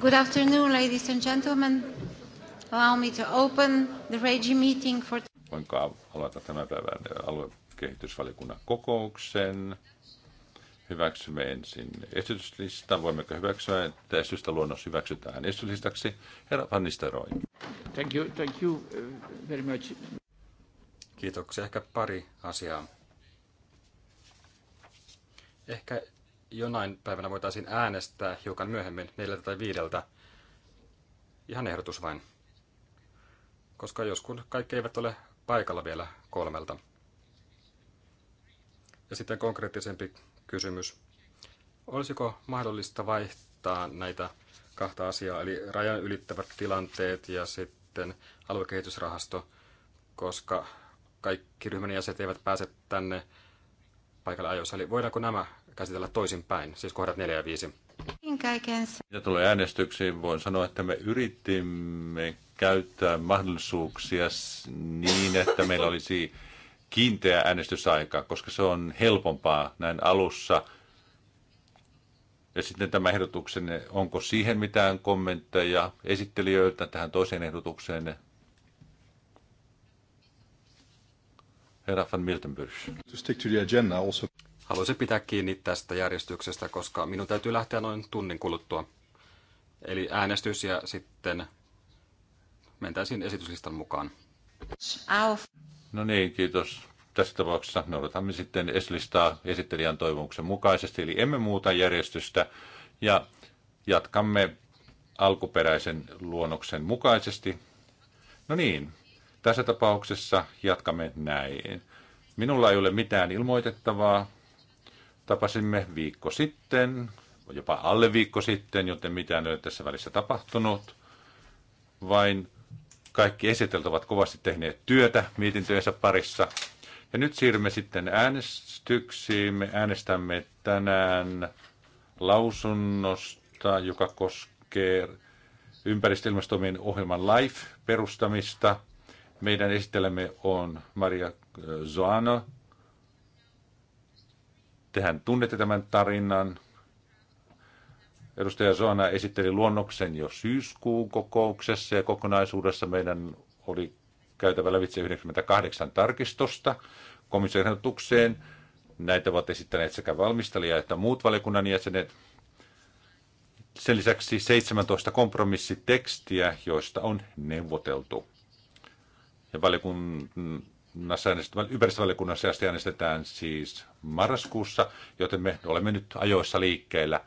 Good afternoon, ladies and gentlemen. Allow me to open the REGI meeting for... Voinko aloittaa tämän päivän aluekehitysvaliokunnan kokouksen? Hyväksymme ensin esityslista, Voimmeko hyväksyä, että esitystä luonnos hyväksytään esityslistaksi? Herra Van Nistelrooy. Thank you, thank you uh, very much. Kiitoksia. Ehkä pari asiaa. Ehkä jonain päivänä voitaisiin äänestää hiukan myöhemmin, neljältä tai viideltä. Ihan ehdotus vain. Koska joskus kaikki eivät ole paikalla vielä kolmelta. Ja sitten konkreettisempi kysymys. Olisiko mahdollista vaihtaa näitä kahta asiaa, eli rajan ylittävät tilanteet ja sitten aluekehitysrahasto, koska kaikki ryhmän jäsenet eivät pääse tänne paikalle ajoissa. Eli voidaanko nämä käsitellä toisinpäin, siis kohdat 4 ja 5. Mitä tulee äänestyksiin, voin sanoa, että me yritimme käyttää mahdollisuuksia niin, että meillä olisi kiinteä äänestysaika, koska se on helpompaa näin alussa. Ja sitten tämä ehdotuksenne, onko siihen mitään kommentteja esittelijöiltä tähän toiseen ehdotukseen? Herra van Miltenburg. Haluaisin pitää kiinni tästä järjestyksestä, koska minun täytyy lähteä noin tunnin kuluttua. Eli äänestys ja sitten mentäisiin esityslistan mukaan. Auf. No niin, kiitos. Tässä tapauksessa noudatamme sitten eslistaa esittelijän toivomuksen mukaisesti, eli emme muuta järjestystä ja jatkamme alkuperäisen luonnoksen mukaisesti. No niin, tässä tapauksessa jatkamme näin. Minulla ei ole mitään ilmoitettavaa, Tapasimme viikko sitten, jopa alle viikko sitten, joten mitään ei ole tässä välissä tapahtunut. Vain kaikki esiteltävät ovat kovasti tehneet työtä mietintöjensä parissa. Ja nyt siirrymme sitten äänestyksiin. Me äänestämme tänään lausunnosta, joka koskee ympäristöilmastomien ohjelman LIFE perustamista. Meidän esittelemme on Maria Zoano, äh, Tehän tunnette tämän tarinan. Edustaja Soana esitteli luonnoksen jo syyskuun kokouksessa ja kokonaisuudessa meidän oli käytävä lävitse 98 tarkistosta komission ehdotukseen. Näitä ovat esittäneet sekä valmistelija että muut valiokunnan jäsenet. Sen lisäksi 17 kompromissitekstiä, joista on neuvoteltu. Ja valiokunnan ympäristövaliokunnassa ja äänestetään siis marraskuussa, joten me olemme nyt ajoissa liikkeellä.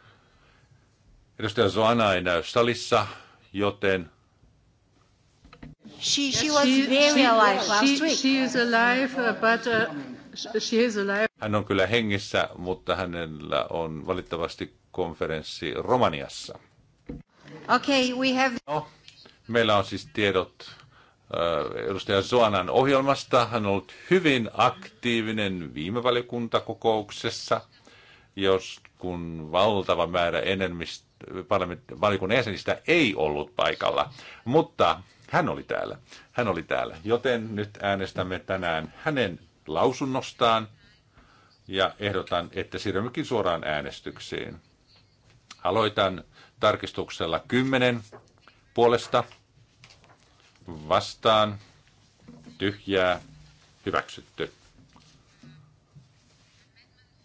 Edustaja Zoana ei näy salissa, joten... She, she was very alive last week. She, uh, uh, she is alive, but uh, Hän on kyllä hengissä, mutta hänellä on valitettavasti konferenssi Romaniassa. Okay, we have... No, meillä on siis tiedot Äh, edustaja Soanan ohjelmasta. Hän on ollut hyvin aktiivinen viime valiokuntakokouksessa, jos kun valtava määrä valiokunnan jäsenistä ei ollut paikalla. Mutta hän oli täällä. Hän oli täällä. Joten nyt äänestämme tänään hänen lausunnostaan ja ehdotan, että siirrymmekin suoraan äänestykseen. Aloitan tarkistuksella 10 puolesta vastaan, tyhjää, hyväksytty.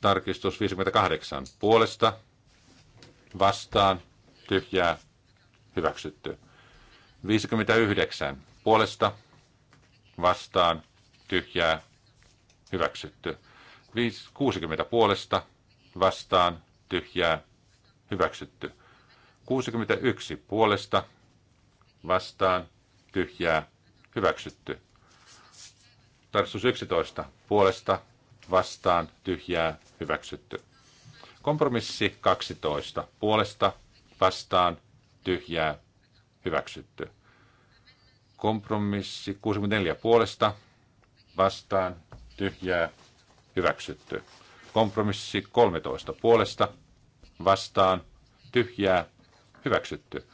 Tarkistus 58 puolesta, vastaan, tyhjää, hyväksytty. 59 puolesta, vastaan, tyhjää, hyväksytty. 60 puolesta, vastaan, tyhjää, hyväksytty. 61 puolesta, vastaan, tyhjää, hyväksytty. Tarkistus 11, puolesta, vastaan, tyhjää, hyväksytty. Kompromissi 12, puolesta, vastaan, tyhjää, hyväksytty. Kompromissi 64, puolesta, vastaan, tyhjää, hyväksytty. Kompromissi 13, puolesta, vastaan, tyhjää, hyväksytty.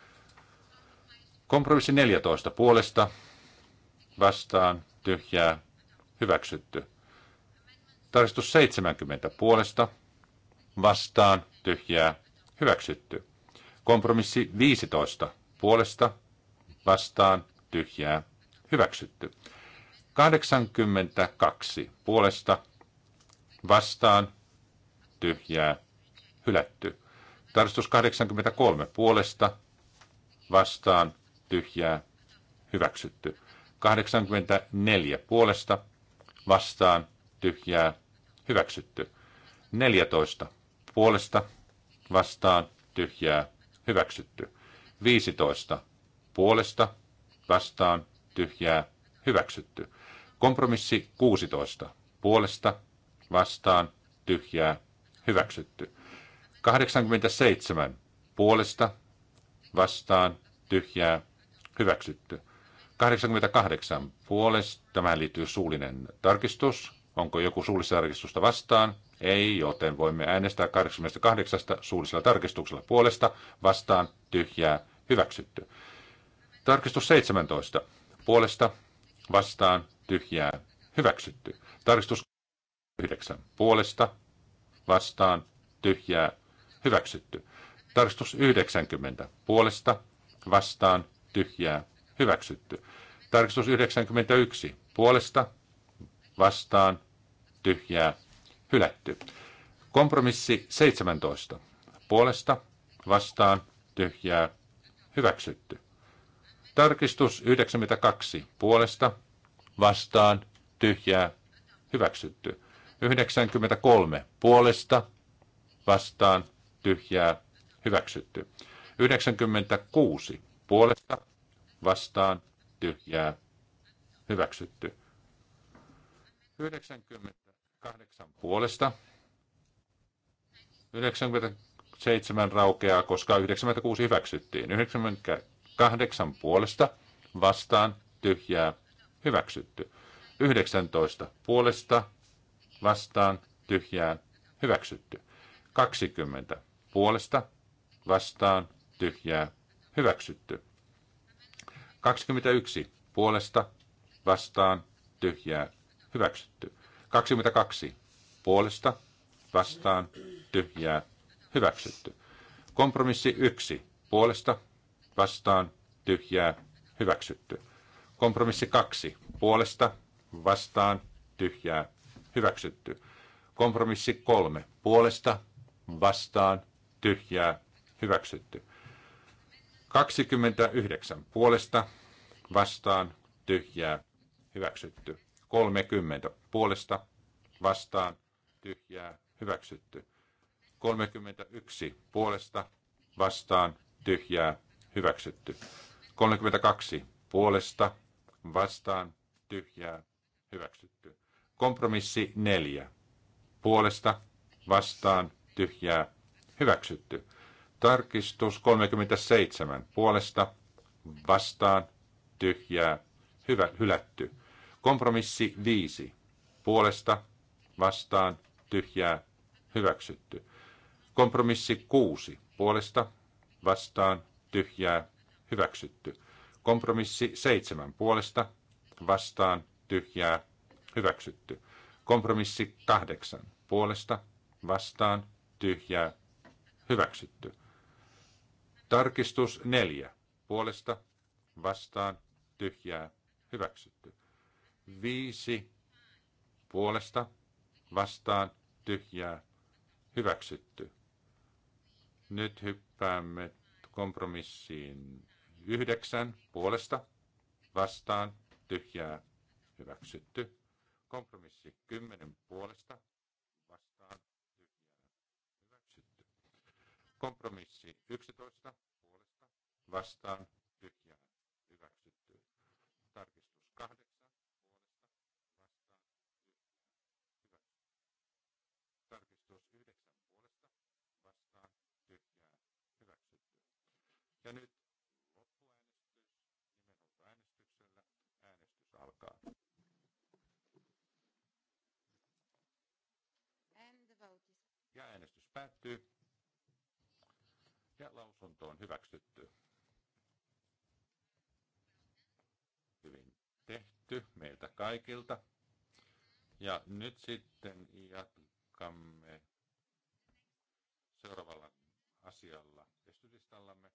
Kompromissi 14 puolesta vastaan tyhjää hyväksytty. Tarkistus 70 puolesta vastaan tyhjää hyväksytty. Kompromissi 15 puolesta vastaan tyhjää hyväksytty. 82 puolesta vastaan tyhjää hylätty. Tarkistus 83 puolesta vastaan tyhjää, hyväksytty. 84 puolesta, vastaan, tyhjää, hyväksytty. 14 puolesta, vastaan, tyhjää, hyväksytty. 15 puolesta, vastaan, tyhjää, hyväksytty. Kompromissi 16 puolesta, vastaan, tyhjää, hyväksytty. 87 puolesta, vastaan, tyhjää, Hyväksytty. 88 puolesta. Tämä liittyy suullinen tarkistus. Onko joku suullista tarkistusta vastaan? Ei, joten voimme äänestää 88 suullisella tarkistuksella puolesta. Vastaan. Tyhjää. Hyväksytty. Tarkistus 17. Puolesta. Vastaan. Tyhjää. Hyväksytty. Tarkistus 9. Puolesta. Vastaan. Tyhjää. Hyväksytty. Tarkistus 90. Puolesta. Vastaan tyhjää, hyväksytty. Tarkistus 91, puolesta, vastaan, tyhjää, hylätty. Kompromissi 17, puolesta, vastaan, tyhjää, hyväksytty. Tarkistus 92, puolesta, vastaan, tyhjää, hyväksytty. 93, puolesta, vastaan, tyhjää, hyväksytty. 96, puolesta vastaan tyhjää hyväksytty. 98 puolesta 97 raukeaa, koska 96 hyväksyttiin. 98 puolesta vastaan tyhjää hyväksytty. 19 puolesta vastaan tyhjään hyväksytty. 20 puolesta vastaan tyhjää Hyväksytty. 21. Puolesta, vastaan, tyhjää, hyväksytty. 22. Puolesta, vastaan, tyhjää, hyväksytty. Kompromissi 1. Puolesta, vastaan, tyhjää, hyväksytty. Kompromissi 2. Puolesta, vastaan, tyhjää, hyväksytty. Kompromissi 3. Puolesta, vastaan, tyhjää, hyväksytty. 29 puolesta vastaan tyhjää hyväksytty. 30 puolesta vastaan tyhjää hyväksytty. 31 puolesta vastaan tyhjää hyväksytty. 32 puolesta vastaan tyhjää hyväksytty. Kompromissi 4 puolesta vastaan tyhjää hyväksytty. Tarkistus 37 puolesta vastaan tyhjää hyvä, hylätty. Kompromissi 5 puolesta vastaan tyhjää hyväksytty. Kompromissi 6 puolesta vastaan tyhjää hyväksytty. Kompromissi 7 puolesta vastaan tyhjää hyväksytty. Kompromissi 8 puolesta vastaan tyhjää hyväksytty. Tarkistus neljä. Puolesta vastaan tyhjää hyväksytty. Viisi. Puolesta vastaan tyhjää hyväksytty. Nyt hyppäämme kompromissiin yhdeksän puolesta vastaan tyhjää hyväksytty. Kompromissi kymmenen puolesta Kompromissi 11 puolesta vastaan tyhjää hyväksytty. Tarkistus 8 Ja nyt loppuäänestys äänestyksellä äänestys alkaa. And the vote is... Ja äänestys päättyy. Lausunto on hyväksytty. Hyvin tehty meiltä kaikilta. Ja nyt sitten jatkamme seuraavalla asialla esitylistallamme.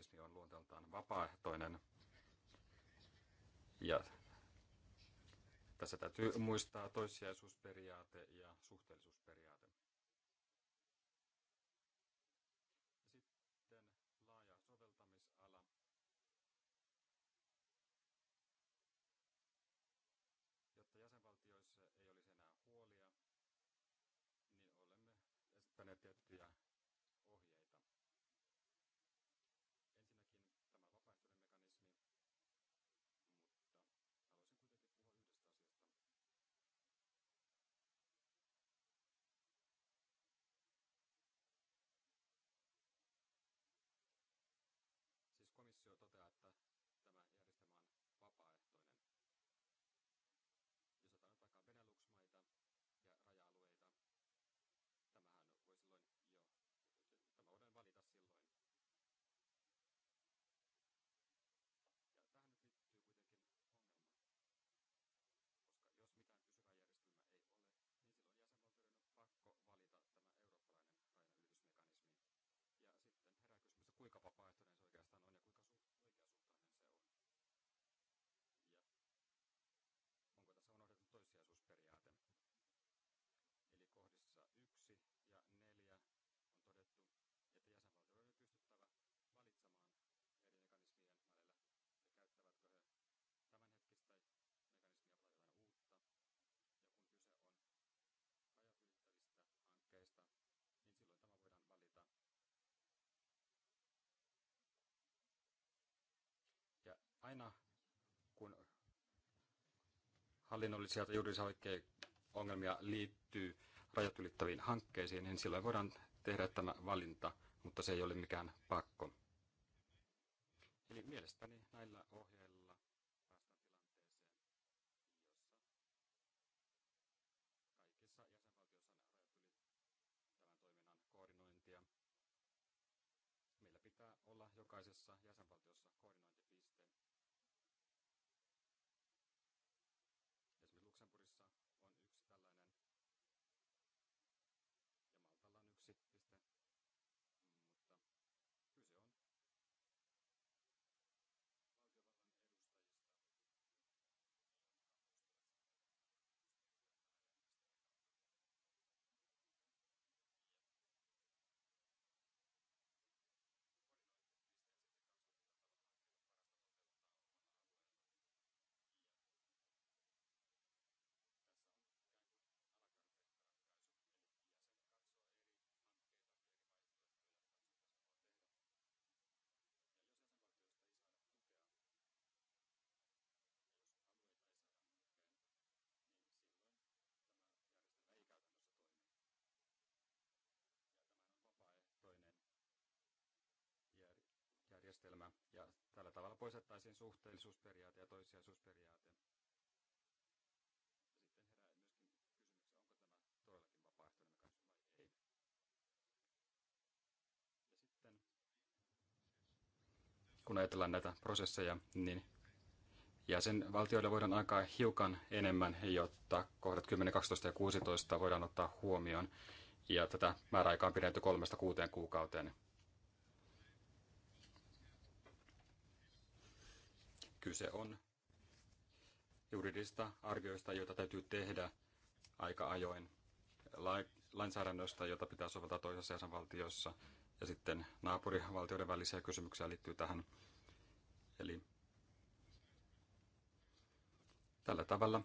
mekanismi on luonteeltaan vapaaehtoinen. Ja tässä täytyy muistaa toissijaisuusperiaate ja suhteellisuusperiaate. Aina kun hallinnollisia tai juridisia ongelmia liittyy rajat ylittäviin hankkeisiin, niin silloin voidaan tehdä tämä valinta, mutta se ei ole mikään pakko. Eli mielestäni näillä ohjeilla ja tällä tavalla poistettaisiin suhteellisuusperiaate ja toissijaisuusperiaate. kun ajatellaan näitä prosesseja, niin jäsenvaltioille voidaan aikaa hiukan enemmän, jotta kohdat 10, 12 ja 16 voidaan ottaa huomioon. Ja tätä määräaikaa on pidetty kolmesta kuuteen kuukauteen. Kyse on juridista arvioista, joita täytyy tehdä aika ajoin lainsäädännöstä, jota pitää soveltaa toisessa jäsenvaltiossa, ja sitten naapurivaltioiden välisiä kysymyksiä liittyy tähän. Eli tällä tavalla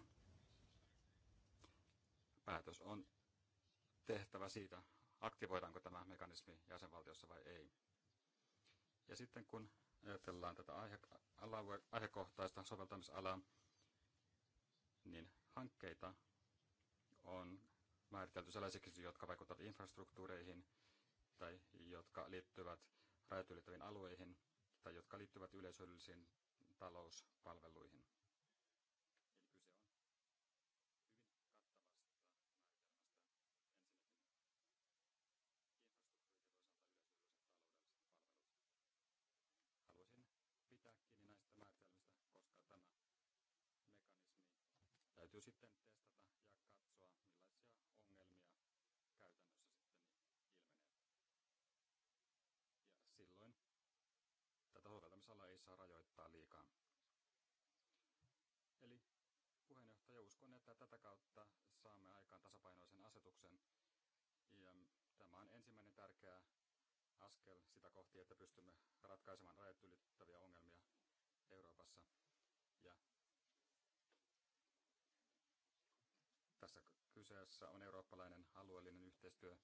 päätös on tehtävä siitä, aktivoidaanko tämä mekanismi jäsenvaltiossa vai ei. Ja sitten kun ajatellaan tätä aihe, aihekohtaista soveltamisalaa, niin hankkeita on määritelty sellaisiksi, jotka vaikuttavat infrastruktuureihin tai jotka liittyvät rajat alueihin tai jotka liittyvät yleisöllisiin talouspalveluihin. täytyy sitten testata ja katsoa, millaisia ongelmia käytännössä sitten ilmenee. Ja silloin tätä soveltamisalla ei saa rajoittaa liikaa. Eli puheenjohtaja, uskon, että tätä kautta saamme aikaan tasapainoisen asetuksen. Ja tämä on ensimmäinen tärkeä askel sitä kohti, että pystymme ratkaisemaan rajat ylittäviä ongelmia Euroopassa. Ja Kyseessä on eurooppalainen alueellinen yhteistyö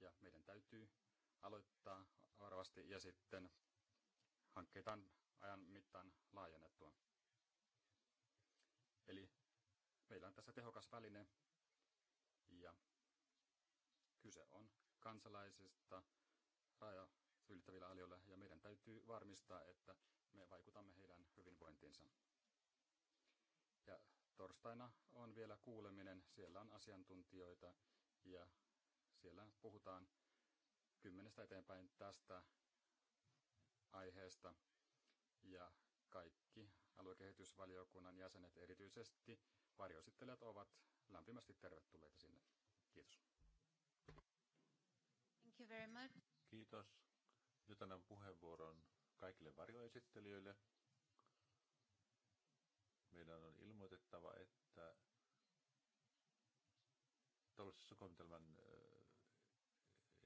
ja meidän täytyy aloittaa varovasti ja sitten hankkeita on ajan mittaan laajennettua. Eli meillä on tässä tehokas väline ja kyse on kansalaisista raja ylittävillä alueilla ja meidän täytyy varmistaa, että me vaikutamme heidän hyvinvointiinsa. Ja torstaina on vielä kuuleminen, siellä on asiantuntijoita ja siellä puhutaan kymmenestä eteenpäin tästä aiheesta. Ja kaikki aluekehitysvaliokunnan jäsenet, erityisesti varjoesittelijät, ovat lämpimästi tervetulleita sinne. Kiitos. Thank you very much. Kiitos. Nyt annan puheenvuoron kaikille varjoesittelijöille. Meillä on huolestuttava, että taloudellisessa komitelman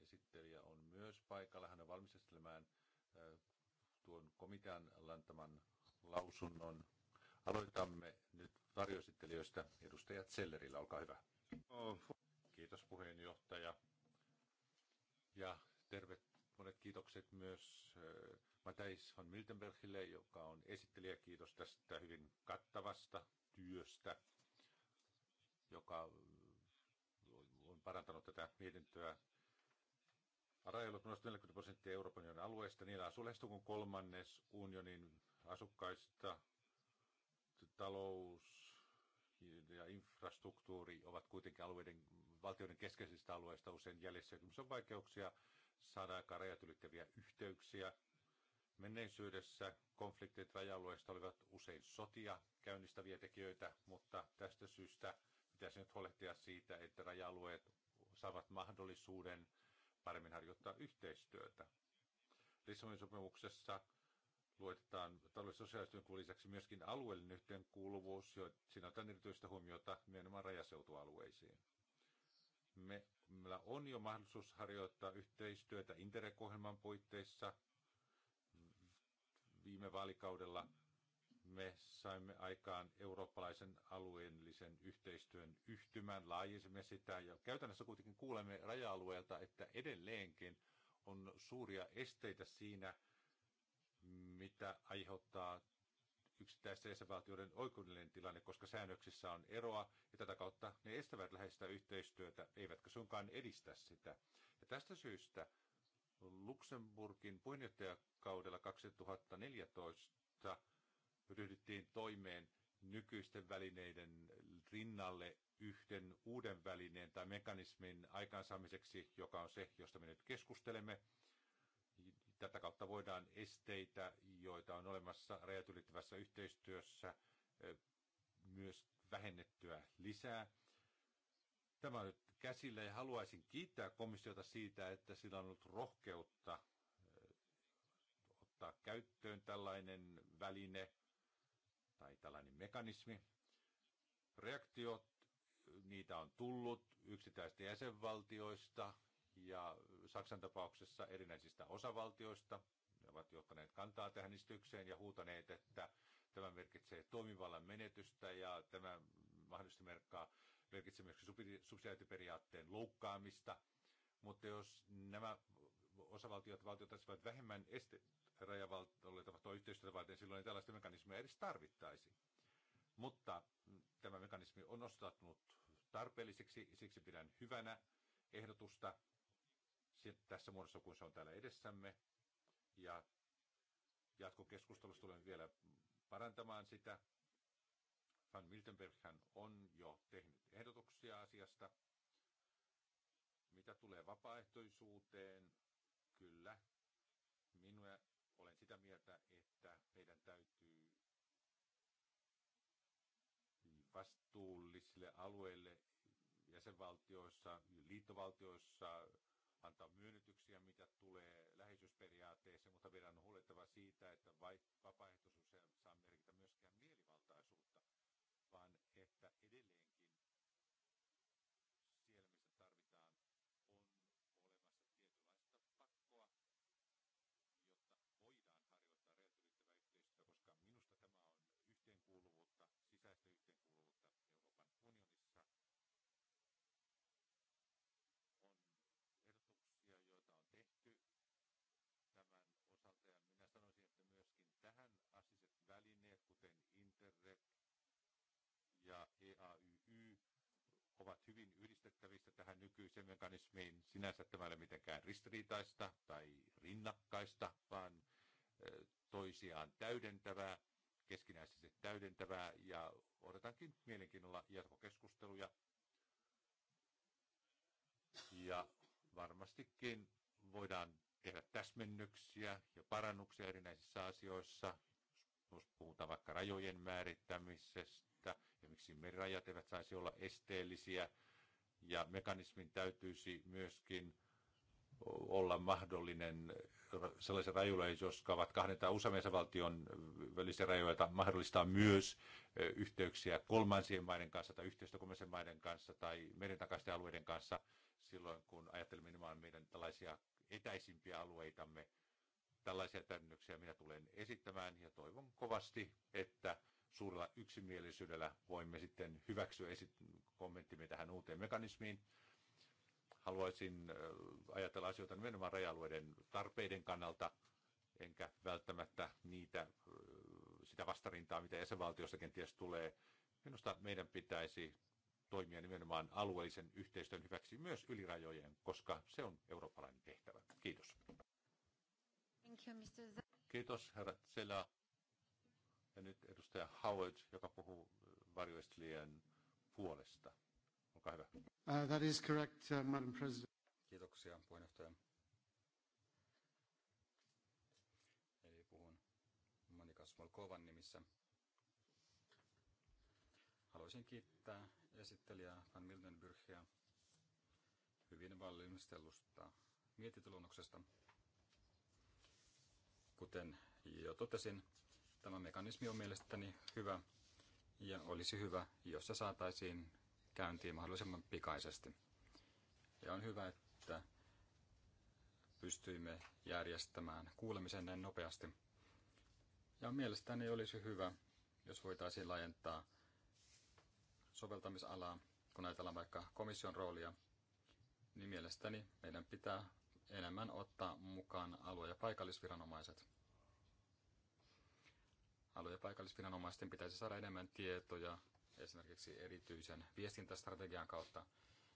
esittelijä on myös paikalla. Hän on valmistelemään tuon komitean lantaman lausunnon. Aloitamme nyt varjoesittelijöistä. Edustaja Zellerillä, olkaa hyvä. Oh, Kiitos puheenjohtaja. Ja tervetuloa monet kiitokset myös eh, Matthijs van Miltenbergille, joka on esittelijä. Kiitos tästä hyvin kattavasta työstä, joka eh, on parantanut tätä mietintöä. Rajoilut noin 40 prosenttia Euroopan unionin alueesta. Niillä asuu lähes kuin kolmannes unionin asukkaista. Talous ja infrastruktuuri ovat kuitenkin alueiden, valtioiden keskeisistä alueista usein jäljessä. Kyllä on vaikeuksia saada aikaan rajat ylittäviä yhteyksiä. Menneisyydessä konfliktit raja-alueista olivat usein sotia käynnistäviä tekijöitä, mutta tästä syystä pitäisi nyt huolehtia siitä, että raja-alueet saavat mahdollisuuden paremmin harjoittaa yhteistyötä. Lissabonin sopimuksessa luetetaan taloudellisen sosiaalisen lisäksi myöskin alueellinen yhteenkuuluvuus, siinä otetaan erityistä huomiota nimenomaan rajaseutualueisiin. Me meillä on jo mahdollisuus harjoittaa yhteistyötä Interreg-ohjelman puitteissa. Viime vaalikaudella me saimme aikaan eurooppalaisen alueellisen yhteistyön yhtymän, laajensimme sitä ja käytännössä kuitenkin kuulemme raja-alueelta, että edelleenkin on suuria esteitä siinä, mitä aiheuttaa yksittäisten jäsenvaltioiden oikeudellinen tilanne, koska säännöksissä on eroa ja tätä kautta ne estävät läheistä yhteistyötä, eivätkä suinkaan edistä sitä. Ja tästä syystä Luxemburgin puheenjohtajakaudella 2014 ryhdyttiin toimeen nykyisten välineiden rinnalle yhden uuden välineen tai mekanismin aikaansaamiseksi, joka on se, josta me nyt keskustelemme, Tätä kautta voidaan esteitä, joita on olemassa rajat ylittävässä yhteistyössä, myös vähennettyä lisää. Tämä on nyt käsillä ja haluaisin kiittää komissiota siitä, että sillä on ollut rohkeutta ottaa käyttöön tällainen väline tai tällainen mekanismi. Reaktiot, niitä on tullut yksittäisistä jäsenvaltioista ja Saksan tapauksessa erinäisistä osavaltioista. Ne ovat johtaneet kantaa tähän istykseen ja huutaneet, että tämä merkitsee toimivallan menetystä ja tämä mahdollisesti merkkaa, merkitsee myös subsidiaatiperiaatteen loukkaamista. Mutta jos nämä osavaltiot valtiot olisivat vähemmän este rajavaltiolle tapahtua yhteistyötä varten, silloin ei tällaista mekanismia edes tarvittaisi. Mutta tämä mekanismi on nostautunut tarpeelliseksi, siksi pidän hyvänä ehdotusta, tässä muodossa, kun se on täällä edessämme. Ja jatkokeskustelussa tulemme vielä parantamaan sitä. Van Miltenberghän on jo tehnyt ehdotuksia asiasta. Mitä tulee vapaaehtoisuuteen, kyllä, minä olen sitä mieltä, että meidän täytyy vastuullisille alueille jäsenvaltioissa, liittovaltioissa, antaa myönnytyksiä, mitä tulee läheisyysperiaatteeseen, mutta meidän on huolettava siitä, että vai, vapaaehtoisuus ei saa merkitä myöskään mielivaltaisuutta, vaan että edelleen tehtävistä tähän nykyiseen mekanismiin. Sinänsä tämä ei ole mitenkään ristiriitaista tai rinnakkaista, vaan toisiaan täydentävää, keskinäisesti täydentävää ja odotankin mielenkiinnolla jatkokeskusteluja. Ja varmastikin voidaan tehdä täsmennyksiä ja parannuksia erinäisissä asioissa. Jos puhutaan vaikka rajojen määrittämisestä ja miksi merirajat eivät saisi olla esteellisiä ja mekanismin täytyisi myöskin olla mahdollinen sellaisen rajoille, jotka ovat kahden tai useamman valtion välisiä rajoja, mahdollistaa myös yhteyksiä kolmansien maiden kanssa tai yhteistyö kolmansien maiden kanssa tai meren takaisten alueiden kanssa silloin, kun ajattelemme nimenomaan meidän tällaisia etäisimpiä alueitamme. Tällaisia täydennyksiä minä tulen esittämään ja toivon kovasti, että suurella yksimielisyydellä voimme sitten hyväksyä kommenttimme tähän uuteen mekanismiin. Haluaisin ajatella asioita nimenomaan rajalueiden tarpeiden kannalta, enkä välttämättä niitä, sitä vastarintaa, mitä jäsenvaltiossa kenties tulee. Minusta meidän pitäisi toimia nimenomaan alueellisen yhteistyön hyväksi myös ylirajojen, koska se on eurooppalainen tehtävä. Kiitos. Kiitos, herra Sela. Ja nyt edustaja Howard, joka puhuu varjoistelijan puolesta. Olkaa hyvä. Uh, that is correct, uh, Madam President. Kiitoksia, puheenjohtaja. Eli puhun Monika Smolkovan nimissä. Haluaisin kiittää esittelijää Van Mildenbyrgia hyvin valmistellusta mietintöluonnoksesta. Kuten jo totesin, tämä mekanismi on mielestäni hyvä ja olisi hyvä, jos se saataisiin käyntiin mahdollisimman pikaisesti. Ja on hyvä, että pystyimme järjestämään kuulemisen näin nopeasti. Ja mielestäni olisi hyvä, jos voitaisiin laajentaa soveltamisalaa, kun ajatellaan vaikka komission roolia, niin mielestäni meidän pitää enemmän ottaa mukaan alue- ja paikallisviranomaiset alue- ja paikallisviranomaisten pitäisi saada enemmän tietoja esimerkiksi erityisen viestintästrategian kautta,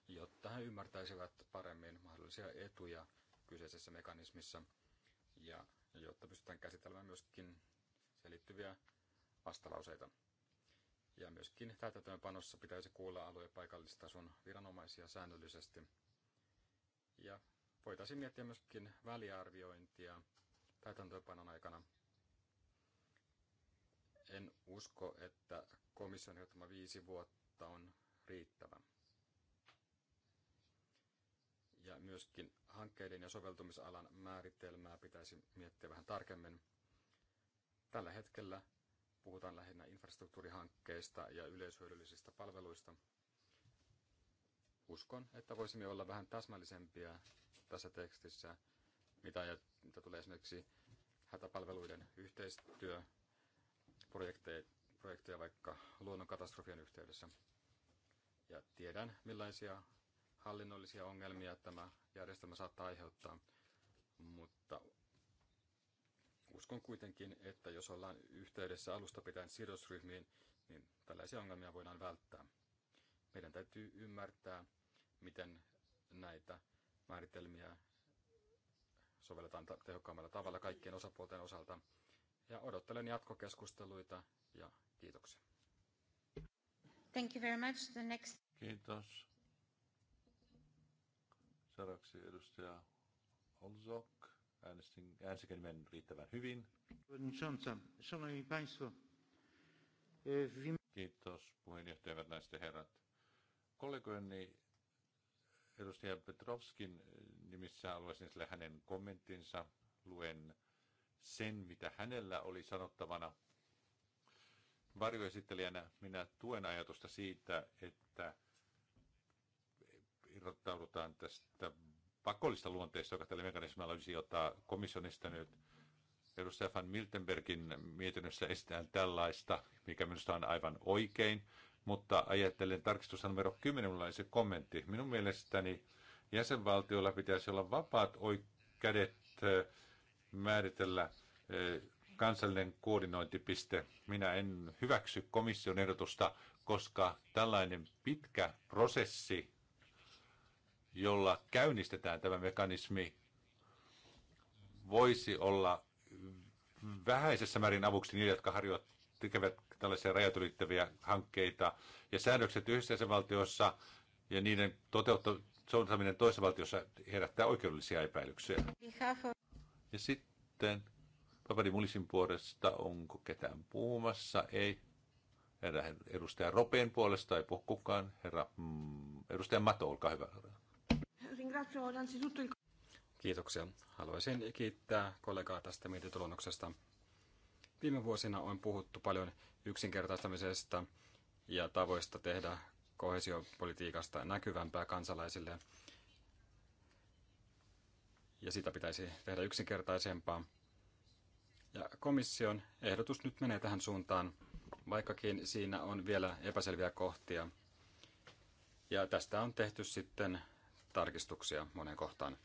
jotta he ymmärtäisivät paremmin mahdollisia etuja kyseisessä mekanismissa ja jotta pystytään käsittelemään myöskin selittyviä vastalauseita. Ja myöskin täytäntöönpanossa pitäisi kuulla alue- ja paikallistason viranomaisia säännöllisesti. Ja voitaisiin miettiä myöskin väliarviointia täytäntöönpanon aikana en usko, että komission johtama viisi vuotta on riittävä. Ja myöskin hankkeiden ja soveltumisalan määritelmää pitäisi miettiä vähän tarkemmin. Tällä hetkellä puhutaan lähinnä infrastruktuurihankkeista ja yleishyödyllisistä palveluista. Uskon, että voisimme olla vähän täsmällisempiä tässä tekstissä, mitä, mitä tulee esimerkiksi hätäpalveluiden yhteistyö projekteja vaikka luonnonkatastrofien yhteydessä. Ja tiedän, millaisia hallinnollisia ongelmia tämä järjestelmä saattaa aiheuttaa, mutta uskon kuitenkin, että jos ollaan yhteydessä alusta pitäen sidosryhmiin, niin tällaisia ongelmia voidaan välttää. Meidän täytyy ymmärtää, miten näitä määritelmiä sovelletaan tehokkaammalla tavalla kaikkien osapuolten osalta, ja odottelen jatkokeskusteluita ja kiitoksia. Thank you very much. The next... Kiitos. Seuraavaksi edustaja Olzok. Äänestin, äänsikin menen riittävän hyvin. E, Kiitos puheenjohtaja, hyvät naiset ja herrat. Kollegojeni edustaja Petrovskin nimissä haluaisin sille hänen kommenttinsa. Luen sen, mitä hänellä oli sanottavana. Varjoesittelijänä minä tuen ajatusta siitä, että irrottaudutaan tästä pakollista luonteesta, joka tällä mekanismilla olisi, jota komissionista nyt edustaja Van Miltenbergin mietinnössä esitään tällaista, mikä minusta on aivan oikein, mutta ajattelen tarkistus numero 10, mulla se kommentti. Minun mielestäni jäsenvaltioilla pitäisi olla vapaat kädet määritellä eh, kansallinen koordinointipiste. Minä en hyväksy komission ehdotusta, koska tällainen pitkä prosessi, jolla käynnistetään tämä mekanismi, voisi olla vähäisessä määrin avuksi niille, jotka harjoittavat tekevät tällaisia rajat ylittäviä hankkeita. Ja säädökset yhdessä jäsenvaltiossa ja niiden toteuttaminen toisessa valtiossa herättää oikeudellisia epäilyksiä. Ja sitten Papadi Mulisin puolesta, onko ketään puhumassa? Ei. Herra, edustaja Ropeen puolesta ei puhu kukaan. Herra, mm, edustaja Mato, olkaa hyvä. Kiitoksia. Haluaisin kiittää kollegaa tästä mietitulonnoksesta. Viime vuosina on puhuttu paljon yksinkertaistamisesta ja tavoista tehdä kohesiopolitiikasta näkyvämpää kansalaisille ja sitä pitäisi tehdä yksinkertaisempaa. Ja komission ehdotus nyt menee tähän suuntaan, vaikkakin siinä on vielä epäselviä kohtia. Ja tästä on tehty sitten tarkistuksia monen kohtaan.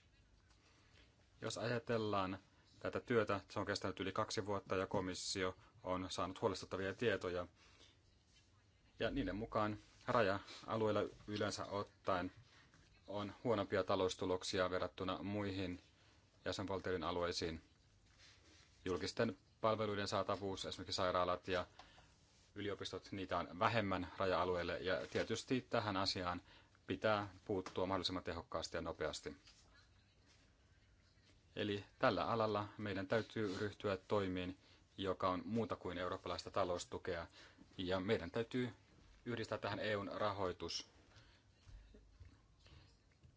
Jos ajatellaan tätä työtä, se on kestänyt yli kaksi vuotta ja komissio on saanut huolestuttavia tietoja. Ja niiden mukaan raja-alueilla yleensä ottaen – on huonompia taloustuloksia verrattuna muihin jäsenvaltioiden alueisiin. Julkisten palveluiden saatavuus, esimerkiksi sairaalat ja yliopistot, niitä on vähemmän raja-alueille ja tietysti tähän asiaan pitää puuttua mahdollisimman tehokkaasti ja nopeasti. Eli tällä alalla meidän täytyy ryhtyä toimiin, joka on muuta kuin eurooppalaista taloustukea, ja meidän täytyy yhdistää tähän EUn rahoitus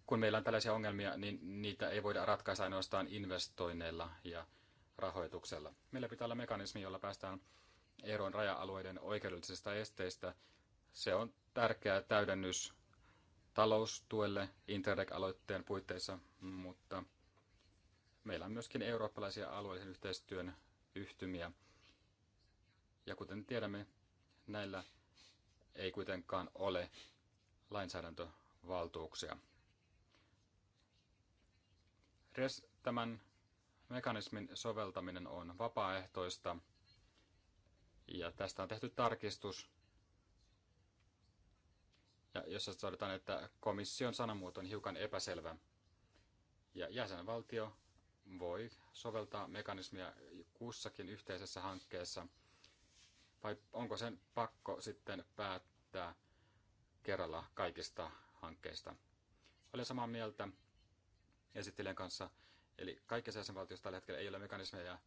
kun meillä on tällaisia ongelmia, niin niitä ei voida ratkaista ainoastaan investoinneilla ja rahoituksella. Meillä pitää olla mekanismi, jolla päästään eroon raja-alueiden oikeudellisista esteistä. Se on tärkeä täydennys taloustuelle Interreg-aloitteen puitteissa, mutta meillä on myöskin eurooppalaisia alueellisen yhteistyön yhtymiä. Ja kuten tiedämme, näillä ei kuitenkaan ole lainsäädäntövaltuuksia. Res, tämän mekanismin soveltaminen on vapaaehtoista ja tästä on tehty tarkistus, ja jossa todetaan, että komission sanamuoto on hiukan epäselvä ja jäsenvaltio voi soveltaa mekanismia kussakin yhteisessä hankkeessa, vai onko sen pakko sitten päättää kerralla kaikista hankkeista. Olen samaa mieltä esittelijän kanssa. Eli kaikissa jäsenvaltioissa tällä hetkellä ei ole mekanismeja,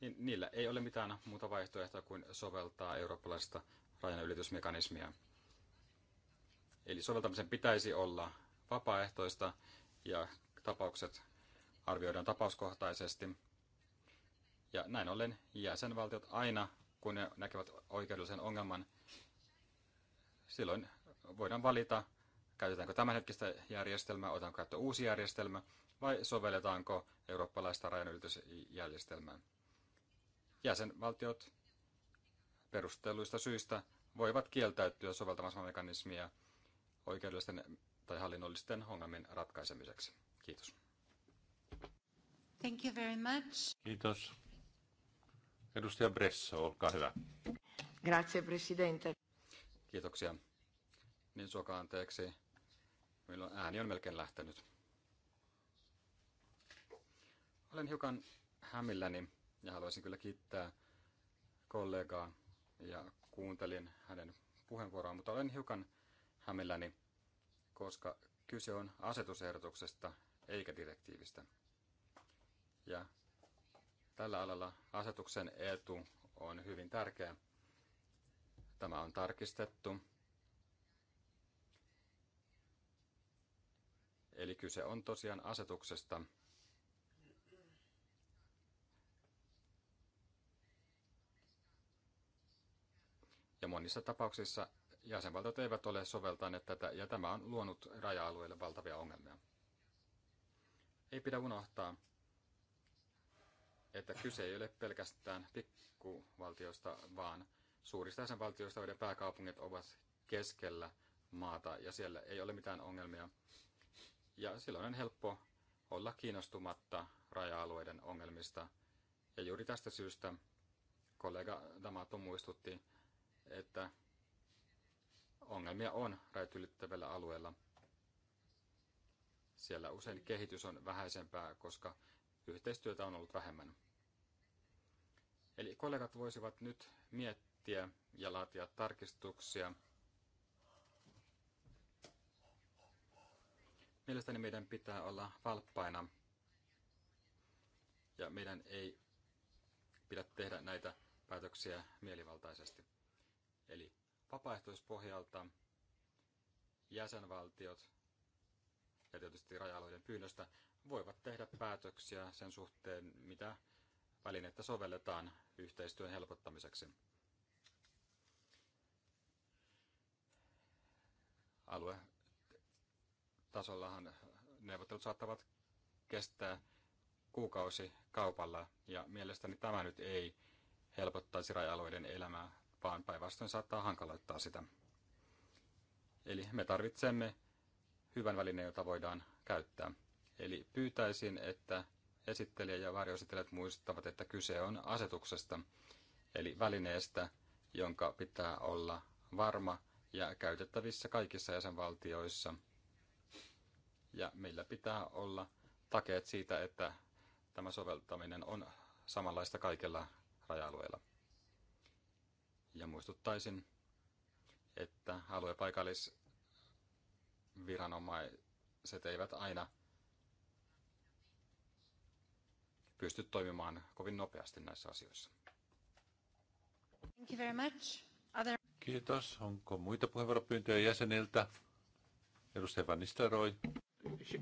niin niillä ei ole mitään muuta vaihtoehtoa kuin soveltaa eurooppalaista rajanylitysmekanismia. Eli soveltamisen pitäisi olla vapaaehtoista ja tapaukset arvioidaan tapauskohtaisesti. Ja näin ollen jäsenvaltiot aina, kun ne näkevät oikeudellisen ongelman, silloin voidaan valita käytetäänkö tämänhetkistä järjestelmää, otetaanko käyttö uusi järjestelmä vai sovelletaanko eurooppalaista rajanylitysjärjestelmää. Jäsenvaltiot perustelluista syistä voivat kieltäytyä soveltamassa mekanismia oikeudellisten tai hallinnollisten ongelmien ratkaisemiseksi. Kiitos. Thank you very much. Kiitos. Edustaja Bresso, olkaa hyvä. Grazie, Presidente. Kiitoksia. Niin suokaa anteeksi Meillä on ääni on melkein lähtenyt. Olen hiukan hämilläni ja haluaisin kyllä kiittää kollegaa ja kuuntelin hänen puheenvuoroaan, mutta olen hiukan hämilläni, koska kyse on asetusehdotuksesta eikä direktiivistä. Ja tällä alalla asetuksen etu on hyvin tärkeä. Tämä on tarkistettu Eli kyse on tosiaan asetuksesta, ja monissa tapauksissa jäsenvaltiot eivät ole soveltaneet tätä, ja tämä on luonut raja-alueille valtavia ongelmia. Ei pidä unohtaa, että kyse ei ole pelkästään pikkuvaltiosta, vaan suurista jäsenvaltioista, joiden pääkaupungit ovat keskellä maata, ja siellä ei ole mitään ongelmia. Ja silloin on helppo olla kiinnostumatta raja-alueiden ongelmista. Ja juuri tästä syystä kollega Damato muistutti, että ongelmia on rajat ylittävällä alueella. Siellä usein kehitys on vähäisempää, koska yhteistyötä on ollut vähemmän. Eli kollegat voisivat nyt miettiä ja laatia tarkistuksia Mielestäni meidän pitää olla valppaina ja meidän ei pidä tehdä näitä päätöksiä mielivaltaisesti. Eli vapaaehtoispohjalta jäsenvaltiot ja tietysti raja-alueiden pyynnöstä voivat tehdä päätöksiä sen suhteen, mitä välinettä sovelletaan yhteistyön helpottamiseksi. Alue tasollahan neuvottelut saattavat kestää kuukausi kaupalla, ja mielestäni tämä nyt ei helpottaisi raja-alueiden elämää, vaan päinvastoin saattaa hankaloittaa sitä. Eli me tarvitsemme hyvän välineen, jota voidaan käyttää. Eli pyytäisin, että esittelijä ja varjoesittelijät muistavat, että kyse on asetuksesta, eli välineestä, jonka pitää olla varma ja käytettävissä kaikissa jäsenvaltioissa – ja meillä pitää olla takeet siitä, että tämä soveltaminen on samanlaista kaikilla raja-alueilla. Ja muistuttaisin, että aluepaikallisviranomaiset eivät aina pysty toimimaan kovin nopeasti näissä asioissa. Thank you very much. Other... Kiitos. Onko muita puheenvuoropyyntöjä jäseniltä? Edustaja Van Nistelrooy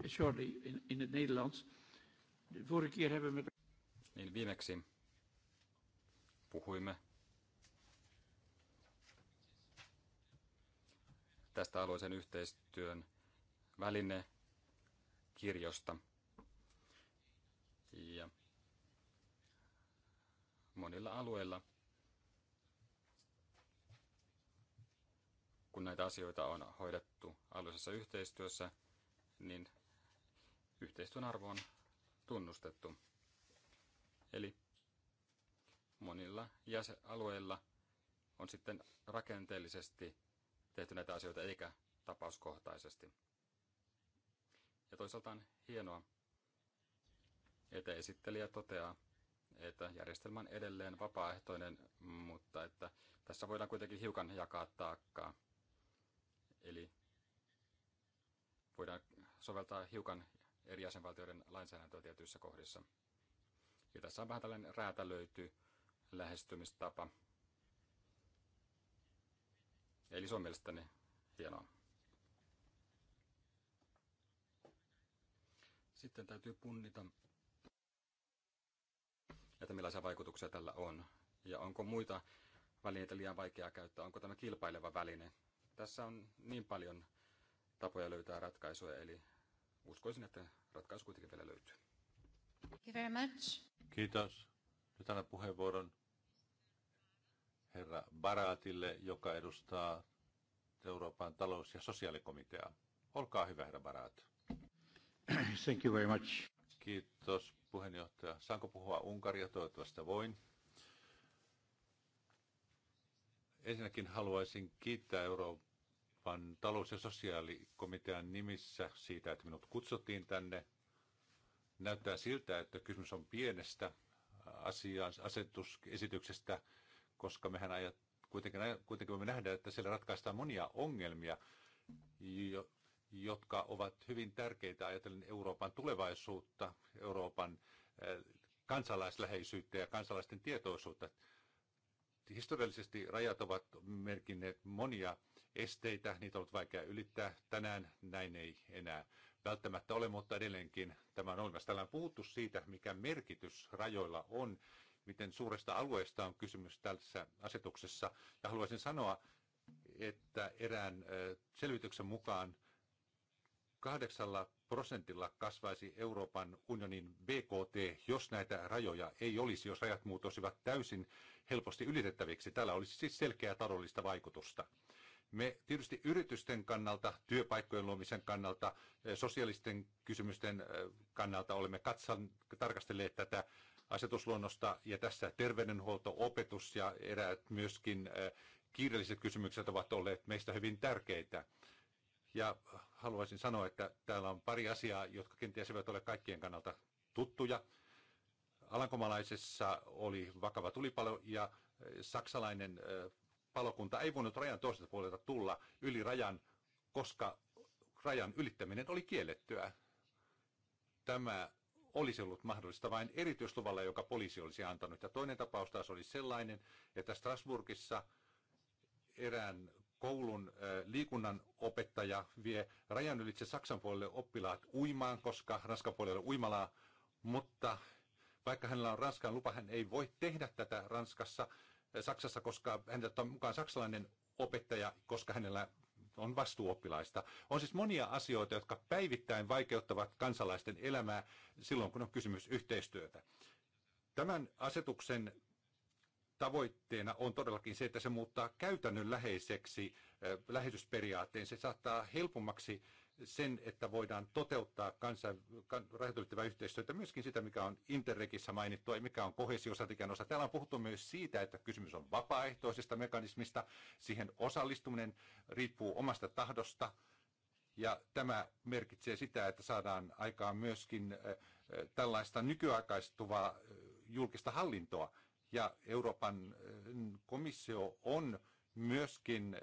shortly in, in Vorige keer hebben me... Niin viimeksi puhuimme tästä alueisen yhteistyön välinekirjosta. Ja monilla alueilla, kun näitä asioita on hoidettu alueellisessa yhteistyössä, niin yhteistyön arvo on tunnustettu. Eli monilla jäsenalueilla on sitten rakenteellisesti tehty näitä asioita eikä tapauskohtaisesti. Ja toisaalta on hienoa, että esittelijä toteaa, että järjestelmä on edelleen vapaaehtoinen, mutta että tässä voidaan kuitenkin hiukan jakaa taakkaa. Eli voidaan soveltaa hiukan eri jäsenvaltioiden lainsäädäntöä tietyissä kohdissa. Ja tässä on vähän tällainen räätälöity lähestymistapa. Eli se on mielestäni hienoa. Sitten täytyy punnita, että millaisia vaikutuksia tällä on. Ja onko muita välineitä liian vaikeaa käyttää? Onko tämä kilpaileva väline? Tässä on niin paljon tapoja löytää ratkaisuja, eli uskoisin, että ratkaisu kuitenkin vielä löytyy. Thank you very much. Kiitos. Nyt annan puheenvuoron herra Baratille, joka edustaa Euroopan talous- ja sosiaalikomiteaa. Olkaa hyvä, herra Barat. Thank you very much. Kiitos, puheenjohtaja. Saanko puhua Unkaria? Toivottavasti voin. Ensinnäkin haluaisin kiittää Euroopan Euroopan talous- ja sosiaalikomitean nimissä siitä, että minut kutsuttiin tänne. Näyttää siltä, että kysymys on pienestä asetusesityksestä, koska mehän ajat, kuitenkin, kuitenkin me nähdään, että siellä ratkaistaan monia ongelmia, jo, jotka ovat hyvin tärkeitä ajatellen Euroopan tulevaisuutta, Euroopan eh, kansalaisläheisyyttä ja kansalaisten tietoisuutta. Historiallisesti rajat ovat merkinneet monia esteitä, niitä on ollut vaikea ylittää. Tänään näin ei enää välttämättä ole, mutta edelleenkin tämä on olemassa. Täällä on puhuttu siitä, mikä merkitys rajoilla on, miten suuresta alueesta on kysymys tässä asetuksessa. Ja haluaisin sanoa, että erään selvityksen mukaan kahdeksalla prosentilla kasvaisi Euroopan unionin BKT, jos näitä rajoja ei olisi, jos rajat muutosivat täysin helposti ylitettäviksi. Tällä olisi siis selkeää taloudellista vaikutusta. Me tietysti yritysten kannalta, työpaikkojen luomisen kannalta, eh, sosiaalisten kysymysten eh, kannalta olemme katsan, tarkastelleet tätä asetusluonnosta ja tässä terveydenhuolto, opetus ja eräät myöskin eh, kiireelliset kysymykset ovat olleet meistä hyvin tärkeitä. Ja haluaisin sanoa, että täällä on pari asiaa, jotka kenties eivät ole kaikkien kannalta tuttuja. Alankomalaisessa oli vakava tulipalo ja saksalainen palokunta ei voinut rajan toiselta puolelta tulla yli rajan, koska rajan ylittäminen oli kiellettyä. Tämä olisi ollut mahdollista vain erityisluvalla, joka poliisi olisi antanut. Ja toinen tapaus taas oli sellainen, että Strasburgissa erään koulun liikunnan opettaja vie rajan ylitse Saksan puolelle oppilaat uimaan, koska Ranskan puolelle uimalaa, mutta vaikka hänellä on Ranskan lupa, hän ei voi tehdä tätä Ranskassa, Saksassa, koska hän on mukaan saksalainen opettaja, koska hänellä on vastuuoppilaista. On siis monia asioita, jotka päivittäin vaikeuttavat kansalaisten elämää silloin, kun on kysymys yhteistyötä. Tämän asetuksen tavoitteena on todellakin se, että se muuttaa käytännönläheiseksi eh, lähetysperiaatteen. Se saattaa helpommaksi sen, että voidaan toteuttaa kansan, kan, rajoitettavaa yhteistyötä, myöskin sitä, mikä on Interregissä mainittu, ja mikä on kohesiosatikan osa. Täällä on puhuttu myös siitä, että kysymys on vapaaehtoisesta mekanismista, siihen osallistuminen riippuu omasta tahdosta, ja tämä merkitsee sitä, että saadaan aikaan myöskin äh, äh, tällaista nykyaikaistuvaa äh, julkista hallintoa. Ja Euroopan komissio on myöskin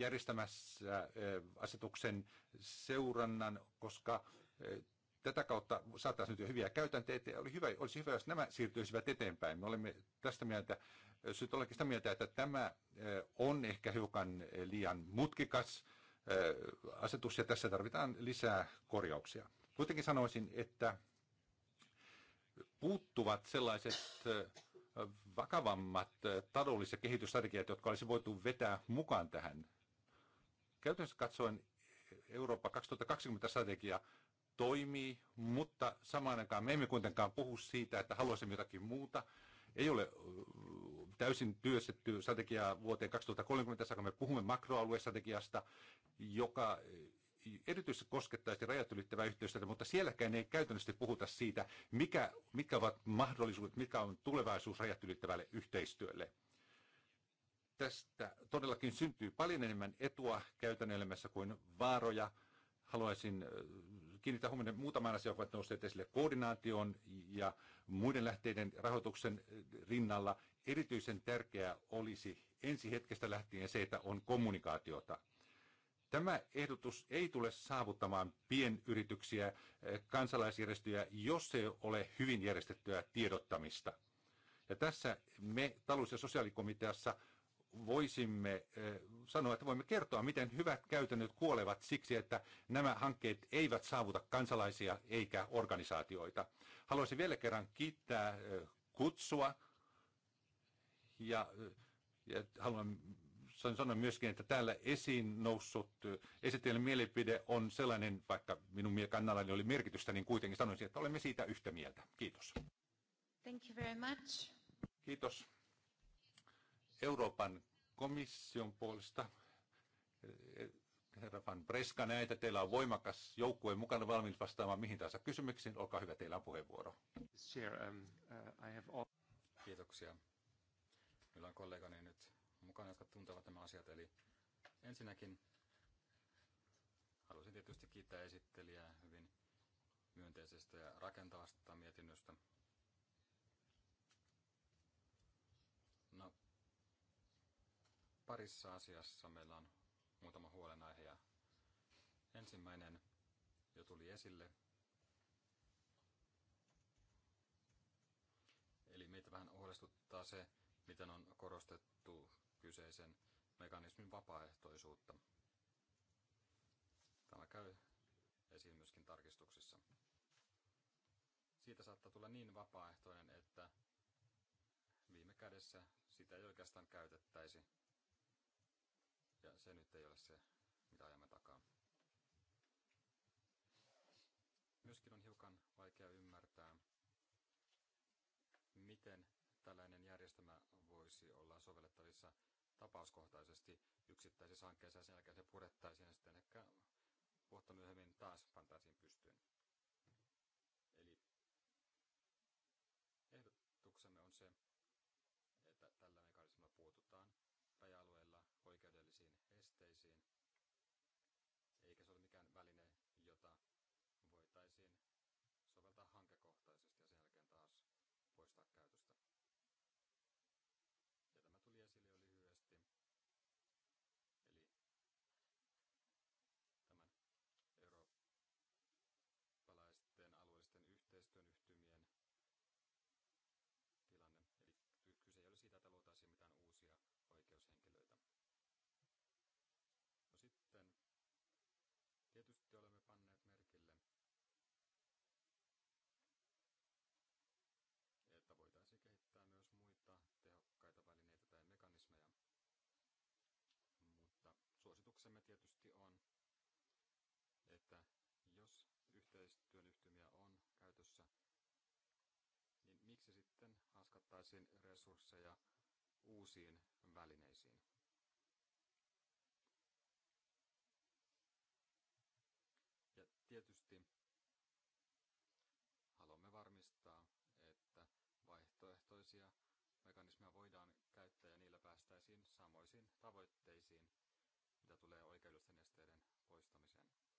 järjestämässä asetuksen seurannan, koska tätä kautta saattaisi nyt jo hyviä käytänteitä. Oli hyvä, olisi hyvä, jos nämä siirtyisivät eteenpäin. Me olemme tästä mieltä, syyt sitä mieltä, että tämä on ehkä hiukan liian mutkikas asetus ja tässä tarvitaan lisää korjauksia. Kuitenkin sanoisin, että puuttuvat sellaiset vakavammat taloudelliset kehitysstrategiat, jotka olisi voitu vetää mukaan tähän Käytännössä katsoen Eurooppa 2020-strategia toimii, mutta samaan aikaan me emme kuitenkaan puhu siitä, että haluaisimme jotakin muuta. Ei ole täysin työstetty strategiaa vuoteen 2030 saakka. Me puhumme makroaluestrategiasta, joka erityisesti koskettaisi rajat ylittävää yhteistyötä, mutta sielläkään ei käytännössä puhuta siitä, mikä, mitkä ovat mahdollisuudet, mikä on tulevaisuus rajat ylittävälle yhteistyölle. Tästä todellakin syntyy paljon enemmän etua käytännön elämässä kuin vaaroja. Haluaisin äh, kiinnittää huomioon muutamaan asiaan, jotka ovat nousseet esille koordinaation ja muiden lähteiden rahoituksen äh, rinnalla. Erityisen tärkeää olisi ensi hetkestä lähtien se, että on kommunikaatiota. Tämä ehdotus ei tule saavuttamaan pienyrityksiä, äh, kansalaisjärjestöjä, jos se ei ole hyvin järjestettyä tiedottamista. Ja tässä me talous- ja sosiaalikomiteassa voisimme eh, sanoa, että voimme kertoa, miten hyvät käytännöt kuolevat siksi, että nämä hankkeet eivät saavuta kansalaisia eikä organisaatioita. Haluaisin vielä kerran kiittää eh, kutsua ja, eh, ja haluan sain sanoa myöskin, että täällä esiin noussut esittelijän mielipide on sellainen, vaikka minun kannallani oli merkitystä, niin kuitenkin sanoisin, että olemme siitä yhtä mieltä. Kiitos. Thank you very much. Kiitos. Euroopan komission puolesta. Herra Van Breska, näitä teillä on voimakas joukkue mukana valmiit vastaamaan mihin tahansa kysymyksiin. Olkaa hyvä, teillä on puheenvuoro. Um, uh, Kiitoksia. Meillä on kollegani nyt mukana, jotka tuntevat nämä asiat. Eli ensinnäkin haluaisin tietysti kiittää esittelijää hyvin myönteisestä ja rakentavasta mietinnöstä. parissa asiassa meillä on muutama huolenaihe. Ja ensimmäinen jo tuli esille. Eli meitä vähän huolestuttaa se, miten on korostettu kyseisen mekanismin vapaaehtoisuutta. Tämä käy esiin myöskin tarkistuksissa. Siitä saattaa tulla niin vapaaehtoinen, että viime kädessä sitä ei oikeastaan käytettäisi, se nyt ei ole se, mitä ajamme takaa. Myöskin on hiukan vaikea ymmärtää, miten tällainen järjestelmä voisi olla sovellettavissa tapauskohtaisesti yksittäisissä hankkeissa ja sen jälkeen se purettaisiin ja sitten ehkä vuotta myöhemmin taas pantaisiin pystyyn. poistaa käytöstä. miksi sitten haskattaisiin resursseja uusiin välineisiin? Ja tietysti haluamme varmistaa, että vaihtoehtoisia mekanismeja voidaan käyttää ja niillä päästäisiin samoisiin tavoitteisiin, mitä tulee oikeudellisten esteiden poistamiseen.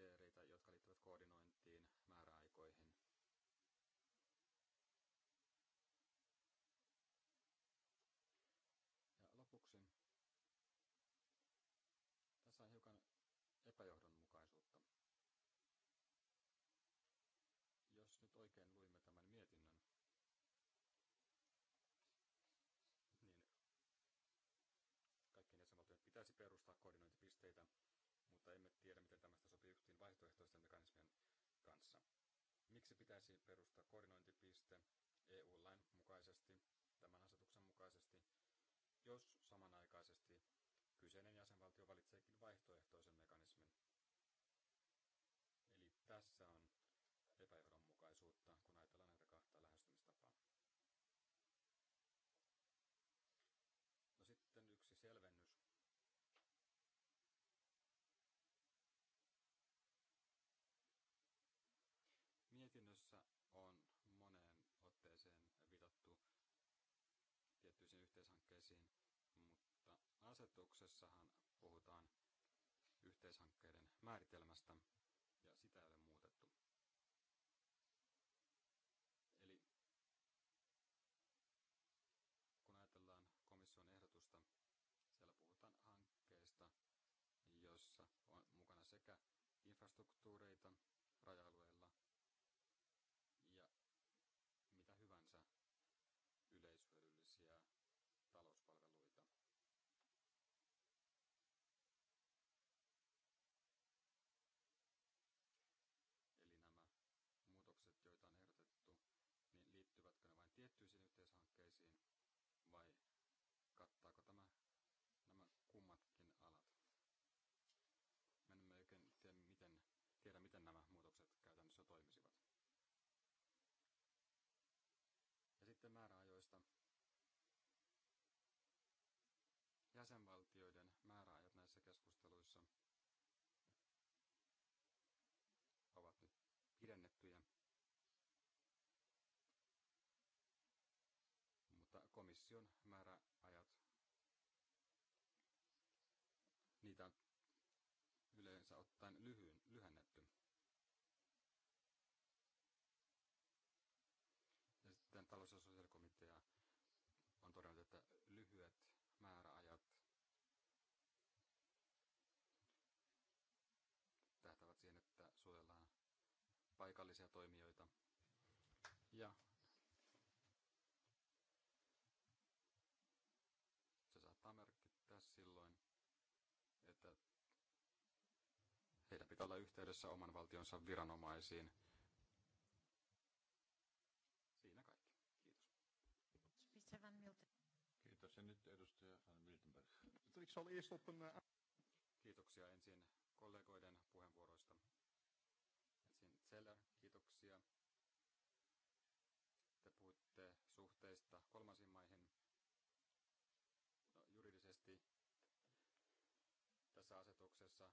kriteereitä, jotka liittyvät koordinointiin vaihtoehtoisten mekanismien kanssa. Miksi pitäisi perustaa koordinointipiste EU-lain mukaisesti, tämän asetuksen mukaisesti, jos samanaikaisesti kyseinen jäsenvaltio valitseekin vaihtoehtoisen mekanismin? hankkeisiin, mutta asetuksessahan puhutaan yhteishankkeiden määritelmästä ja sitä ei ole muutettu. Eli kun ajatellaan komission ehdotusta, siellä puhutaan hankkeista, joissa on mukana sekä infrastruktuureita raja-alueilla, komission määräajat, niitä on yleensä ottaen lyhyen, lyhennetty. Ja sitten talous- ja sosiaalikomitea on todennut, että lyhyet määräajat tähtävät siihen, että suojellaan paikallisia toimijoita ja pitää olla yhteydessä oman valtionsa viranomaisiin. Siinä kaikki. Kiitos. Kiitos. Ja nyt edustaja Van Miltenberg. Kiitoksia ensin kollegoiden puheenvuoroista. Ensin Zeller, kiitoksia. Te puhutte suhteista kolmansiin maihin. No, juridisesti tässä asetuksessa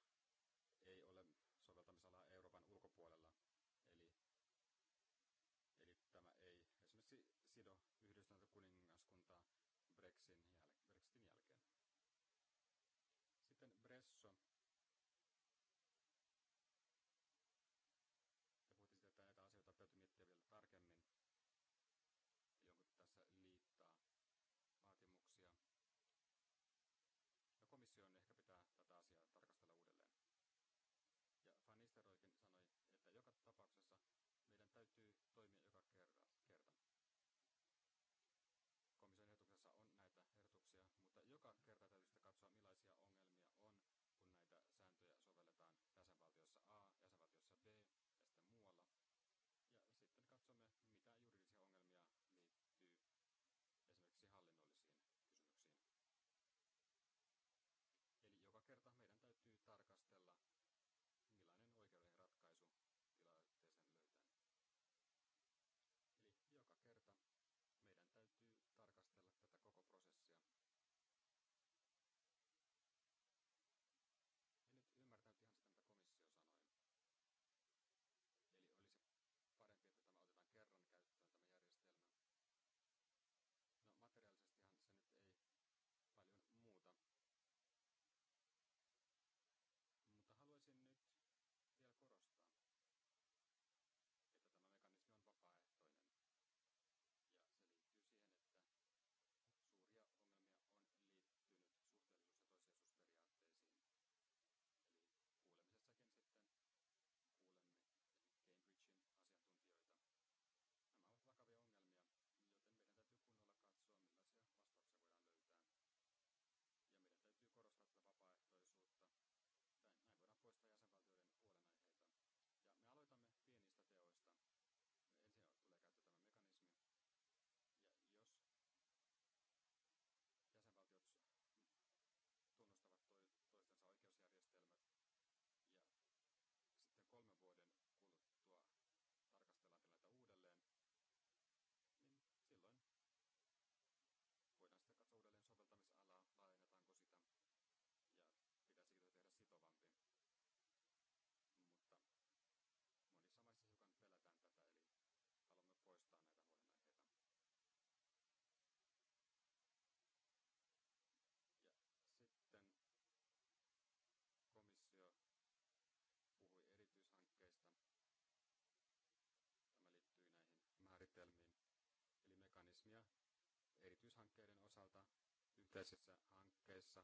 osalta yhteisissä hankkeissa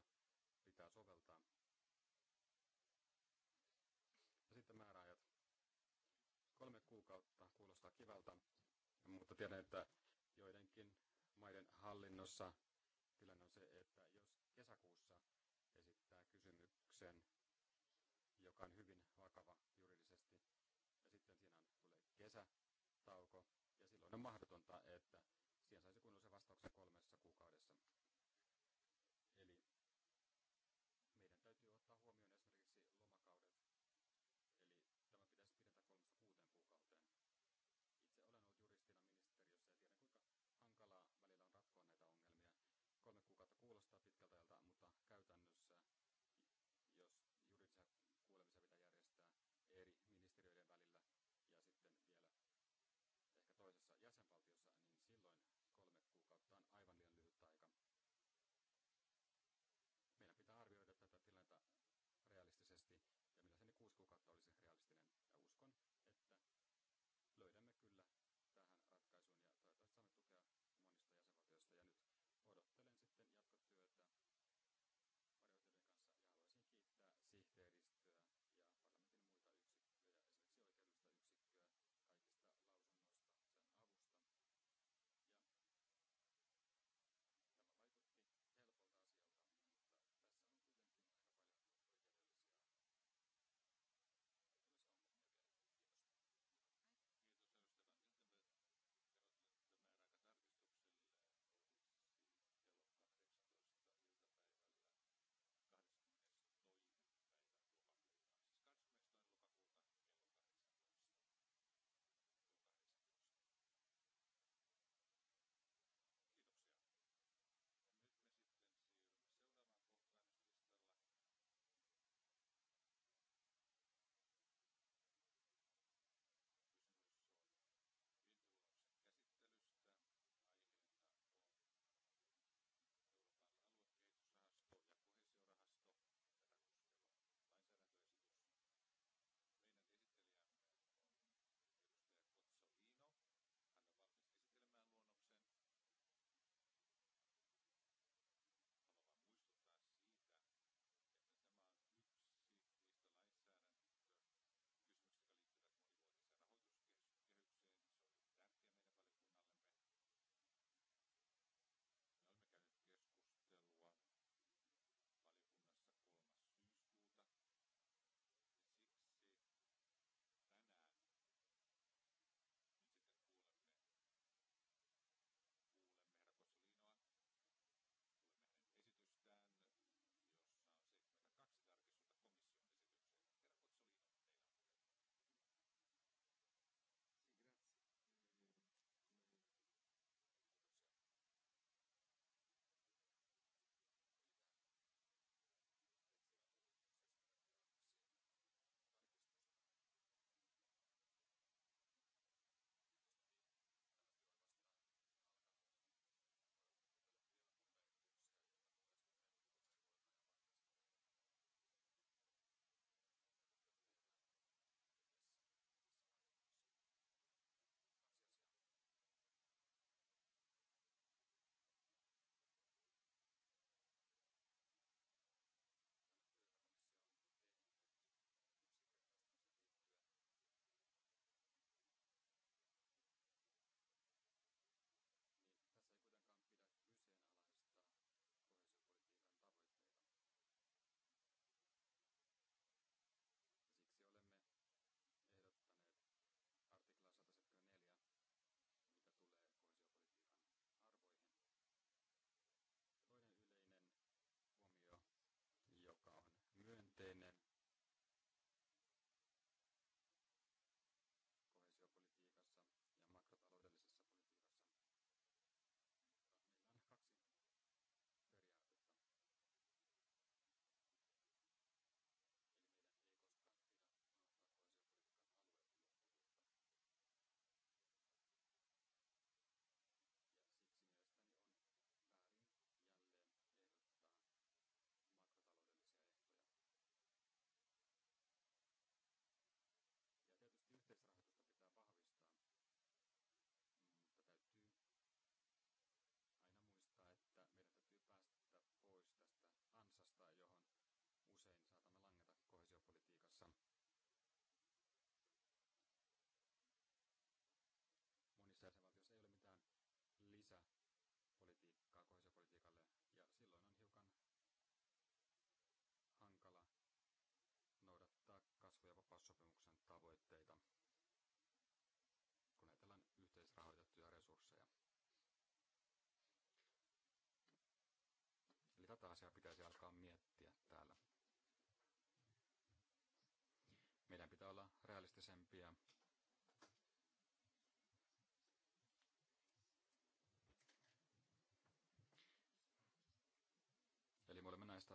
pitää soveltaa. Ja sitten määräajat. Kolme kuukautta kuulostaa kivalta, mutta tiedän, että joidenkin maiden hallinnossa tilanne on se, että jos kesäkuussa esittää kysymyksen, joka on hyvin vakava juridisesti, ja sitten siinä tulee kesä,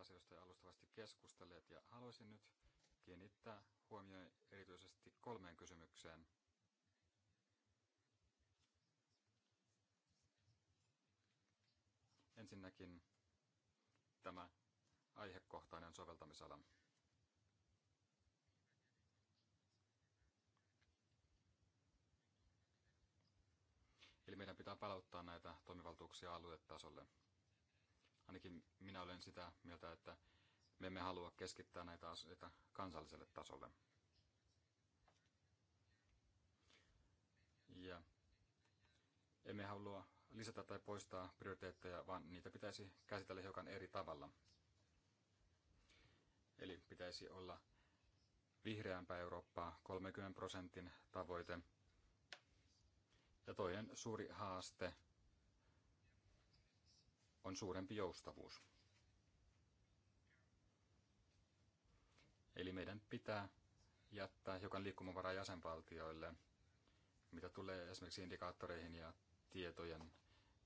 näistä asioista jo alustavasti keskustelleet ja haluaisin nyt kiinnittää huomioon erityisesti kolmeen kysymykseen. Ensinnäkin tämä aihekohtainen soveltamisala. Eli meidän pitää palauttaa näitä toimivaltuuksia aluetasolle. Ainakin minä olen sitä mieltä, että me emme halua keskittää näitä asioita kansalliselle tasolle. Ja emme halua lisätä tai poistaa prioriteetteja, vaan niitä pitäisi käsitellä hiukan eri tavalla. Eli pitäisi olla vihreämpää Eurooppaa 30 prosentin tavoite. Ja toinen suuri haaste on suurempi joustavuus. Eli meidän pitää jättää hiukan liikkumavaraa jäsenvaltioille, mitä tulee esimerkiksi indikaattoreihin ja tietojen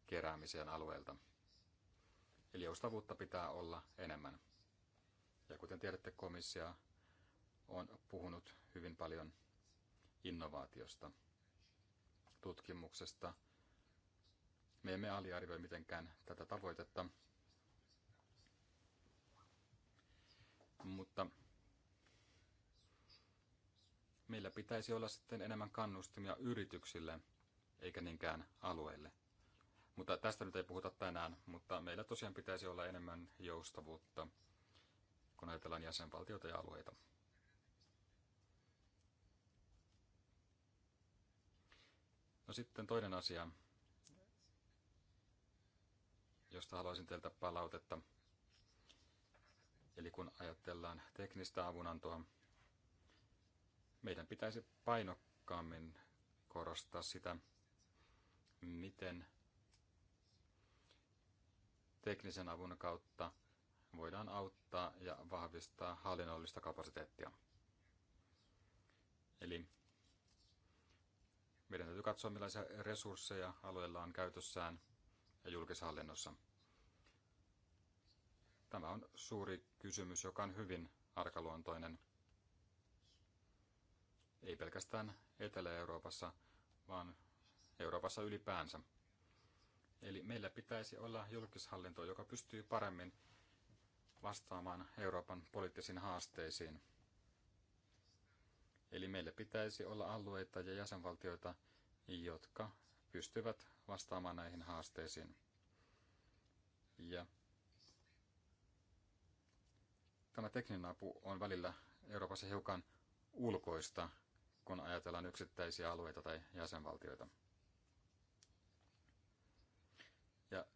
keräämiseen alueelta. Eli joustavuutta pitää olla enemmän. Ja kuten tiedätte, komissio on puhunut hyvin paljon innovaatiosta, tutkimuksesta – me emme aliarvioi mitenkään tätä tavoitetta. Mutta meillä pitäisi olla sitten enemmän kannustimia yrityksille, eikä niinkään alueille. Mutta tästä nyt ei puhuta tänään, mutta meillä tosiaan pitäisi olla enemmän joustavuutta, kun ajatellaan jäsenvaltioita ja alueita. No sitten toinen asia, josta haluaisin teiltä palautetta. Eli kun ajatellaan teknistä avunantoa, meidän pitäisi painokkaammin korostaa sitä, miten teknisen avun kautta voidaan auttaa ja vahvistaa hallinnollista kapasiteettia. Eli meidän täytyy katsoa, millaisia resursseja alueella on käytössään – ja julkishallinnossa. Tämä on suuri kysymys, joka on hyvin arkaluontoinen. Ei pelkästään Etelä-Euroopassa, vaan Euroopassa ylipäänsä. Eli meillä pitäisi olla julkishallinto, joka pystyy paremmin vastaamaan Euroopan poliittisiin haasteisiin. Eli meillä pitäisi olla alueita ja jäsenvaltioita, jotka pystyvät vastaamaan näihin haasteisiin. Ja tämä tekninen apu on välillä Euroopassa hiukan ulkoista, kun ajatellaan yksittäisiä alueita tai jäsenvaltioita. Ja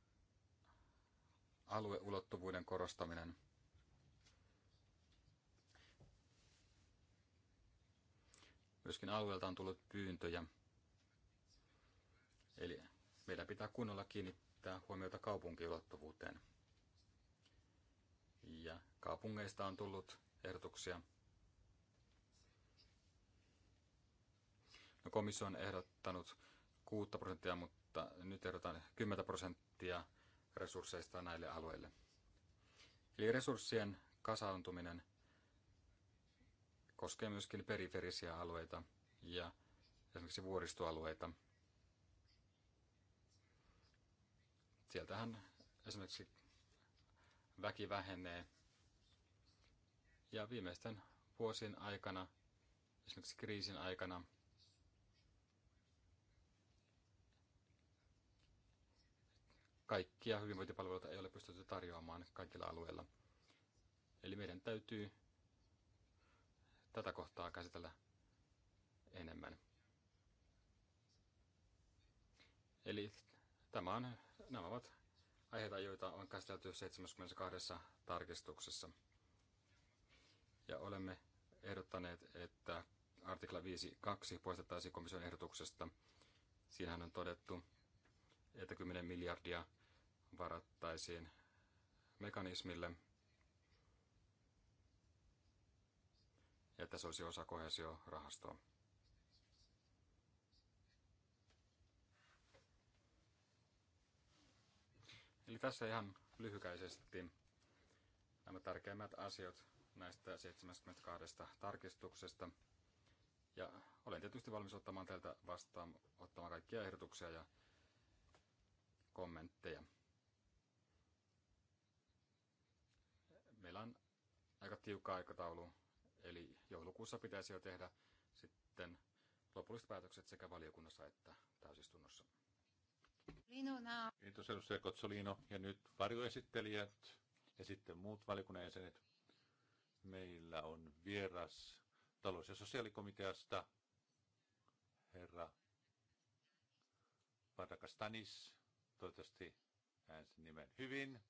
alueulottuvuuden korostaminen. Myöskin alueelta on tullut pyyntöjä Eli meidän pitää kunnolla kiinnittää huomiota kaupunkiulottuvuuteen. Ja kaupungeista on tullut ehdotuksia. No, komissio on ehdottanut 6 prosenttia, mutta nyt ehdotan 10 prosenttia resursseista näille alueille. Eli resurssien kasaantuminen koskee myöskin periferisiä alueita ja esimerkiksi vuoristoalueita – Sieltähän esimerkiksi väki vähenee. Ja viimeisten vuosien aikana, esimerkiksi kriisin aikana, kaikkia hyvinvointipalveluita ei ole pystytty tarjoamaan kaikilla alueilla. Eli meidän täytyy tätä kohtaa käsitellä enemmän. Eli tämä on nämä ovat aiheita, joita on käsitelty 72 tarkistuksessa. Ja olemme ehdottaneet, että artikla 5.2 poistettaisiin komission ehdotuksesta. Siinähän on todettu, että 10 miljardia varattaisiin mekanismille, että se olisi osa kohesiorahastoa. Eli tässä ihan lyhykäisesti nämä tärkeimmät asiat näistä 72 tarkistuksesta. Ja olen tietysti valmis ottamaan teiltä vastaan, ottamaan kaikkia ehdotuksia ja kommentteja. Meillä on aika tiukka aikataulu, eli joulukuussa pitäisi jo tehdä sitten lopulliset päätökset sekä valiokunnassa että täysistunnossa. Kiitos edustaja Kotsolino ja nyt varjoesittelijät ja sitten muut valiokunnan jäsenet. Meillä on vieras talous- ja sosiaalikomiteasta herra Padakastanis. Toivottavasti sen nimen hyvin.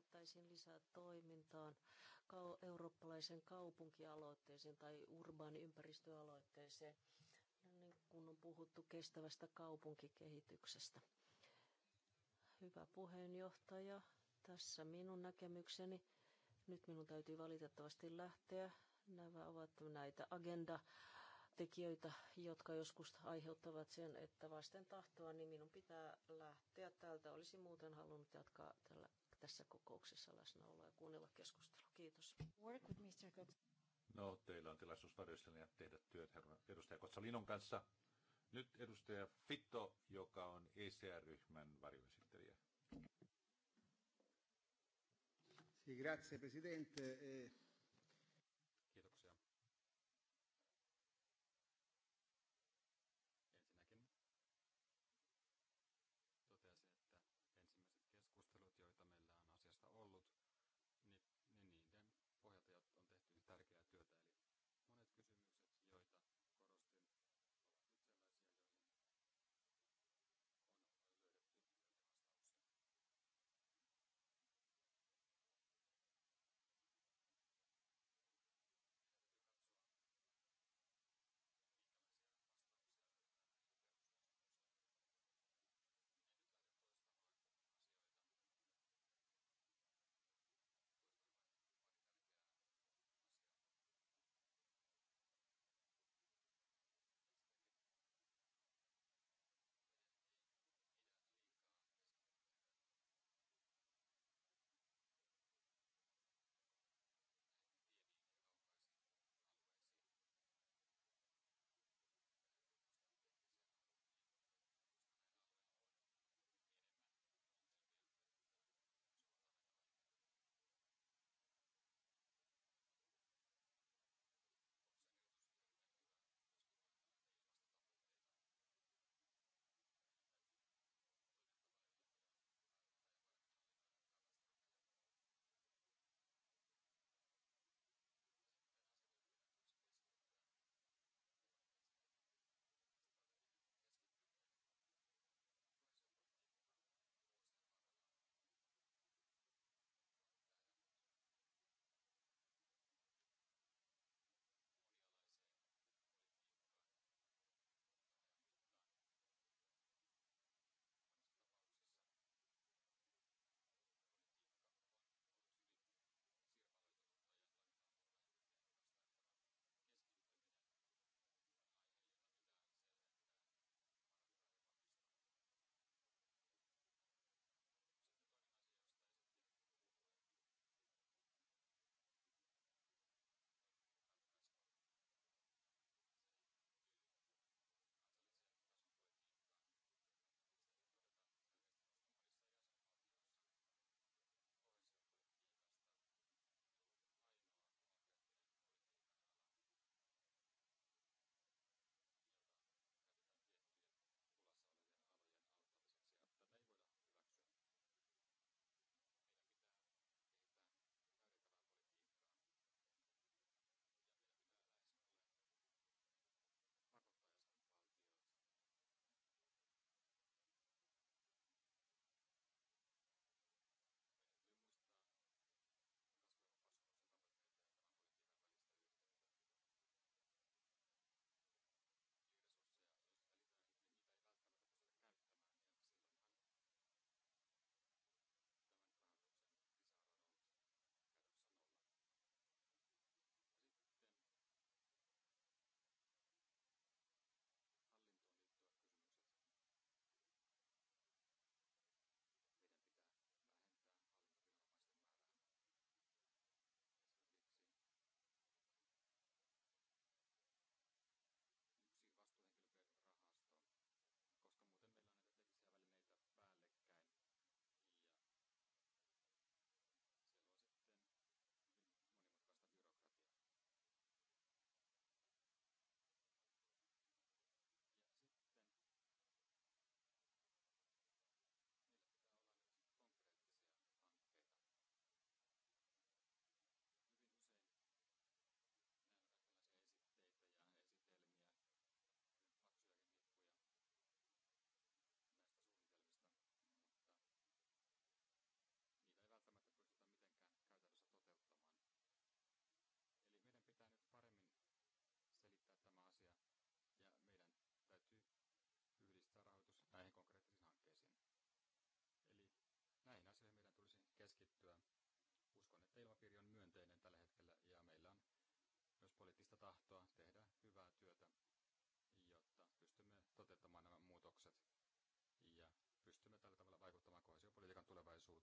lisättäisiin lisää toimintaan eurooppalaisen kaupunkialoitteeseen tai urbaani ympäristöaloitteeseen, niin kun on puhuttu kestävästä kaupunkikehityksestä. Hyvä puheenjohtaja, tässä minun näkemykseni. Nyt minun täytyy valitettavasti lähteä. Nämä ovat näitä agenda tekijöitä, jotka joskus aiheuttavat sen, että vasten tahtoa, niin minun pitää lähteä täältä. Olisi muuten halunnut jatkaa tällä tässä kokouksessa läsnäoloa ja kuunnella keskustelua. Kiitos. Work with Mr. No, teillä on tilaisuus varjoistelija tehdä työt herra edustaja Kotsalinon kanssa. Nyt edustaja Fitto, joka on ECR-ryhmän varjoesittelijä. Sì, grazie Presidente. E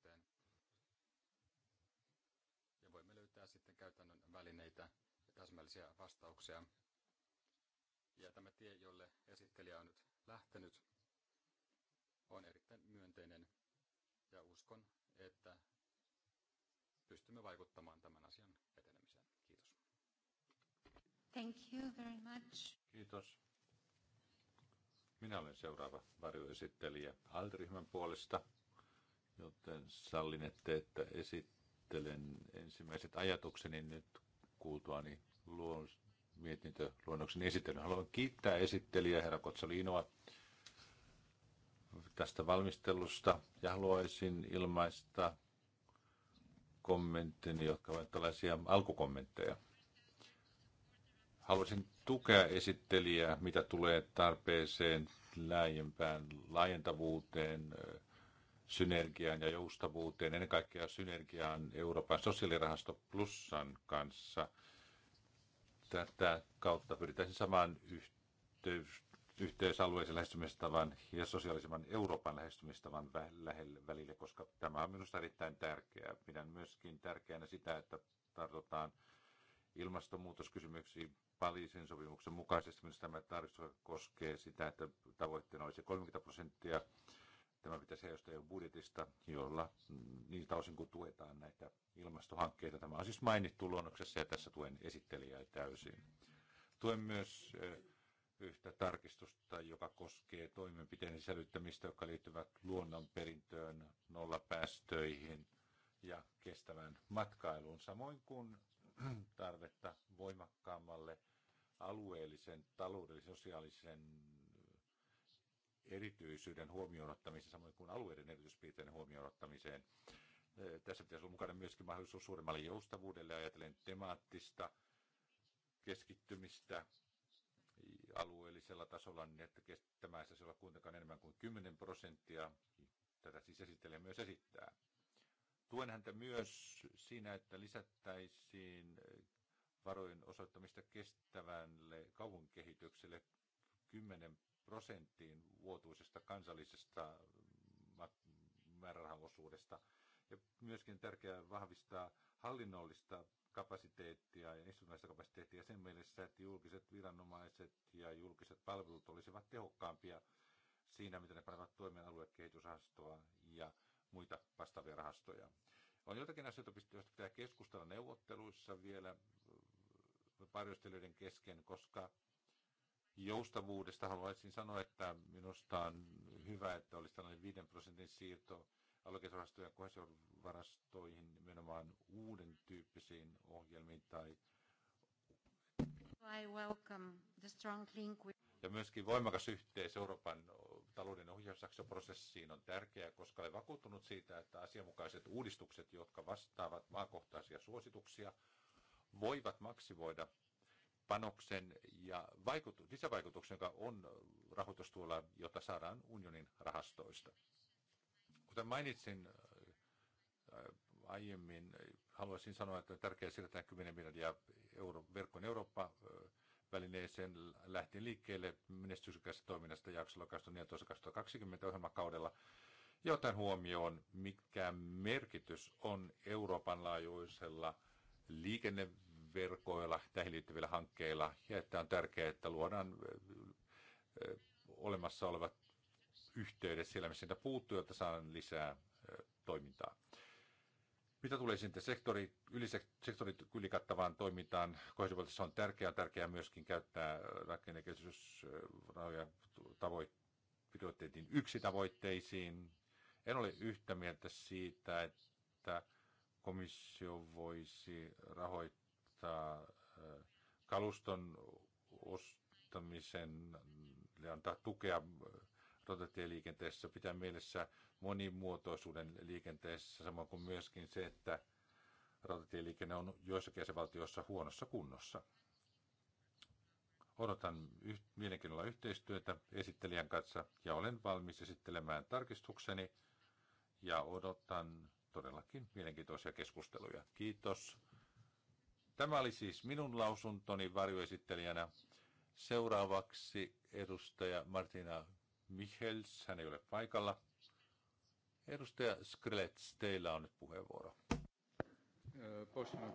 suhteen. Ja voimme löytää sitten käytännön välineitä ja täsmällisiä vastauksia. Ja tämä tie, jolle esittelijä on nyt lähtenyt, on erittäin myönteinen ja uskon, että pystymme vaikuttamaan tämän asian etenemiseen. Kiitos. Thank you very much. Kiitos. Minä olen seuraava varjoesittelijä Altriryhmän puolesta joten sallinette, että esittelen ensimmäiset ajatukseni nyt kuultuani luon, mietintöluonnoksen esittelyn. Haluan kiittää esittelijä herra Kotsaliinoa tästä valmistelusta ja haluaisin ilmaista kommenttini, jotka ovat tällaisia alkukommentteja. Haluaisin tukea esittelijää, mitä tulee tarpeeseen laajempään laajentavuuteen, synergiaan ja joustavuuteen, ennen kaikkea synergiaan Euroopan sosiaalirahasto Plussan kanssa. Tätä kautta pyritään samaan yhteys, yhteysalueisen lähestymistavan ja sosiaalisemman Euroopan lähestymistavan lähelle, välille, koska tämä on minusta erittäin tärkeää. Pidän myöskin tärkeänä sitä, että tartutaan ilmastonmuutoskysymyksiin Pariisin sopimuksen mukaisesti. Minusta tämä tarkoitus koskee sitä, että tavoitteena olisi 30 prosenttia Tämä pitäisi heijastua EU-budjetista, jolla niiltä osin kun tuetaan näitä ilmastohankkeita. Tämä on siis mainittu luonnoksessa ja tässä tuen esittelijää täysin. Tuen myös eh, yhtä tarkistusta, joka koskee toimenpiteen sisällyttämistä, jotka liittyvät luonnonperintöön, nollapäästöihin ja kestävään matkailuun, samoin kuin tarvetta voimakkaammalle alueellisen, taloudellisen, sosiaalisen erityisyyden huomioon ottamiseen, samoin kuin alueiden erityispiirteiden huomioon ottamiseen. Tässä pitäisi olla mukana myöskin mahdollisuus suuremmalle joustavuudelle ajatellen temaattista keskittymistä alueellisella tasolla, niin että tämä ei olla kuitenkaan enemmän kuin 10 prosenttia. Tätä siis esittelee myös esittää. Tuen häntä myös siinä, että lisättäisiin varojen osoittamista kestävälle kaupunkikehitykselle 10 prosenttiin vuotuisesta kansallisesta määrärahaosuudesta. Ja myöskin tärkeää vahvistaa hallinnollista kapasiteettia ja instituutioista kapasiteettia sen mielessä, että julkiset viranomaiset ja julkiset palvelut olisivat tehokkaampia siinä, miten ne panevat toimeen aluekehitysrahastoa ja muita vastaavia rahastoja. On jotakin asioita, joista pitää keskustella neuvotteluissa vielä äh, varjostelijoiden kesken, koska joustavuudesta haluaisin sanoa, että minusta on hyvä, että olisi tällainen 5 prosentin siirto allokeisrahastojen ja kohesiovarastoihin nimenomaan uuden tyyppisiin ohjelmiin tai I welcome the strong link with... Ja myöskin voimakas yhteys Euroopan talouden ohjausjaksoprosessiin on tärkeää, koska olen vakuuttunut siitä, että asianmukaiset uudistukset, jotka vastaavat maakohtaisia suosituksia, voivat maksivoida panoksen ja vaikutu, lisävaikutuksen, joka on rahoitustuolla, jota saadaan unionin rahastoista. Kuten mainitsin äh, äh, aiemmin, haluaisin sanoa, että on tärkeää siirtää 10 miljardia euro, verkon Eurooppa välineeseen lähtien liikkeelle menestyksekästä toiminnasta jaksolla 2014-2020 ohjelmakaudella ja otan huomioon, mikä merkitys on Euroopan laajuisella liikenne verkoilla, näihin liittyvillä hankkeilla, ja että on tärkeää, että luodaan olemassa olevat yhteydet siellä, missä niitä puuttuu, jotta saadaan lisää toimintaa. Mitä tulee sitten sektori, ylisektorit ylikattavaan toimintaan, kohdistuvalta on tärkeää, tärkeää myöskin käyttää rakennekehitysrahoja tavoitteisiin yksi tavoitteisiin. En ole yhtä mieltä siitä, että komissio voisi rahoittaa vastaa kaluston ostamisen ja antaa tukea rautatieliikenteessä, pitää mielessä monimuotoisuuden liikenteessä, samoin kuin myöskin se, että rautatieliikenne on joissakin jäsenvaltioissa huonossa kunnossa. Odotan yh- mielenkiinnolla yhteistyötä esittelijän kanssa ja olen valmis esittelemään tarkistukseni ja odotan todellakin mielenkiintoisia keskusteluja. Kiitos. Tämä oli siis minun lausuntoni varjoesittelijänä. Seuraavaksi edustaja Martina Michels, hän ei ole paikalla. Edustaja Skrelets, teillä on nyt puheenvuoro. Äh,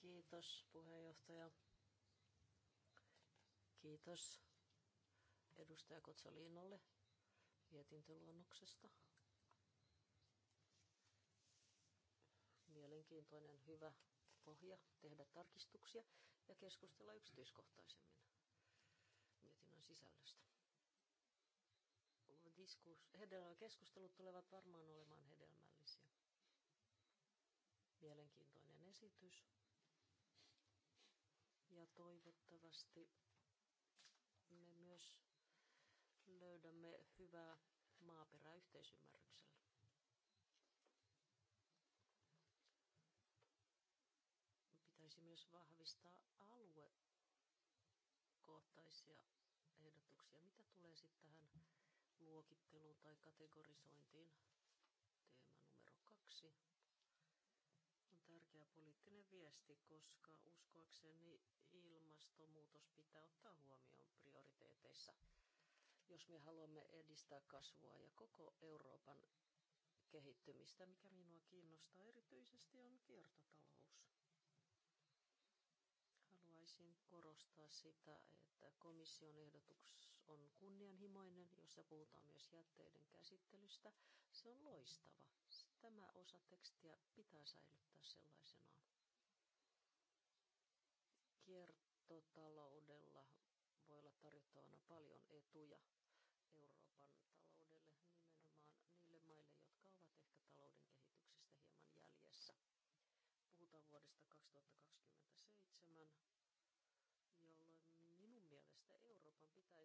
Kiitos puheenjohtaja. Kiitos edustaja Kotsalinolle mietintöluonnoksesta. mielenkiintoinen, hyvä pohja tehdä tarkistuksia ja keskustella yksityiskohtaisemmin mietinnön sisällöstä. Diskus, keskustelut tulevat varmaan olemaan hedelmällisiä. Mielenkiintoinen esitys. Ja toivottavasti me myös löydämme hyvää maaperää tulisi myös vahvistaa aluekohtaisia ehdotuksia. Mitä tulee sitten tähän luokitteluun tai kategorisointiin? Teema numero kaksi on tärkeä poliittinen viesti, koska uskoakseni ilmastonmuutos pitää ottaa huomioon prioriteeteissa, jos me haluamme edistää kasvua ja koko Euroopan kehittymistä. Mikä minua kiinnostaa erityisesti on kiertotalous korostaa sitä, että komission ehdotus on kunnianhimoinen, jossa puhutaan myös jätteiden käsittelystä. Se on loistava. Tämä osa tekstiä pitää säilyttää sellaisenaan. Kiertotaloudella voi olla tarjottavana paljon etuja Euroopan taloudelle, nimenomaan niille maille, jotka ovat ehkä talouden kehityksestä hieman jäljessä puhutaan vuodesta 2027.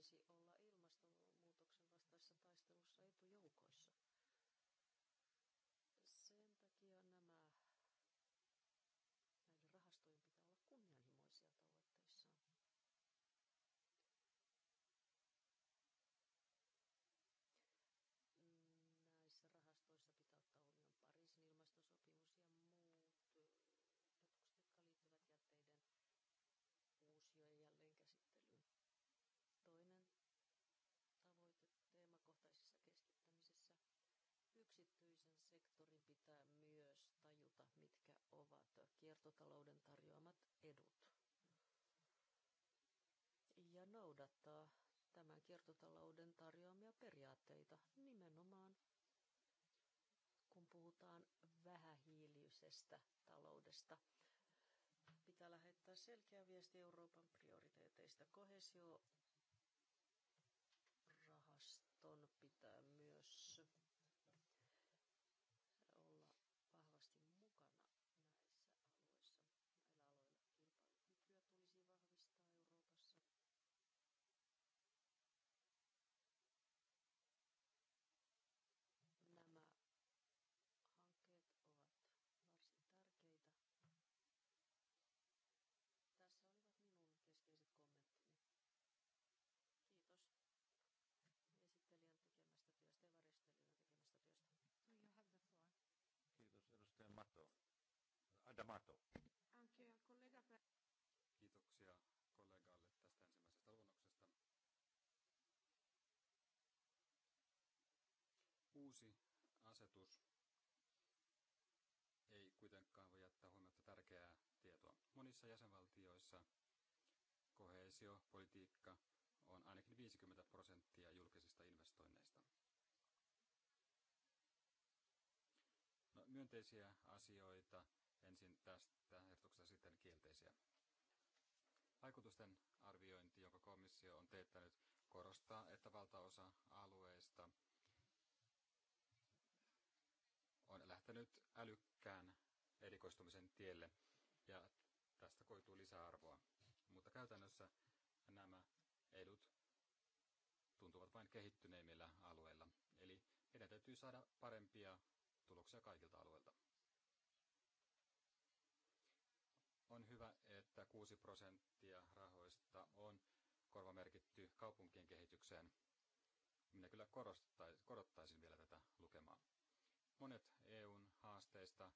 pitäisi olla ilmastonmuutoksen vastaisessa taistelussa etujoukoissa. maastotalouden tarjoamat edut. Ja noudattaa tämän kiertotalouden tarjoamia periaatteita nimenomaan, kun puhutaan vähähiiliisestä taloudesta. Pitää lähettää selkeä viesti Euroopan prioriteeteista. Kohesio Monissa jäsenvaltioissa koheesiopolitiikka on ainakin 50 prosenttia julkisista investoinneista. No, myönteisiä asioita ensin tästä ehdotuksesta sitten kielteisiä. Vaikutusten arviointi, jonka komissio on teettänyt, korostaa, että valtaosa alueista on lähtenyt älykkään erikoistumisen tielle, ja tästä koituu lisäarvoa. Mutta käytännössä nämä edut tuntuvat vain kehittyneimmillä alueilla. Eli meidän täytyy saada parempia tuloksia kaikilta alueilta. On hyvä, että 6 prosenttia rahoista on korvamerkitty kaupunkien kehitykseen. Minä kyllä korottaisin vielä tätä lukemaa. Monet EUn haasteista,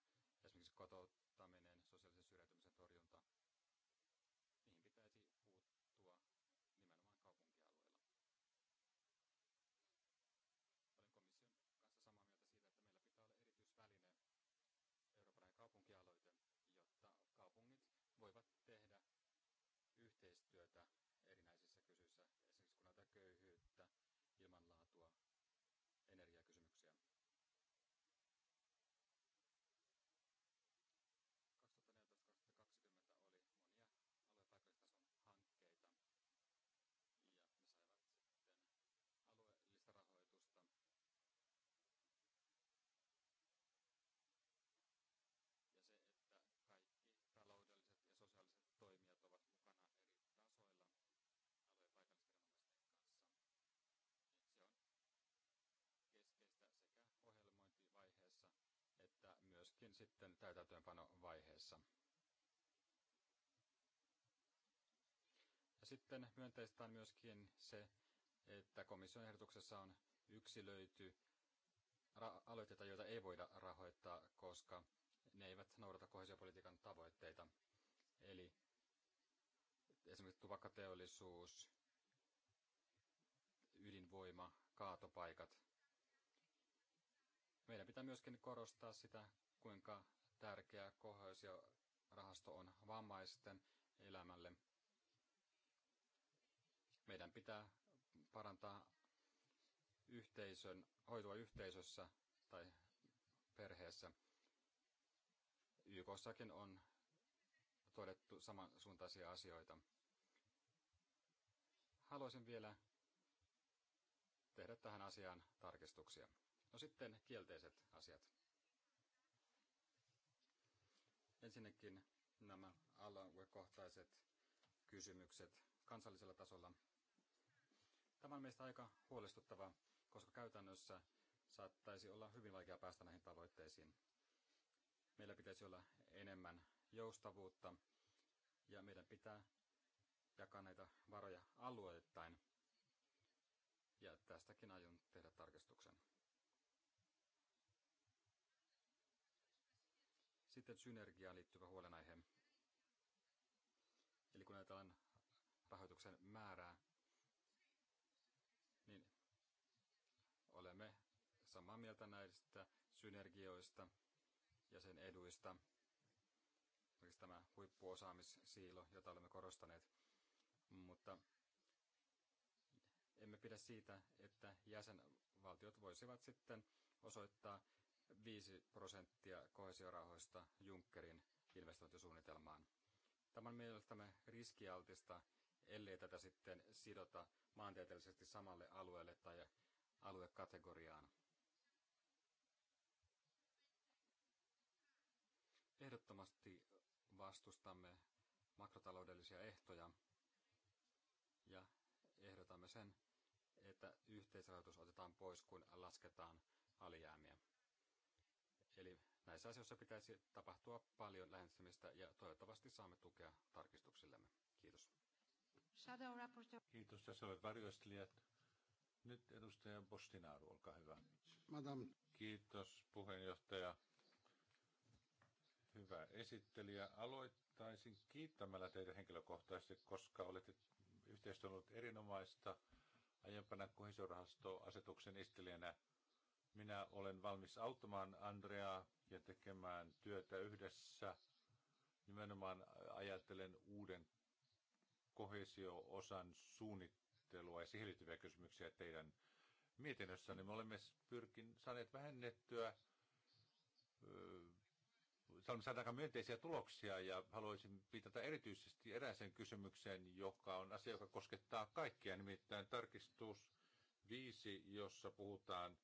esimerkiksi kotouttaminen, sosiaalisen työtä sitten täytäntöönpanovaiheessa. Ja sitten myönteistä on myöskin se, että komission ehdotuksessa on yksilöity aloitteita, joita ei voida rahoittaa, koska ne eivät noudata kohesiopolitiikan tavoitteita. Eli esimerkiksi tupakkateollisuus, ydinvoima, kaatopaikat. Meidän pitää myöskin korostaa sitä, kuinka tärkeä rahasto on vammaisten elämälle. Meidän pitää parantaa yhteisön, hoitua yhteisössä tai perheessä. YKssakin on todettu samansuuntaisia asioita. Haluaisin vielä tehdä tähän asiaan tarkistuksia. No sitten kielteiset asiat. Ensinnäkin nämä alakohtaiset kysymykset kansallisella tasolla. Tämä on meistä aika huolestuttava, koska käytännössä saattaisi olla hyvin vaikea päästä näihin tavoitteisiin. Meillä pitäisi olla enemmän joustavuutta ja meidän pitää jakaa näitä varoja alueittain. Ja tästäkin aion tehdä tarkistuksen. Sitten synergiaan liittyvä huolenaihe. Eli kun ajatellaan rahoituksen määrää, niin olemme samaa mieltä näistä synergioista ja sen eduista. Esimerkiksi tämä huippuosaamissiilo, jota olemme korostaneet. Mutta emme pidä siitä, että jäsenvaltiot voisivat sitten osoittaa 5 prosenttia kohesiorahoista Junckerin investointisuunnitelmaan. Tämä on mielestämme riskialtista, ellei tätä sitten sidota maantieteellisesti samalle alueelle tai aluekategoriaan. Ehdottomasti vastustamme makrotaloudellisia ehtoja ja ehdotamme sen, että yhteisrahoitus otetaan pois, kun lasketaan alijäämiä. Eli näissä asioissa pitäisi tapahtua paljon lähentymistä ja toivottavasti saamme tukea tarkistuksillemme. Kiitos. Kiitos. Tässä olet varjoistelijat. Nyt edustaja Bostinaaru, olkaa hyvä. Madam. Kiitos puheenjohtaja. Hyvä esittelijä. Aloittaisin kiittämällä teitä henkilökohtaisesti, koska olette yhteistyö ollut erinomaista aiempana kohesiorahastoasetuksen esittelijänä minä olen valmis auttamaan Andreaa ja tekemään työtä yhdessä. Nimenomaan ajattelen uuden kohesio-osan suunnittelua ja siihen liittyviä kysymyksiä teidän mietinnössänne. Me olemme pyrkin saaneet vähennettyä aika myönteisiä tuloksia ja haluaisin viitata erityisesti erääseen kysymykseen, joka on asia, joka koskettaa kaikkia, nimittäin tarkistus 5, jossa puhutaan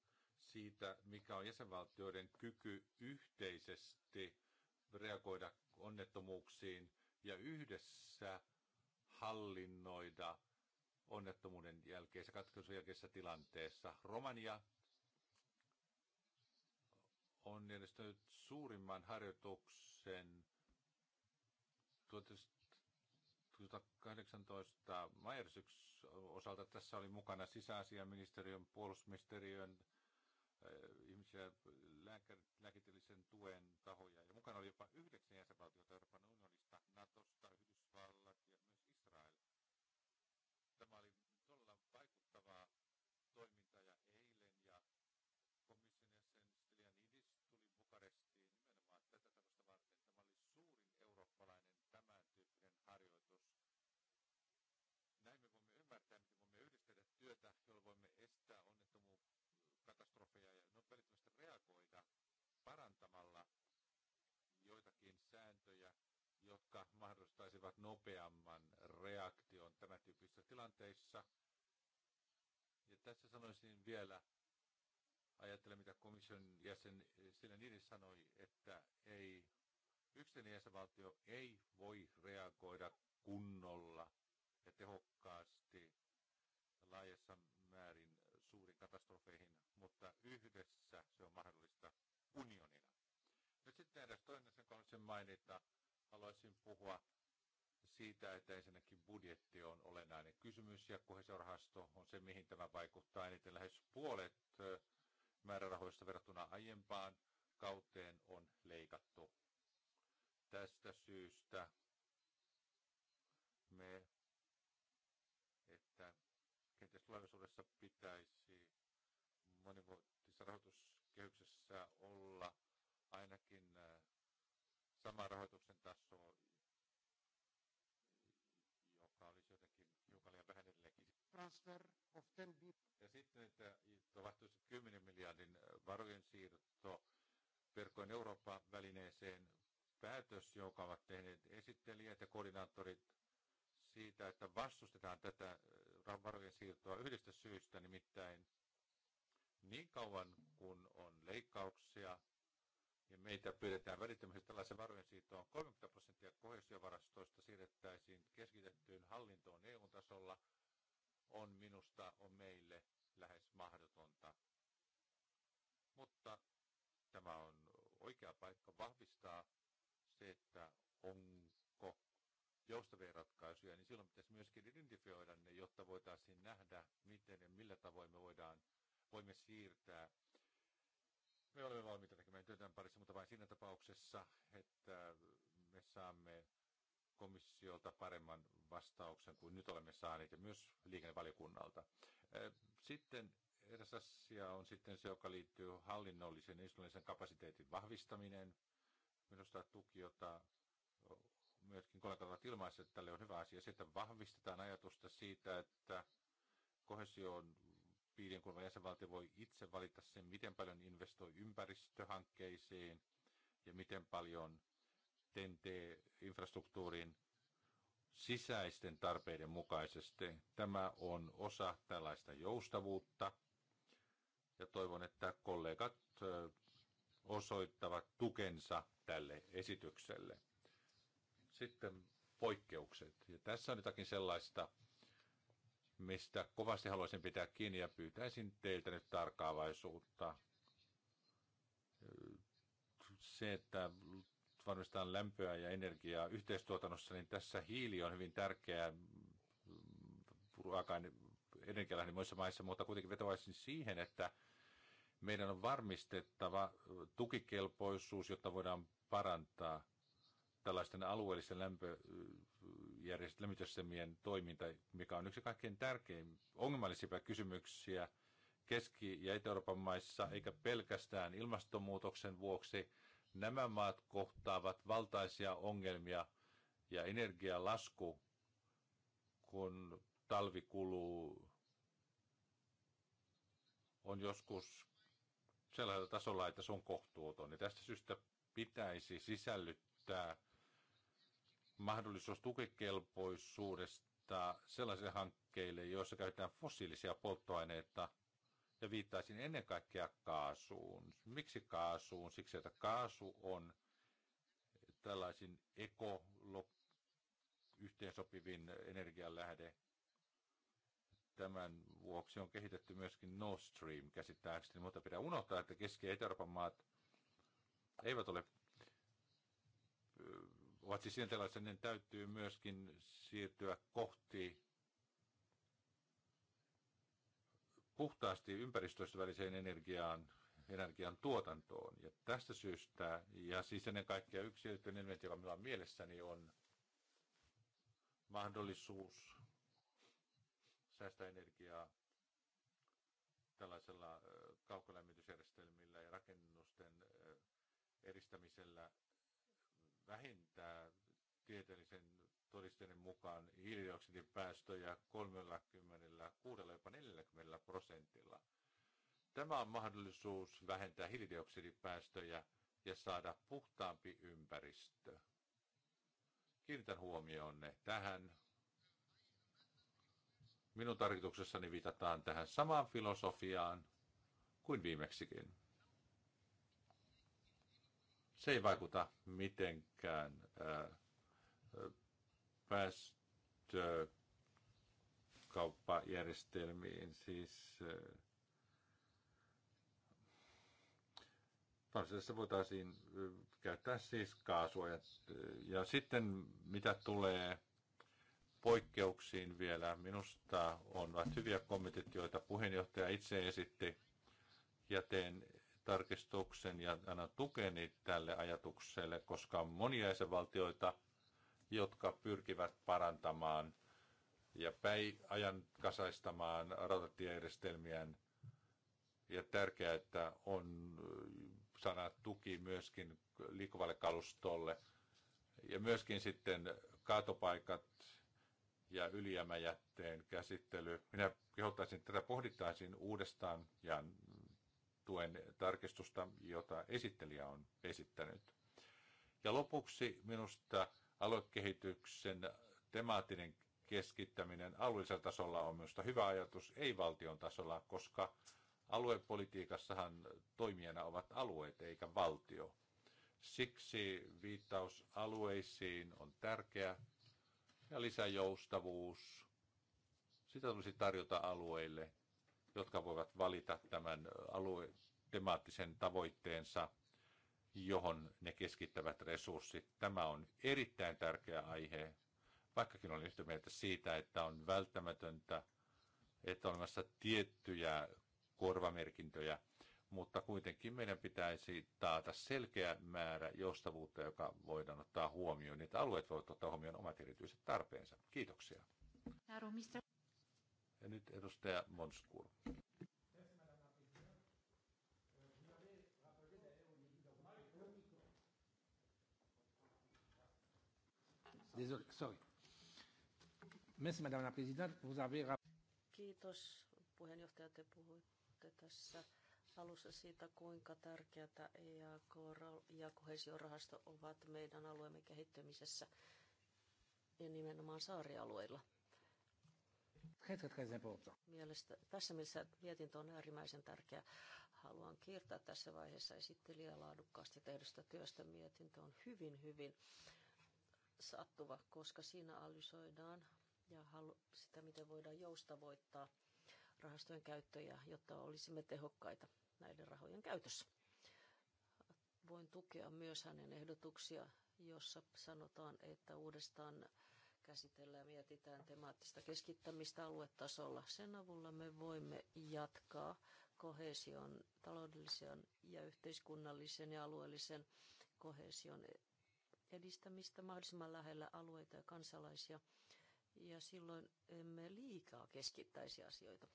siitä, mikä on jäsenvaltioiden kyky yhteisesti reagoida onnettomuuksiin ja yhdessä hallinnoida onnettomuuden jälkeisessä, katkaisun jälkeisessä tilanteessa. Romania on järjestänyt suurimman harjoituksen 2018 majärjestyksen osalta. Tässä oli mukana sisäasiaministeriön, puolustusministeriön, Äh, ihmisiä, lääkä, lääketieteellisen tuen tahoja. Ja mukana oli jopa yhdeksän jäsenvaltiota Euroopan unionista, Natosta, Yhdysvallat ja välittömästi reagoida parantamalla joitakin sääntöjä, jotka mahdollistaisivat nopeamman reaktion tämän tyyppisissä tilanteissa. Ja tässä sanoisin vielä, ajattelen mitä komission jäsen sillä niiden sanoi, että ei, yksityinen jäsenvaltio ei voi reagoida kunnolla ja tehokkaasti laajassa määrin suuriin katastrofeihin mutta yhdessä se on mahdollista unionina. Nyt sitten edes toinen sen jonka haluaisin mainita, haluaisin puhua siitä, että ensinnäkin budjetti on olennainen kysymys ja kohesiorahasto on se, mihin tämä vaikuttaa eniten. Lähes puolet määrärahoista verrattuna aiempaan kauteen on leikattu. Tästä syystä me, että kenties tulevaisuudessa pitäisi monivuotisessa rahoituskehyksessä olla ainakin sama rahoituksen taso, joka olisi jotenkin hiukan liian vähän edelleenkin. Transfer of 10 ja sitten, että tapahtuisi 10 miljardin varojen siirto verkkojen Eurooppa-välineeseen päätös, jonka ovat tehneet esittelijät ja koordinaattorit siitä, että vastustetaan tätä varojen siirtoa yhdestä syystä, nimittäin niin kauan kun on leikkauksia ja meitä pyydetään välittömästi tällaisen varojen siirtoon, 30 prosenttia kohesiovarastoista siirrettäisiin keskitettyyn hallintoon EU-tasolla, on minusta on meille lähes mahdotonta. Mutta tämä on oikea paikka vahvistaa se, että onko joustavia ratkaisuja, niin silloin pitäisi myöskin identifioida ne, jotta voitaisiin nähdä, miten ja millä tavoin me voidaan voimme siirtää. Me olemme valmiita tekemään työtään parissa, mutta vain siinä tapauksessa, että me saamme komissiolta paremman vastauksen kuin nyt olemme saaneet ja myös liikennevaliokunnalta. Sitten eräs asia on sitten se, joka liittyy hallinnollisen ja istunnollisen kapasiteetin vahvistaminen. Minusta tuki, jota myöskin kollegat ovat ilmaisseet, että tälle on hyvä asia. Se, että vahvistetaan ajatusta siitä, että kohesio on piirien kuuluva jäsenvaltio voi itse valita sen, miten paljon investoi ympäristöhankkeisiin ja miten paljon TNT-infrastruktuurin sisäisten tarpeiden mukaisesti. Tämä on osa tällaista joustavuutta ja toivon, että kollegat osoittavat tukensa tälle esitykselle. Sitten poikkeukset. Ja tässä on jotakin sellaista, mistä kovasti haluaisin pitää kiinni ja pyytäisin teiltä nyt tarkkaavaisuutta. Se, että varmistetaan lämpöä ja energiaa yhteistuotannossa, niin tässä hiili on hyvin tärkeä mm, ruoka energialähde muissa maissa, mutta kuitenkin vetoaisin siihen, että meidän on varmistettava tukikelpoisuus, jotta voidaan parantaa tällaisten alueellisten lämpö, lämmitysemien toiminta, mikä on yksi kaikkein tärkein ongelmallisimpia kysymyksiä Keski- ja Itä-Euroopan maissa, eikä pelkästään ilmastonmuutoksen vuoksi. Nämä maat kohtaavat valtaisia ongelmia ja energialasku, kun talvi kuluu, on joskus sellaisella tasolla, että se on kohtuuton. Ja tästä syystä pitäisi sisällyttää mahdollisuus tukikelpoisuudesta sellaisille hankkeille, joissa käytetään fossiilisia polttoaineita, ja viittaisin ennen kaikkea kaasuun. Miksi kaasuun? Siksi, että kaasu on tällaisin ekoyhteensopivin energialähde. energianlähde. Tämän vuoksi on kehitetty myöskin Nord Stream käsittääkseni, mutta pitää unohtaa, että Keski- ja Etelä-Euroopan maat eivät ole ovat siis identilaisia, niin täytyy myöskin siirtyä kohti puhtaasti ympäristöystävälliseen energiaan, energian tuotantoon. Ja tästä syystä, ja siis ennen kaikkea yksi erityinen elementti, joka minulla on mielessäni, niin on mahdollisuus säästää energiaa tällaisella kaukolämmitysjärjestelmillä ja rakennusten eristämisellä vähentää tieteellisen todisteiden mukaan hiilidioksidin päästöjä 36 jopa 40 prosentilla. Tämä on mahdollisuus vähentää hiilidioksidipäästöjä ja saada puhtaampi ympäristö. Kiinnitän huomionne tähän. Minun tarkoituksessani viitataan tähän samaan filosofiaan kuin viimeksikin. Se ei vaikuta mitenkään päästökauppajärjestelmiin. Siis Tanssiassa voitaisiin käyttää siis kaasua. Ja, ja sitten mitä tulee poikkeuksiin vielä, minusta on hyviä kommentit, joita puheenjohtaja itse esitti. Ja teen tarkistuksen ja annan tukeni tälle ajatukselle, koska on monia jäsenvaltioita, jotka pyrkivät parantamaan ja päi ajan kasaistamaan rautatiejärjestelmiään. Ja tärkeää, että on äh, sana tuki myöskin liikkuvalle kalustolle. Ja myöskin sitten kaatopaikat ja ylijäämäjätteen käsittely. Minä kehottaisin, että tätä pohdittaisiin uudestaan ja tuen tarkistusta, jota esittelijä on esittänyt. Ja lopuksi minusta aluekehityksen temaattinen keskittäminen alueellisella tasolla on minusta hyvä ajatus, ei valtion tasolla, koska aluepolitiikassahan toimijana ovat alueet eikä valtio. Siksi viittaus alueisiin on tärkeä ja lisäjoustavuus. Sitä tulisi tarjota alueille jotka voivat valita tämän alue, temaattisen tavoitteensa, johon ne keskittävät resurssit. Tämä on erittäin tärkeä aihe, vaikkakin olen yhtä mieltä siitä, että on välttämätöntä, että on olemassa tiettyjä korvamerkintöjä, mutta kuitenkin meidän pitäisi taata selkeä määrä joustavuutta, joka voidaan ottaa huomioon, niin että alueet voivat ottaa huomioon omat erityiset tarpeensa. Kiitoksia. Ja nyt edustaja Monskur. Désolé, sorry. Merci, Madame la Présidente. Vous avez... Kiitos, puheenjohtaja. Te puhuitte tässä alussa siitä, kuinka tärkeätä EAK ja kohesiorahasto ovat meidän alueemme kehittämisessä ja nimenomaan saarialueilla. Mielestä, tässä mielessä mietintö on äärimmäisen tärkeä. Haluan kiirtää tässä vaiheessa esittelijää laadukkaasti tehdystä työstä. Mietintö on hyvin, hyvin sattuva, koska siinä analysoidaan ja halu, sitä, miten voidaan joustavoittaa rahastojen käyttöjä, jotta olisimme tehokkaita näiden rahojen käytössä. Voin tukea myös hänen ehdotuksia, jossa sanotaan, että uudestaan käsitellään ja mietitään temaattista keskittämistä aluetasolla. Sen avulla me voimme jatkaa kohesion, taloudellisen ja yhteiskunnallisen ja alueellisen kohesion edistämistä mahdollisimman lähellä alueita ja kansalaisia. Ja silloin emme liikaa keskittäisi asioita.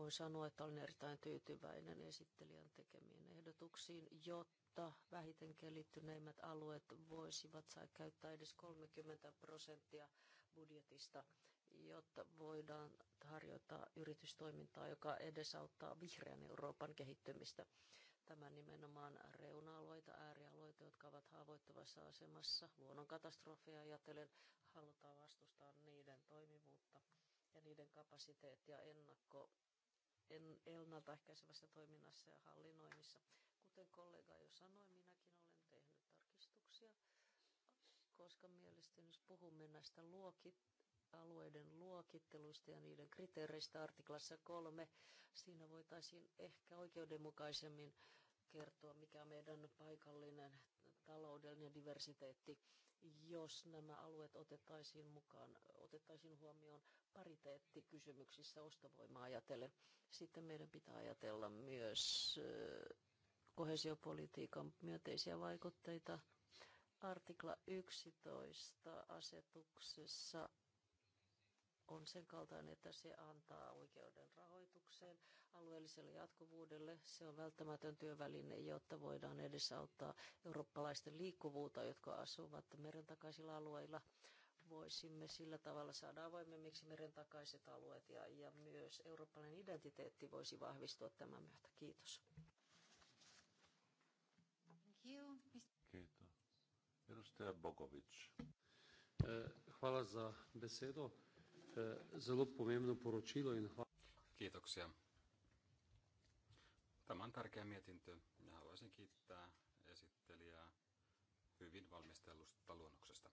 Voin sanoa, että olen erittäin tyytyväinen esittelijän tekemiin ehdotuksiin, jotta vähiten kehittyneimmät alueet voisivat saa käyttää edes 30 prosenttia budjetista, jotta voidaan harjoittaa yritystoimintaa, joka edesauttaa vihreän Euroopan kehittymistä. Tämä nimenomaan reuna-alueita, äärialueita, jotka ovat haavoittuvassa asemassa. Luonnonkatastrofeja ajatellen halutaan vastustaa niiden toimivuutta ja niiden kapasiteettia ennakko ennaltaehkäisevässä toiminnassa ja hallinnoinnissa. Kuten kollega jo sanoi, minäkin olen tehnyt tarkistuksia, koska mielestäni jos puhumme näistä luokit, alueiden luokitteluista ja niiden kriteereistä artiklassa kolme, siinä voitaisiin ehkä oikeudenmukaisemmin kertoa, mikä meidän paikallinen taloudellinen diversiteetti jos nämä alueet otettaisiin mukaan, otettaisiin huomioon pariteettikysymyksissä ostovoimaa ajatellen. Sitten meidän pitää ajatella myös kohesiopolitiikan myönteisiä vaikutteita. Artikla 11 asetuksessa on sen kaltainen, että se antaa oikeuden rahoitukseen alueelliselle jatkuvuudelle. Se on välttämätön työväline, jotta voidaan edesauttaa eurooppalaisten liikkuvuutta, jotka asuvat meren takaisilla alueilla. Voisimme sillä tavalla saada avoimemmiksi meren takaiset alueet ja, ja myös eurooppalainen identiteetti voisi vahvistua tämän myötä. Kiitos. Kiitos. Edustaja Bogovic. Eh, hvala za besedo. Eh, zelo pomembno poročilo in hvala. Kiitoksia Tämä on tärkeä mietintö ja haluaisin kiittää esittelijää hyvin valmistellusta luonnoksesta.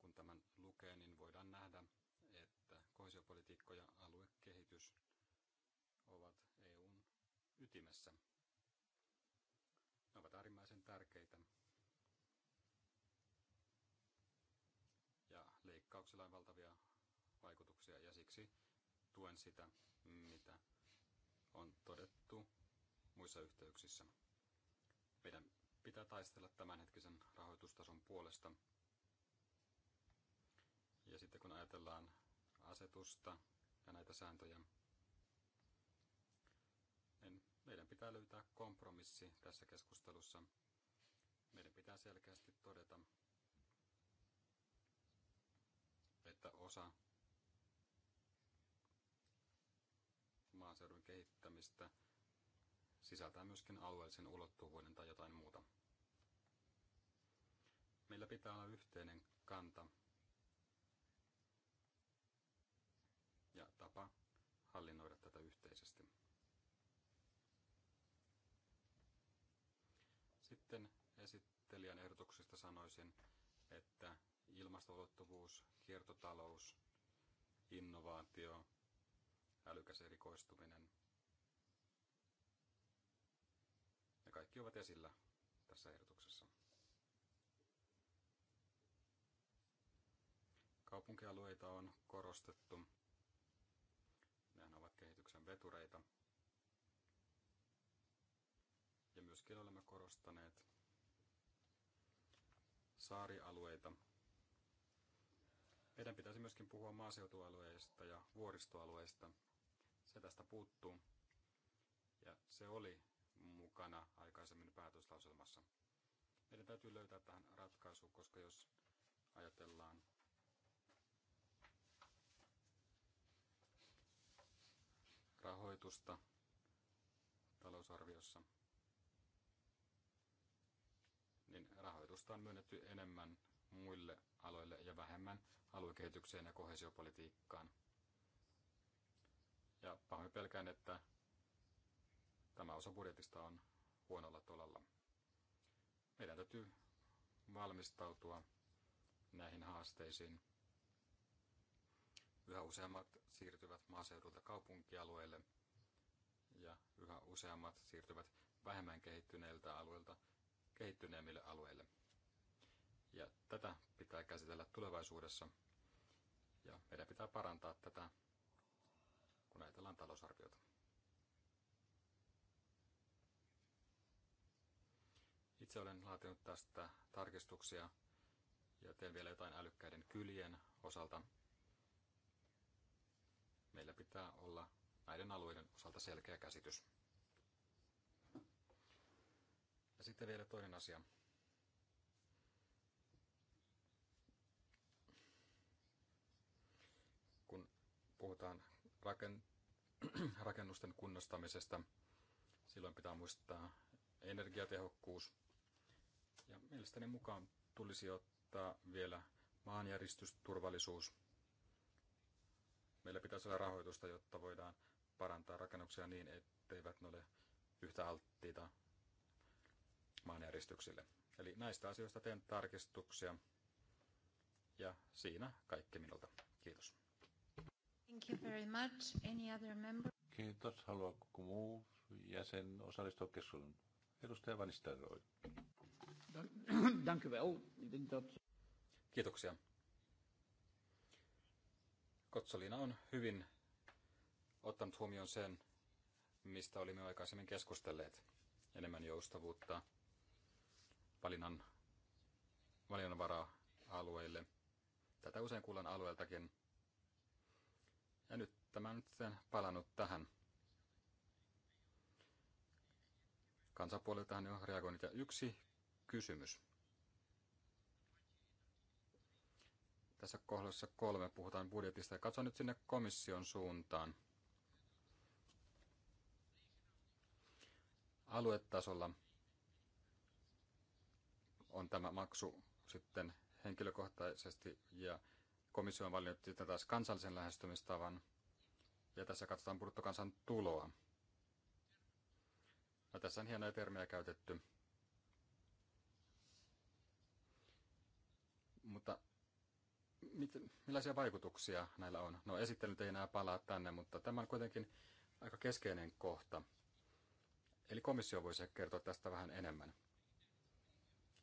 Kun tämän lukee, niin voidaan nähdä, että kohesiopolitiikka ja aluekehitys ovat EUn ytimessä. Ne ovat äärimmäisen tärkeitä. Ja leikkauksilla on valtavia vaikutuksia ja siksi tuen sitä, mitä on todettu muissa yhteyksissä. Meidän pitää taistella tämänhetkisen rahoitustason puolesta. Ja sitten kun ajatellaan asetusta ja näitä sääntöjä, niin meidän pitää löytää kompromissi tässä keskustelussa. Meidän pitää selkeästi todeta, että osa maaseudun kehittämistä sisältää myöskin alueellisen ulottuvuuden tai jotain muuta. Meillä pitää olla yhteinen kanta ja tapa hallinnoida tätä yhteisesti. Sitten esittelijän ehdotuksesta sanoisin, että ilmastoulottuvuus, kiertotalous, innovaatio, älykäs erikoistuminen. Ne kaikki ovat esillä tässä ehdotuksessa. Kaupunkialueita on korostettu. Nehän ovat kehityksen vetureita. Ja myöskin olemme korostaneet saarialueita, meidän pitäisi myöskin puhua maaseutualueista ja vuoristoalueista. Se tästä puuttuu. Ja se oli mukana aikaisemmin päätöslauselmassa. Meidän täytyy löytää tähän ratkaisu, koska jos ajatellaan rahoitusta talousarviossa, niin rahoitusta on myönnetty enemmän muille aloille ja vähemmän aluekehitykseen ja kohesiopolitiikkaan. Ja pahoin pelkään, että tämä osa budjetista on huonolla tolalla. Meidän täytyy valmistautua näihin haasteisiin. Yhä useammat siirtyvät maaseudulta kaupunkialueille ja yhä useammat siirtyvät vähemmän kehittyneiltä alueilta kehittyneemmille alueille. Ja tätä pitää käsitellä tulevaisuudessa. Ja meidän pitää parantaa tätä, kun ajatellaan talousarviota. Itse olen laatinut tästä tarkistuksia ja teen vielä jotain älykkäiden kyljen osalta. Meillä pitää olla näiden alueiden osalta selkeä käsitys. Ja sitten vielä toinen asia, puhutaan rakennusten kunnostamisesta, silloin pitää muistaa energiatehokkuus. Ja mielestäni mukaan tulisi ottaa vielä maanjäristysturvallisuus. Meillä pitäisi olla rahoitusta, jotta voidaan parantaa rakennuksia niin, etteivät ne ole yhtä alttiita maanjäristyksille. Eli näistä asioista teen tarkistuksia ja siinä kaikki minulta. Kiitos. Thank you very much. Any other member? Kiitos. Haluaako muu jäsen osallistua keskusteluun? Edustaja Van Nistelrooy. Dank u wel. Kiitoksia. Kotsalina on hyvin ottanut huomioon sen, mistä olimme aikaisemmin keskustelleet. Enemmän joustavuutta, valinnan, valinnanvaraa alueille. Tätä usein kuullaan alueeltakin, ja nyt tämä on sen palannut tähän. Kansanpuolelta jo on reagoinut. Ja yksi kysymys. Tässä kohdassa kolme puhutaan budjetista. Ja katso nyt sinne komission suuntaan. Aluetasolla on tämä maksu sitten henkilökohtaisesti ja komissio on valinnut sitten taas kansallisen lähestymistavan, ja tässä katsotaan tuloa. No, tässä on hienoja termejä käytetty. Mutta mit, millaisia vaikutuksia näillä on? No esittely ei enää palaa tänne, mutta tämä on kuitenkin aika keskeinen kohta. Eli komissio voisi kertoa tästä vähän enemmän.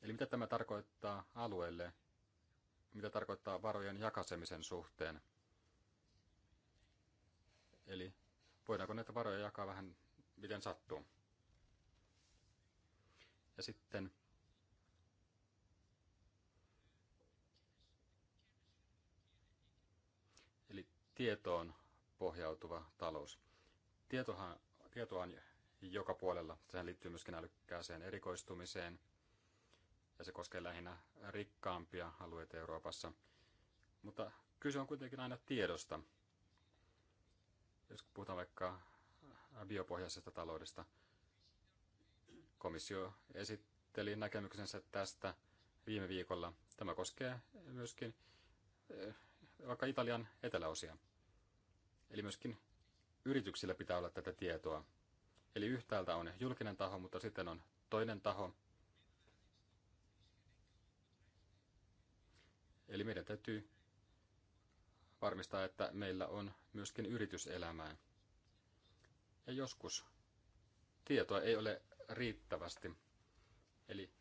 Eli mitä tämä tarkoittaa alueelle, mitä tarkoittaa varojen jakasemisen suhteen. Eli voidaanko näitä varoja jakaa vähän miten sattuu. Ja sitten eli tietoon pohjautuva talous. Tietohan, tietoa on joka puolella. Sehän liittyy myöskin älykkääseen erikoistumiseen – ja se koskee lähinnä rikkaampia alueita Euroopassa. Mutta kyse on kuitenkin aina tiedosta. Jos puhutaan vaikka biopohjaisesta taloudesta, komissio esitteli näkemyksensä tästä viime viikolla. Tämä koskee myöskin eh, vaikka Italian eteläosia. Eli myöskin yrityksillä pitää olla tätä tietoa. Eli yhtäältä on julkinen taho, mutta sitten on toinen taho, Eli meidän täytyy varmistaa, että meillä on myöskin yrityselämää. Ja joskus tietoa ei ole riittävästi. Eli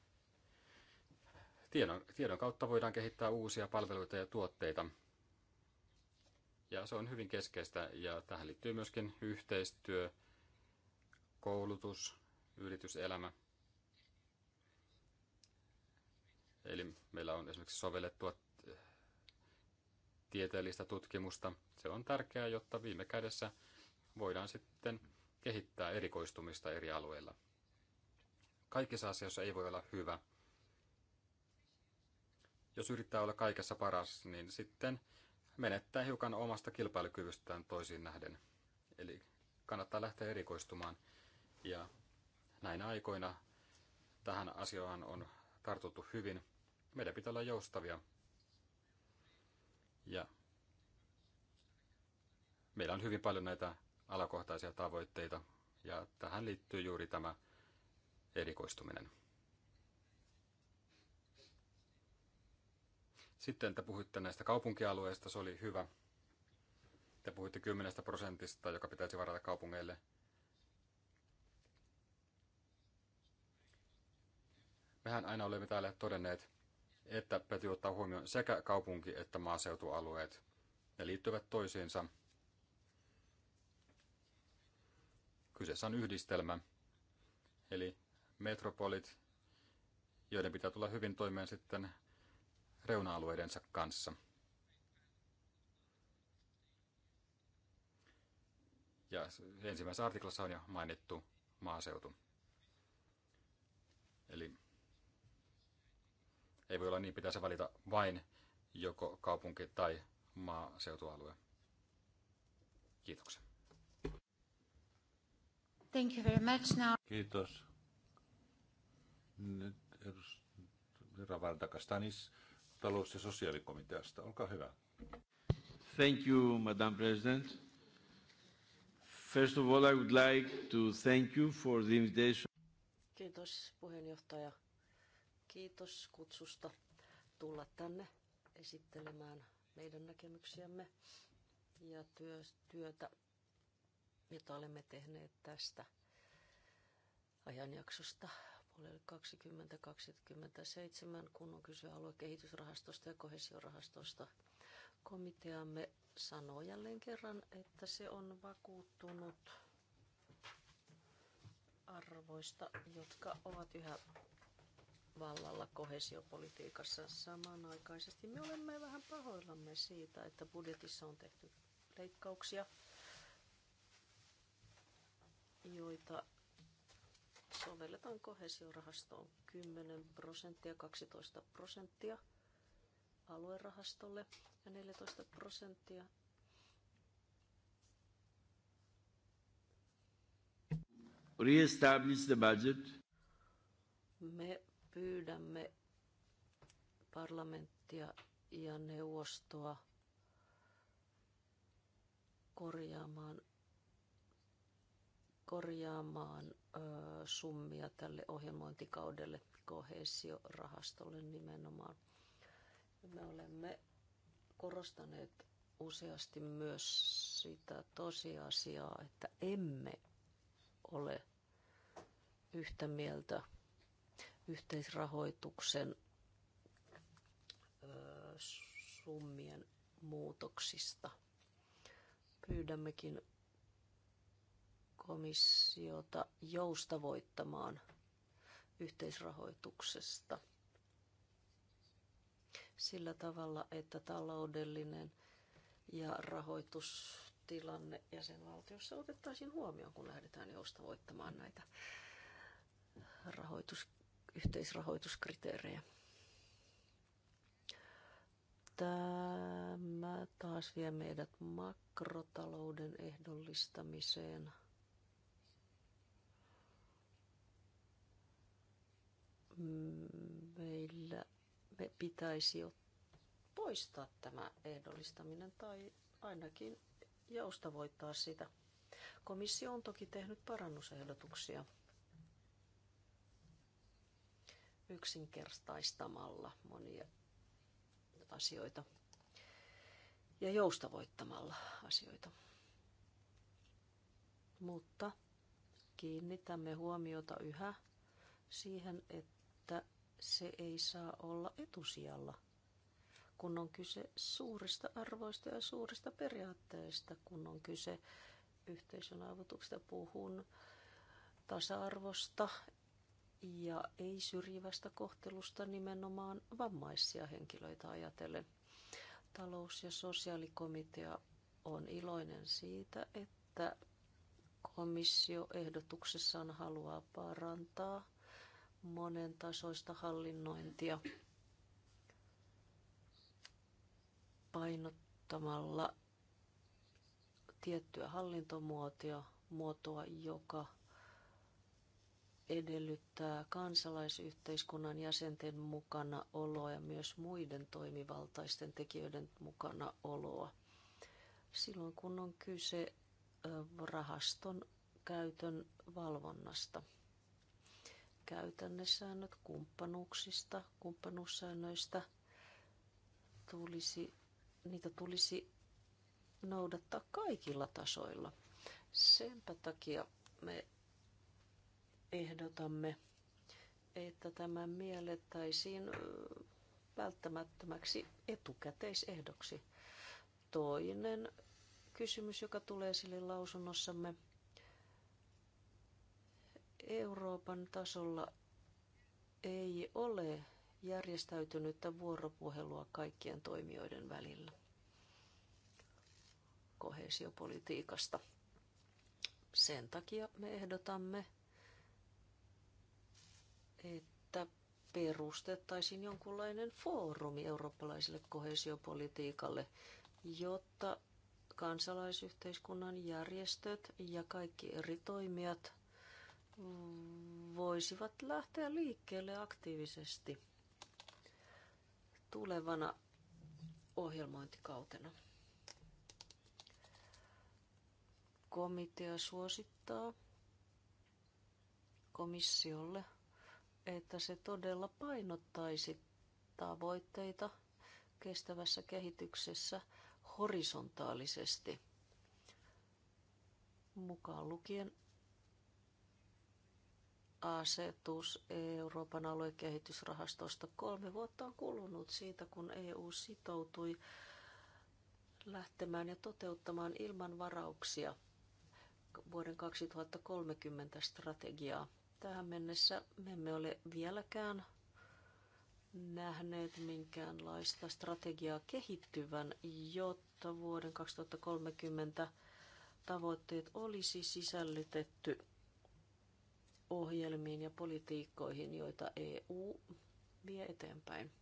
tiedon, tiedon kautta voidaan kehittää uusia palveluita ja tuotteita. Ja se on hyvin keskeistä ja tähän liittyy myöskin yhteistyö, koulutus, yrityselämä. Eli meillä on esimerkiksi sovellettua tieteellistä tutkimusta. Se on tärkeää, jotta viime kädessä voidaan sitten kehittää erikoistumista eri alueilla. Kaikissa asioissa ei voi olla hyvä. Jos yrittää olla kaikessa paras, niin sitten menettää hiukan omasta kilpailukyvystään toisiin nähden. Eli kannattaa lähteä erikoistumaan. Ja näinä aikoina tähän asiaan on tartuttu hyvin. Meidän pitää olla joustavia ja meillä on hyvin paljon näitä alakohtaisia tavoitteita, ja tähän liittyy juuri tämä erikoistuminen. Sitten te puhuitte näistä kaupunkialueista, se oli hyvä. Te puhuitte 10 prosentista, joka pitäisi varata kaupungeille. Mehän aina olemme täällä todenneet, että täytyy ottaa huomioon sekä kaupunki- että maaseutualueet. Ne liittyvät toisiinsa. Kyseessä on yhdistelmä, eli metropolit, joiden pitää tulla hyvin toimeen sitten reuna-alueidensa kanssa. Ja ensimmäisessä artiklassa on jo mainittu maaseutu. Eli ei voi olla niin, pitäisi valita vain joko kaupunki tai maaseutualue. Kiitoksia. Thank you very much now. Kiitos. Nyt herra Valtakastanis talous- ja sosiaalikomiteasta. Olkaa hyvä. Thank you, Madam President. First of all, I would like to thank you for the invitation. Kiitos puheenjohtaja Kiitos kutsusta tulla tänne esittelemään meidän näkemyksiämme ja työtä, jota olemme tehneet tästä ajanjaksosta vuodelle 2027, kun on kyse aluekehitysrahastosta ja kohesiorahastosta. Komiteamme sanoo jälleen kerran, että se on vakuuttunut arvoista, jotka ovat yhä vallalla kohesiopolitiikassa samanaikaisesti. Me olemme vähän pahoillamme siitä, että budjetissa on tehty leikkauksia, joita sovelletaan kohesiorahastoon 10 prosenttia, 12 prosenttia aluerahastolle ja 14 prosenttia the budget. Me Pyydämme parlamenttia ja neuvostoa korjaamaan, korjaamaan ö, summia tälle ohjelmointikaudelle kohesiorahastolle nimenomaan. Me olemme korostaneet useasti myös sitä tosiasiaa, että emme ole yhtä mieltä yhteisrahoituksen summien muutoksista. Pyydämmekin komissiota joustavoittamaan yhteisrahoituksesta sillä tavalla, että taloudellinen ja rahoitustilanne jäsenvaltiossa otettaisiin huomioon, kun lähdetään joustavoittamaan näitä rahoitus, yhteisrahoituskriteerejä. Tämä taas vie meidät makrotalouden ehdollistamiseen. Meillä me pitäisi poistaa tämä ehdollistaminen tai ainakin joustavoittaa sitä. Komissio on toki tehnyt parannusehdotuksia yksinkertaistamalla monia asioita ja joustavoittamalla asioita. Mutta kiinnitämme huomiota yhä siihen, että se ei saa olla etusijalla, kun on kyse suurista arvoista ja suurista periaatteista, kun on kyse yhteisön avutuksesta puhun tasa-arvosta, ja ei syrjivästä kohtelusta nimenomaan vammaisia henkilöitä ajatellen. Talous- ja sosiaalikomitea on iloinen siitä, että komissio ehdotuksessaan haluaa parantaa monen tasoista hallinnointia painottamalla tiettyä hallintomuotoa, muotoa, joka edellyttää kansalaisyhteiskunnan jäsenten mukana oloa ja myös muiden toimivaltaisten tekijöiden mukana oloa. Silloin kun on kyse rahaston käytön valvonnasta. Käytännesäännöt kumppanuuksista, kumppanuussäännöistä tulisi, niitä tulisi noudattaa kaikilla tasoilla. Senpä takia me ehdotamme, että tämä miellettäisiin välttämättömäksi etukäteisehdoksi. Toinen kysymys, joka tulee sille lausunnossamme, Euroopan tasolla ei ole järjestäytynyttä vuoropuhelua kaikkien toimijoiden välillä kohesiopolitiikasta. Sen takia me ehdotamme että perustettaisiin jonkunlainen foorumi eurooppalaiselle kohesiopolitiikalle, jotta kansalaisyhteiskunnan järjestöt ja kaikki eri toimijat voisivat lähteä liikkeelle aktiivisesti tulevana ohjelmointikautena. Komitea suosittaa komissiolle – että se todella painottaisi tavoitteita kestävässä kehityksessä horisontaalisesti, mukaan lukien asetus Euroopan aluekehitysrahastosta. Kolme vuotta on kulunut siitä, kun EU sitoutui lähtemään ja toteuttamaan ilman varauksia vuoden 2030 strategiaa Tähän mennessä me emme ole vieläkään nähneet minkäänlaista strategiaa kehittyvän, jotta vuoden 2030 tavoitteet olisi sisällytetty ohjelmiin ja politiikkoihin, joita EU vie eteenpäin.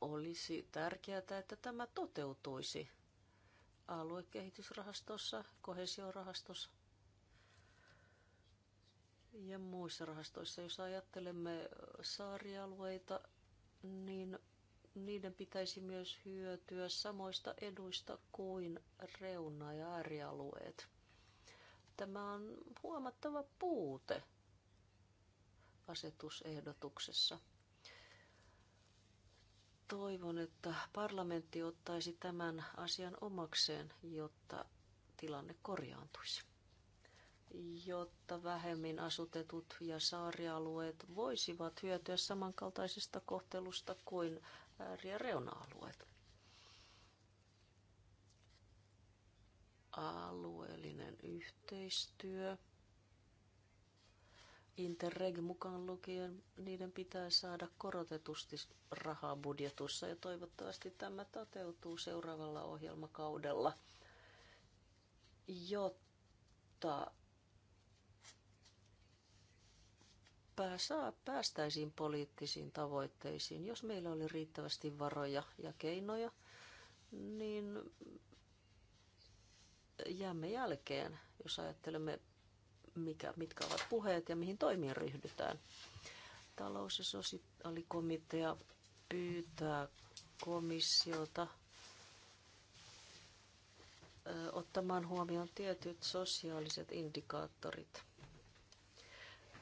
Olisi tärkeää, että tämä toteutuisi aluekehitysrahastossa, kohesiorahastossa ja muissa rahastoissa. Jos ajattelemme saarialueita, niin niiden pitäisi myös hyötyä samoista eduista kuin reuna- ja äärialueet. Tämä on huomattava puute asetusehdotuksessa. Toivon, että parlamentti ottaisi tämän asian omakseen, jotta tilanne korjaantuisi jotta vähemmin asutetut ja saarialueet voisivat hyötyä samankaltaisesta kohtelusta kuin ääri- ja reuna-alueet. Alueellinen yhteistyö. Interreg mukaan lukien, niiden pitää saada korotetusti rahaa budjetussa ja toivottavasti tämä toteutuu seuraavalla ohjelmakaudella, jotta päästäisiin poliittisiin tavoitteisiin. Jos meillä oli riittävästi varoja ja keinoja, niin jäämme jälkeen, jos ajattelemme, mikä, mitkä ovat puheet ja mihin toimiin ryhdytään. Talous- ja sosiaalikomitea pyytää komissiota ottamaan huomioon tietyt sosiaaliset indikaattorit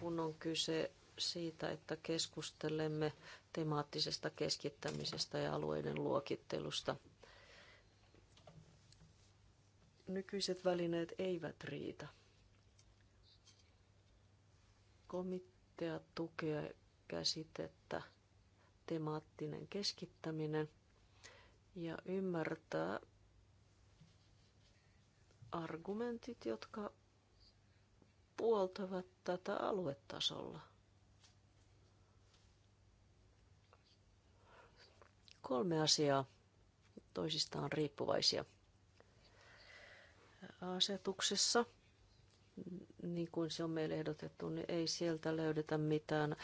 kun on kyse siitä, että keskustelemme temaattisesta keskittämisestä ja alueiden luokittelusta. Nykyiset välineet eivät riitä. Komitea tukee käsitettä temaattinen keskittäminen ja ymmärtää argumentit, jotka puoltavat tätä aluetasolla. Kolme asiaa toisistaan riippuvaisia. Asetuksessa, niin kuin se on meille ehdotettu, niin ei sieltä löydetä mitään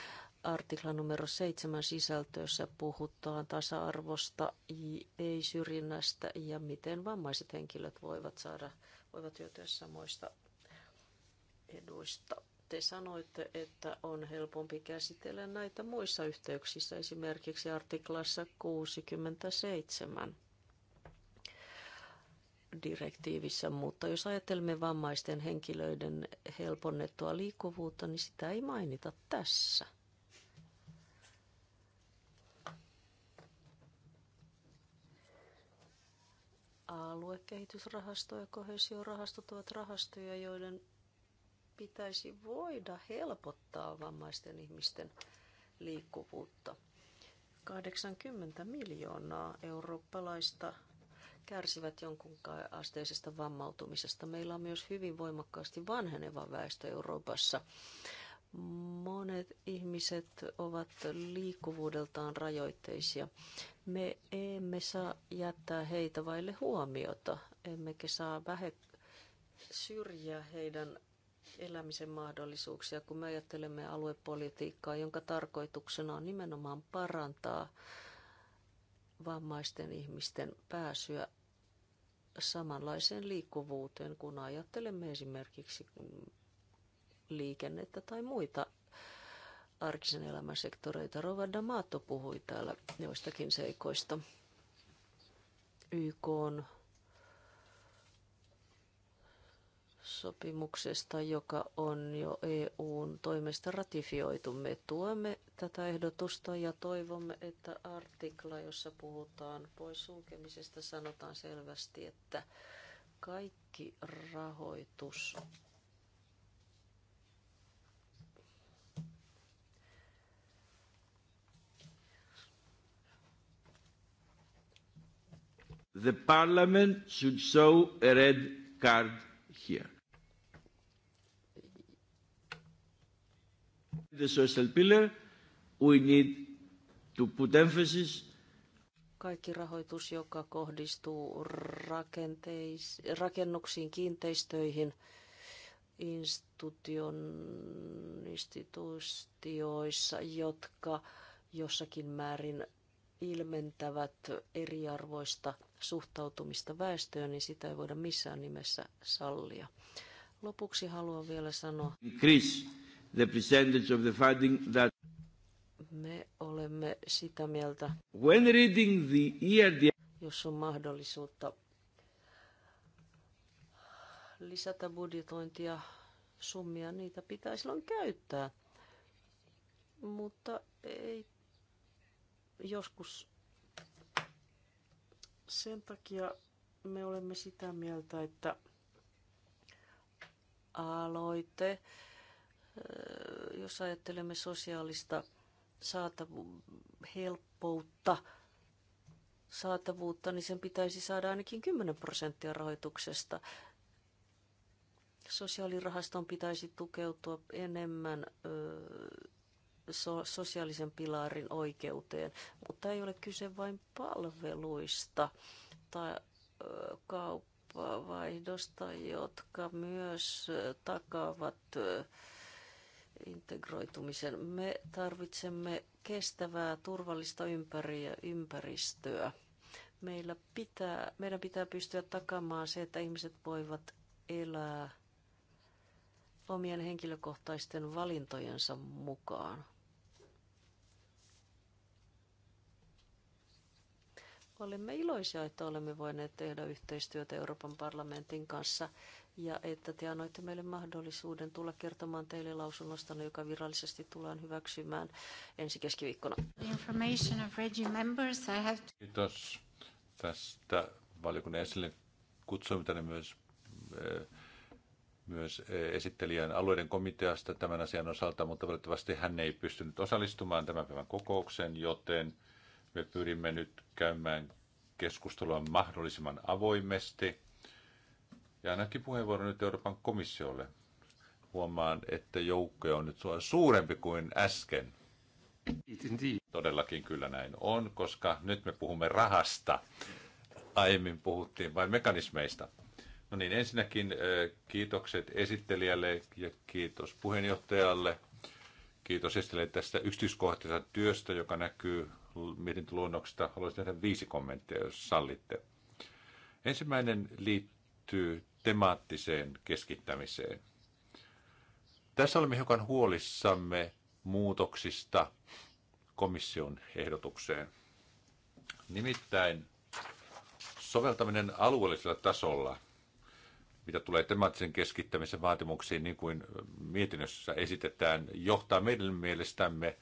artikla numero 7 sisältössä puhutaan tasa-arvosta, ei syrjinnästä ja miten vammaiset henkilöt voivat saada voivat hyötyä samoista eduista. Te sanoitte, että on helpompi käsitellä näitä muissa yhteyksissä, esimerkiksi artiklassa 67 direktiivissä, mutta jos ajattelemme vammaisten henkilöiden helponnettua liikkuvuutta, niin sitä ei mainita tässä. Aluekehitysrahasto ja kohesiorahastot ovat rahastoja, joiden pitäisi voida helpottaa vammaisten ihmisten liikkuvuutta. 80 miljoonaa eurooppalaista kärsivät jonkun asteisesta vammautumisesta. Meillä on myös hyvin voimakkaasti vanheneva väestö Euroopassa. Monet ihmiset ovat liikkuvuudeltaan rajoitteisia. Me emme saa jättää heitä vaille huomiota, emmekä saa vähe syrjiä heidän elämisen mahdollisuuksia, kun me ajattelemme aluepolitiikkaa, jonka tarkoituksena on nimenomaan parantaa vammaisten ihmisten pääsyä samanlaiseen liikkuvuuteen, kun ajattelemme esimerkiksi liikennettä tai muita arkisen elämän sektoreita. Rova Damato puhui täällä joistakin seikoista. YK on sopimuksesta, joka on jo EUn toimesta ratifioitu. Me tuemme tätä ehdotusta ja toivomme, että artikla, jossa puhutaan poissulkemisesta, sanotaan selvästi, että kaikki rahoitus The parliament should show a red card here. The social pillar, we need to put emphasis kaikki rahoitus, joka kohdistuu rakenteis, rakennuksiin, kiinteistöihin, institution, instituutioissa, jotka jossakin määrin ilmentävät eriarvoista suhtautumista väestöön, niin sitä ei voida missään nimessä sallia. Lopuksi haluan vielä sanoa, the percentage of the funding that me olemme sitä mieltä, when reading the ERD, jos on mahdollisuutta lisätä budjetointia, summia, niitä pitää silloin käyttää. Mutta ei, joskus sen takia me olemme sitä mieltä, että aloite, jos ajattelemme sosiaalista saatavu- helppoutta, saatavuutta, niin sen pitäisi saada ainakin 10 prosenttia rahoituksesta. Sosiaalirahaston pitäisi tukeutua enemmän so- sosiaalisen pilarin oikeuteen, mutta ei ole kyse vain palveluista tai kauppavaihdosta, jotka myös takaavat integroitumisen. Me tarvitsemme kestävää, turvallista ympäristöä. Meillä pitää, meidän pitää pystyä takaamaan se, että ihmiset voivat elää omien henkilökohtaisten valintojensa mukaan. Olemme iloisia, että olemme voineet tehdä yhteistyötä Euroopan parlamentin kanssa ja että te annoitte meille mahdollisuuden tulla kertomaan teille lausunnosta, joka virallisesti tullaan hyväksymään ensi keskiviikkona. Kiitos tästä valiokunnan esille kutsuimme myös, eh, myös eh, esittelijän alueiden komiteasta tämän asian osalta, mutta valitettavasti hän ei pystynyt osallistumaan tämän päivän kokoukseen, joten me pyrimme nyt käymään keskustelua mahdollisimman avoimesti. Ja ainakin puheenvuoro nyt Euroopan komissiolle. Huomaan, että joukko on nyt suurempi kuin äsken. Todellakin kyllä näin on, koska nyt me puhumme rahasta. Aiemmin puhuttiin vain mekanismeista. No niin, ensinnäkin kiitokset esittelijälle ja kiitos puheenjohtajalle. Kiitos esittelijälle tästä yksityiskohtaisesta työstä, joka näkyy mietintöluonnoksesta. Haluaisin tehdä viisi kommenttia, jos sallitte. Ensimmäinen liittyy temaattiseen keskittämiseen. Tässä olemme hiukan huolissamme muutoksista komission ehdotukseen. Nimittäin soveltaminen alueellisella tasolla, mitä tulee temaattisen keskittämisen vaatimuksiin, niin kuin mietinnössä esitetään, johtaa meidän mielestämme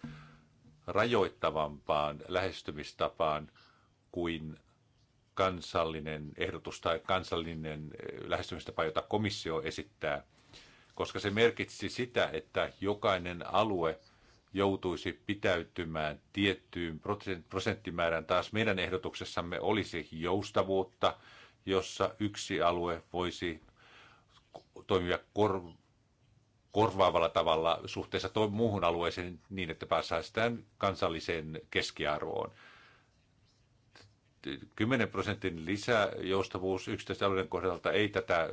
rajoittavampaan lähestymistapaan kuin kansallinen ehdotus tai kansallinen eh, lähestymistapa, jota komissio esittää, koska se merkitsi sitä, että jokainen alue joutuisi pitäytymään tiettyyn prosenttimäärään. Taas meidän ehdotuksessamme olisi joustavuutta, jossa yksi alue voisi toimia kor- korvaavalla tavalla suhteessa to- muuhun alueeseen niin, että päästään kansalliseen keskiarvoon. 10 prosentin lisäjoustavuus yksittäisten alueiden kohdalta ei tätä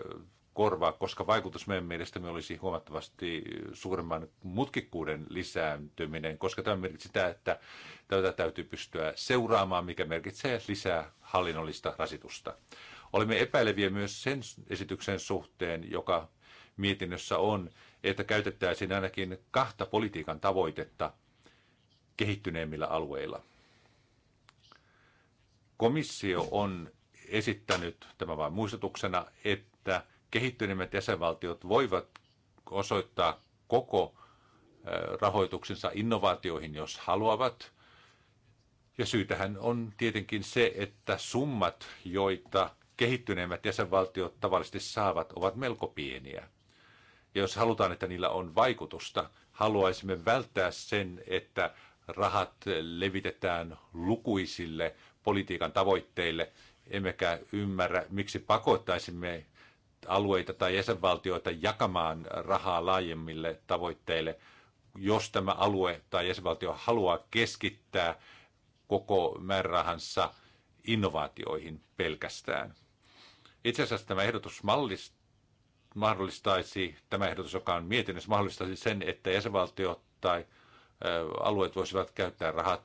korvaa, koska vaikutus meidän mielestämme olisi huomattavasti suuremman mutkikkuuden lisääntyminen, koska tämä merkitsee sitä, että tätä täytyy pystyä seuraamaan, mikä merkitsee lisää hallinnollista rasitusta. Olemme epäileviä myös sen esityksen suhteen, joka mietinnössä on, että käytettäisiin ainakin kahta politiikan tavoitetta kehittyneemmillä alueilla. Komissio on esittänyt, tämä vain muistutuksena, että kehittyneimmät jäsenvaltiot voivat osoittaa koko rahoituksensa innovaatioihin, jos haluavat. Ja syytähän on tietenkin se, että summat, joita kehittyneimmät jäsenvaltiot tavallisesti saavat, ovat melko pieniä. Ja jos halutaan, että niillä on vaikutusta, haluaisimme välttää sen, että rahat levitetään lukuisille politiikan tavoitteille, emmekä ymmärrä, miksi pakottaisimme alueita tai jäsenvaltioita jakamaan rahaa laajemmille tavoitteille, jos tämä alue tai jäsenvaltio haluaa keskittää koko määrärahansa innovaatioihin pelkästään. Itse asiassa tämä ehdotus mallista mahdollistaisi, tämä ehdotus, joka on mietinnössä, mahdollistaisi sen, että jäsenvaltiot tai alueet voisivat käyttää rahat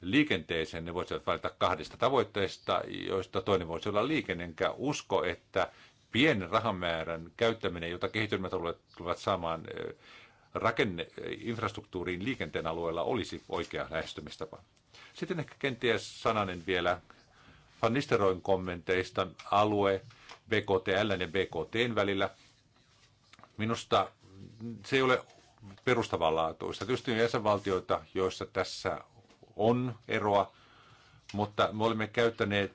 liikenteeseen, ne voisivat valita kahdesta tavoitteesta, joista toinen voisi olla liikenne, enkä usko, että pienen rahamäärän käyttäminen, jota kehittyvät alueet tulevat saamaan rakenne, infrastruktuuriin liikenteen alueella olisi oikea lähestymistapa. Sitten ehkä kenties sananen vielä Van Nisteroin kommenteista alue, BKTL ja BKTn välillä. Minusta se ei ole perustavanlaatuista. Tietysti on jäsenvaltioita, joissa tässä on eroa, mutta me olemme käyttäneet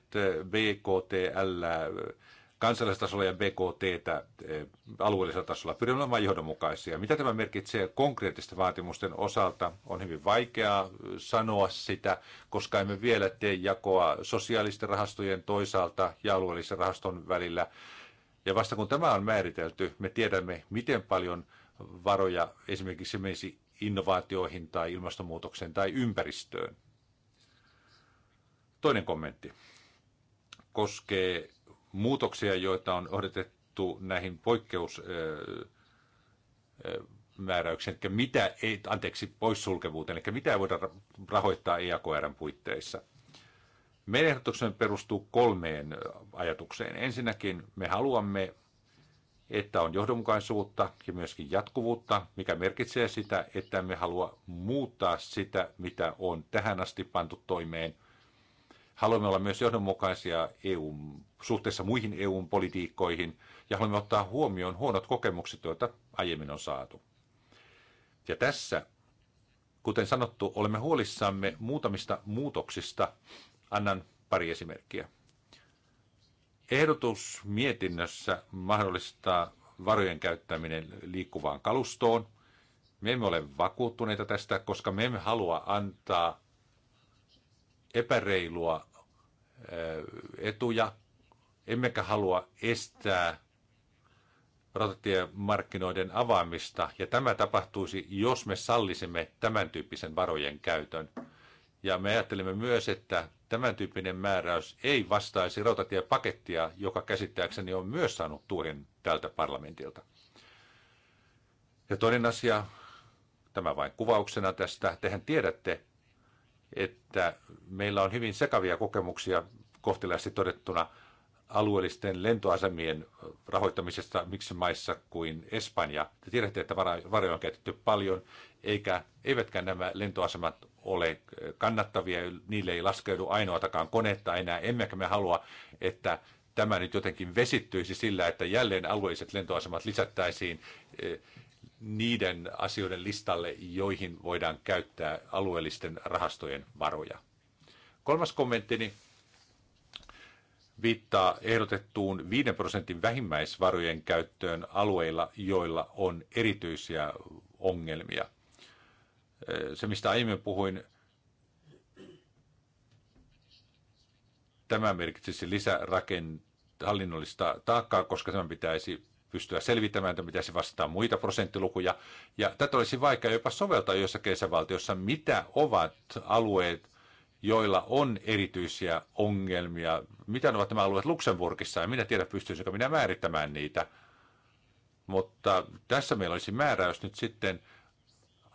BKTL kansallistasolla ja BKT e, alueellisella tasolla. Pyrimme olemaan johdonmukaisia. Mitä tämä merkitsee konkreettisten vaatimusten osalta? On hyvin vaikeaa sanoa sitä, koska emme vielä tee jakoa sosiaalisten rahastojen toisaalta ja alueellisen rahaston välillä. Ja vasta kun tämä on määritelty, me tiedämme, miten paljon varoja esimerkiksi menisi innovaatioihin tai ilmastonmuutokseen tai ympäristöön. Toinen kommentti koskee muutoksia, joita on odotettu näihin poikkeus määräyksen, eli mitä ei, anteeksi, poissulkevuuteen, eli mitä ei voida rahoittaa EAKRn puitteissa. Meidän ehdotuksemme perustuu kolmeen ajatukseen. Ensinnäkin me haluamme, että on johdonmukaisuutta ja myöskin jatkuvuutta, mikä merkitsee sitä, että me halua muuttaa sitä, mitä on tähän asti pantu toimeen – Haluamme olla myös johdonmukaisia EUn, suhteessa muihin EUn politiikkoihin ja haluamme ottaa huomioon huonot kokemukset, joita aiemmin on saatu. Ja tässä, kuten sanottu, olemme huolissamme muutamista muutoksista. Annan pari esimerkkiä. Ehdotus mietinnössä mahdollistaa varojen käyttäminen liikkuvaan kalustoon. Me emme ole vakuuttuneita tästä, koska me emme halua antaa epäreilua etuja, emmekä halua estää rautatiemarkkinoiden avaamista, ja tämä tapahtuisi, jos me sallisimme tämän tyyppisen varojen käytön. Ja me ajattelemme myös, että tämän tyyppinen määräys ei vastaisi rautatiepakettia, joka käsittääkseni on myös saanut tuen tältä parlamentilta. Ja toinen asia, tämä vain kuvauksena tästä, tehän tiedätte, että meillä on hyvin sekavia kokemuksia kohteliaasti todettuna alueellisten lentoasemien rahoittamisesta miksi maissa kuin Espanja. Te tiedätte, että varoja on käytetty paljon, eikä, eivätkä nämä lentoasemat ole kannattavia, niille ei laskeudu ainoatakaan konetta enää, emmekä me halua, että tämä nyt jotenkin vesittyisi sillä, että jälleen alueelliset lentoasemat lisättäisiin eh, niiden asioiden listalle, joihin voidaan käyttää alueellisten rahastojen varoja. Kolmas kommenttini viittaa ehdotettuun 5 prosentin vähimmäisvarojen käyttöön alueilla, joilla on erityisiä ongelmia. Se, mistä aiemmin puhuin, tämä merkitsisi lisärakentamista hallinnollista taakkaa, koska tämän pitäisi pystyä selvittämään, että pitäisi vastaa muita prosenttilukuja. Ja tätä olisi vaikea jopa soveltaa jossakin kesävaltiossa, mitä ovat alueet, joilla on erityisiä ongelmia. Mitä ovat nämä alueet Luxemburgissa, ja minä tiedä pystyisikö minä määrittämään niitä. Mutta tässä meillä olisi määräys nyt sitten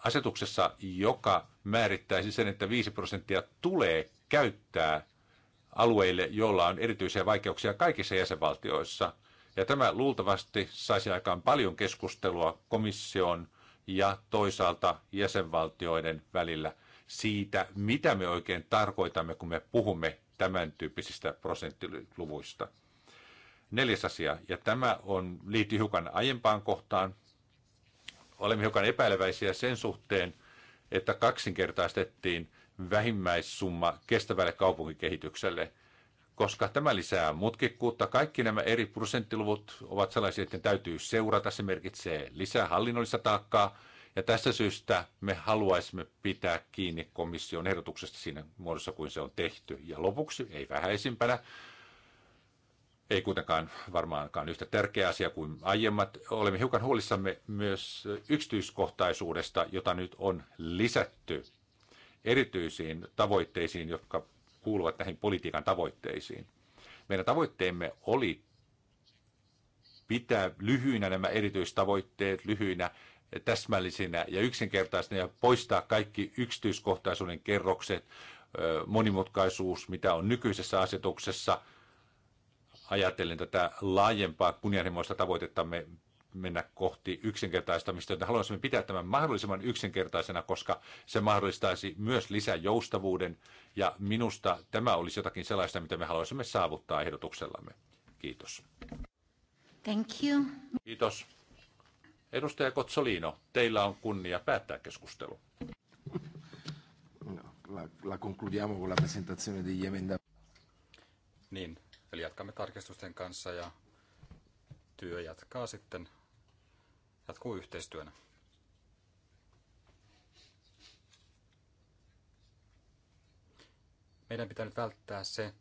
asetuksessa, joka määrittäisi sen, että 5 prosenttia tulee käyttää alueille, joilla on erityisiä vaikeuksia kaikissa jäsenvaltioissa – ja tämä luultavasti saisi aikaan paljon keskustelua komission ja toisaalta jäsenvaltioiden välillä siitä, mitä me oikein tarkoitamme, kun me puhumme tämän tyyppisistä prosenttiluvuista. Neljäs asia, ja tämä on liittyy hiukan aiempaan kohtaan. Olemme hiukan epäileväisiä sen suhteen, että kaksinkertaistettiin vähimmäissumma kestävälle kaupunkikehitykselle – koska tämä lisää mutkikkuutta. Kaikki nämä eri prosenttiluvut ovat sellaisia, että ne täytyy seurata. Se merkitsee lisää hallinnollista taakkaa. Ja tässä syystä me haluaisimme pitää kiinni komission ehdotuksesta siinä muodossa, kuin se on tehty. Ja lopuksi, ei vähäisimpänä, ei kuitenkaan varmaankaan yhtä tärkeä asia kuin aiemmat. Olemme hiukan huolissamme myös yksityiskohtaisuudesta, jota nyt on lisätty erityisiin tavoitteisiin, jotka kuuluvat näihin politiikan tavoitteisiin. Meidän tavoitteemme oli pitää lyhyinä nämä erityistavoitteet, lyhyinä, täsmällisinä ja yksinkertaisina ja poistaa kaikki yksityiskohtaisuuden kerrokset, monimutkaisuus, mitä on nykyisessä asetuksessa, ajatellen tätä laajempaa kunnianhimoista tavoitettamme mennä kohti yksinkertaistamista, joten haluaisimme pitää tämän mahdollisimman yksinkertaisena, koska se mahdollistaisi myös lisää joustavuuden, ja minusta tämä olisi jotakin sellaista, mitä me haluaisimme saavuttaa ehdotuksellamme. Kiitos. Thank you. Kiitos. Edustaja Kotsolino, teillä on kunnia päättää keskustelu. No, la, la concludiamo con la presentazione degli emendamenti. Niin, eli jatkamme tarkistusten kanssa ja työ jatkaa sitten jatkuu yhteistyönä. Meidän pitää nyt välttää se,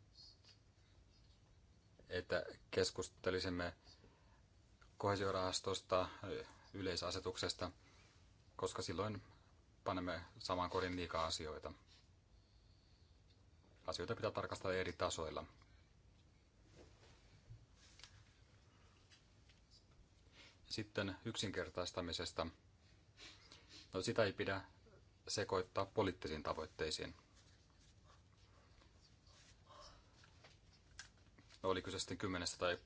että keskustelisimme kohesiorahastosta, yleisasetuksesta, koska silloin panemme saman korin liikaa asioita. Asioita pitää tarkastella eri tasoilla. Sitten yksinkertaistamisesta. No sitä ei pidä sekoittaa poliittisiin tavoitteisiin. No, oli kyse sitten 10 tai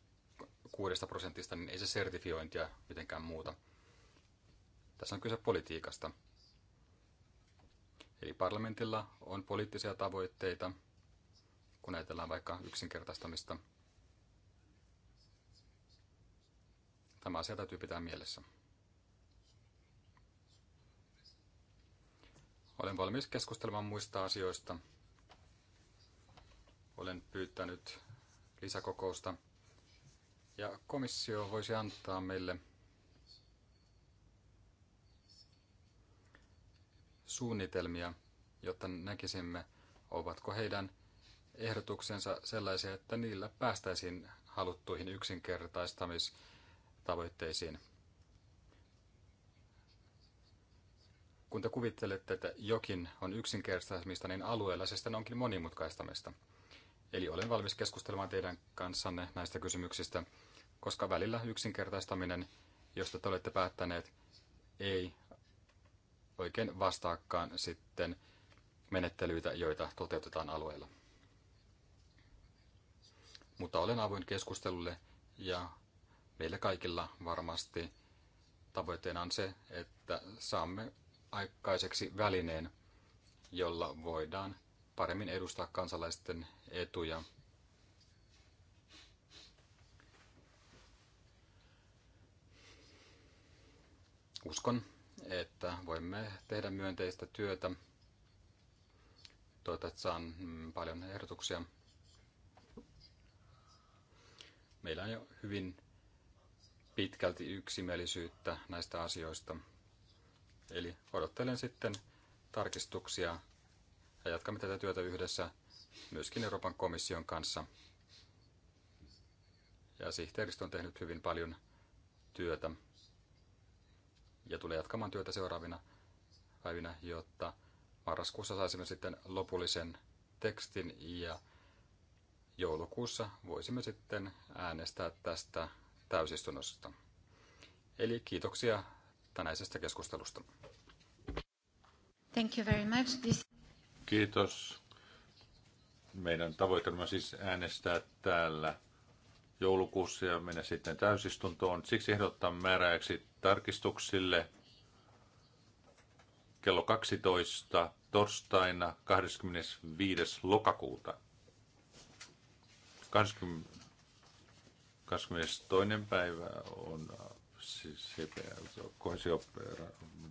6 prosentista, niin ei se sertifiointia mitenkään muuta. Tässä on kyse politiikasta. Eli parlamentilla on poliittisia tavoitteita, kun ajatellaan vaikka yksinkertaistamista – Tämä asia täytyy pitää mielessä. Olen valmis keskustelemaan muista asioista. Olen pyytänyt lisäkokousta. Ja komissio voisi antaa meille suunnitelmia, jotta näkisimme, ovatko heidän ehdotuksensa sellaisia, että niillä päästäisiin haluttuihin yksinkertaistamis- tavoitteisiin. Kun te kuvittelette, että jokin on yksinkertaisemista, niin alueella se sitten onkin monimutkaistamista. Eli olen valmis keskustelemaan teidän kanssanne näistä kysymyksistä, koska välillä yksinkertaistaminen, josta te olette päättäneet, ei oikein vastaakaan sitten menettelyitä, joita toteutetaan alueella. Mutta olen avoin keskustelulle ja Meillä kaikilla varmasti tavoitteena on se, että saamme aikaiseksi välineen, jolla voidaan paremmin edustaa kansalaisten etuja. Uskon, että voimme tehdä myönteistä työtä. Toivottavasti saan mm, paljon ehdotuksia. Meillä on jo hyvin pitkälti yksimielisyyttä näistä asioista. Eli odottelen sitten tarkistuksia ja jatkamme tätä työtä yhdessä myöskin Euroopan komission kanssa. Ja sihteeristö on tehnyt hyvin paljon työtä ja tulee jatkamaan työtä seuraavina päivinä, jotta marraskuussa saisimme sitten lopullisen tekstin ja joulukuussa voisimme sitten äänestää tästä täysistunnosta. Eli kiitoksia tänäisestä keskustelusta. Thank you very much. This... Kiitos. Meidän tavoitelma siis äänestää täällä joulukuussa ja mennä sitten täysistuntoon. Siksi ehdottaa määräjäksi tarkistuksille kello 12 torstaina 25. lokakuuta. 20, 22. päivä on äh, siis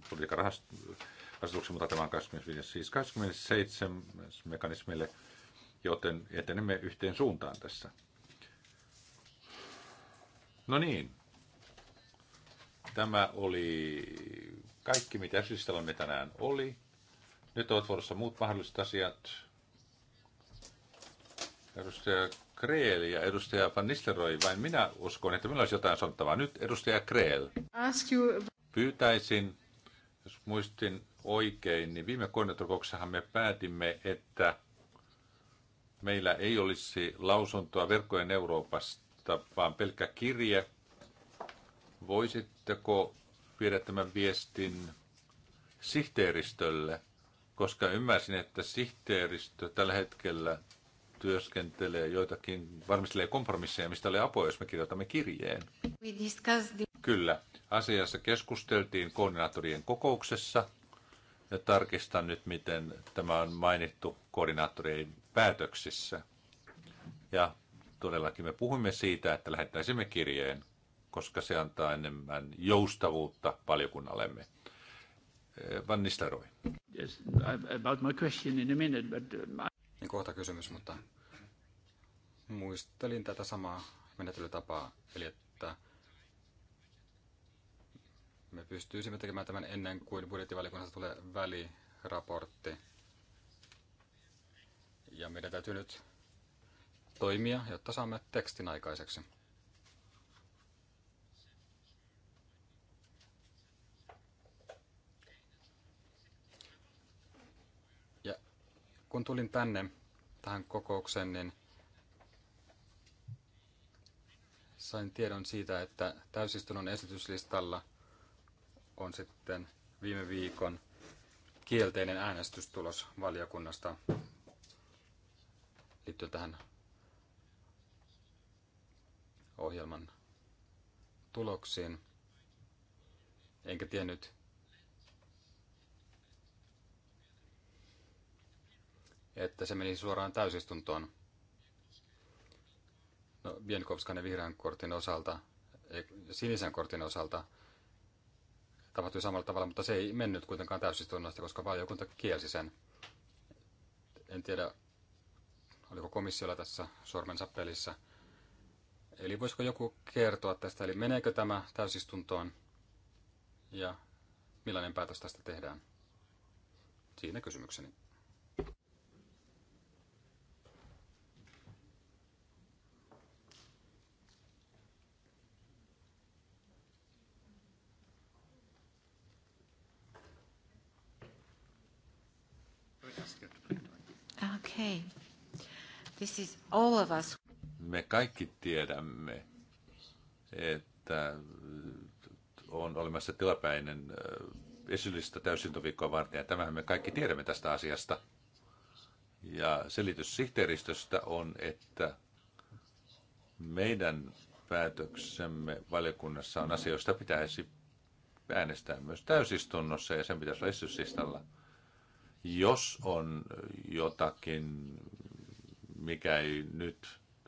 politiikan rahastuksen, mutta tämä on 25. Siis 27. mekanismille, joten etenemme yhteen suuntaan tässä. No niin. Tämä oli kaikki, mitä me tänään oli. Nyt ovat vuorossa muut mahdolliset asiat. Edustaja Kreel ja edustaja Van Nistelrooy, vain minä uskon, että minulla olisi jotain sanottavaa. Nyt edustaja Kreel. Pyytäisin, jos muistin oikein, niin viime koordinaatorkouksessahan me päätimme, että meillä ei olisi lausuntoa verkkojen Euroopasta, vaan pelkkä kirje. Voisitteko viedä tämän viestin sihteeristölle? Koska ymmärsin, että sihteeristö tällä hetkellä työskentelee joitakin, varmistelee kompromisseja, mistä oli apua, jos me kirjoitamme kirjeen. Kyllä, asiassa keskusteltiin koordinaattorien kokouksessa ja tarkistan nyt, miten tämä on mainittu koordinaattorien päätöksissä. Ja todellakin me puhumme siitä, että lähettäisimme kirjeen, koska se antaa enemmän joustavuutta paljokunnallemme. Eh, Van Nistelrooy. Yes, about my question in a minute, but um, niin kohta kysymys, mutta muistelin tätä samaa menettelytapaa, eli että me pystyisimme tekemään tämän ennen kuin budjettivaliokunnasta tulee väliraportti. Ja meidän täytyy nyt toimia, jotta saamme tekstin aikaiseksi. Kun tulin tänne tähän kokoukseen, niin sain tiedon siitä, että täysistunnon esityslistalla on sitten viime viikon kielteinen äänestystulos valiokunnasta liittyen tähän ohjelman tuloksiin. Enkä tiennyt, että se meni suoraan täysistuntoon. No, Bienkovskan ja vihreän kortin osalta, sinisen kortin osalta tapahtui samalla tavalla, mutta se ei mennyt kuitenkaan täysistunnosta, koska valiokunta kielsi sen. En tiedä, oliko komissiolla tässä sormensa pelissä. Eli voisiko joku kertoa tästä, eli meneekö tämä täysistuntoon ja millainen päätös tästä tehdään? Siinä kysymykseni. Okay. This is all of us. Me kaikki tiedämme, että on olemassa tilapäinen esillistä täysintoviikkoa varten, ja tämähän me kaikki tiedämme tästä asiasta. Ja selitys sihteeristöstä on, että meidän päätöksemme valiokunnassa on asioista josta pitäisi äänestää myös täysistunnossa, ja sen pitäisi olla esityslistalla. Jos on jotakin, mikä ei nyt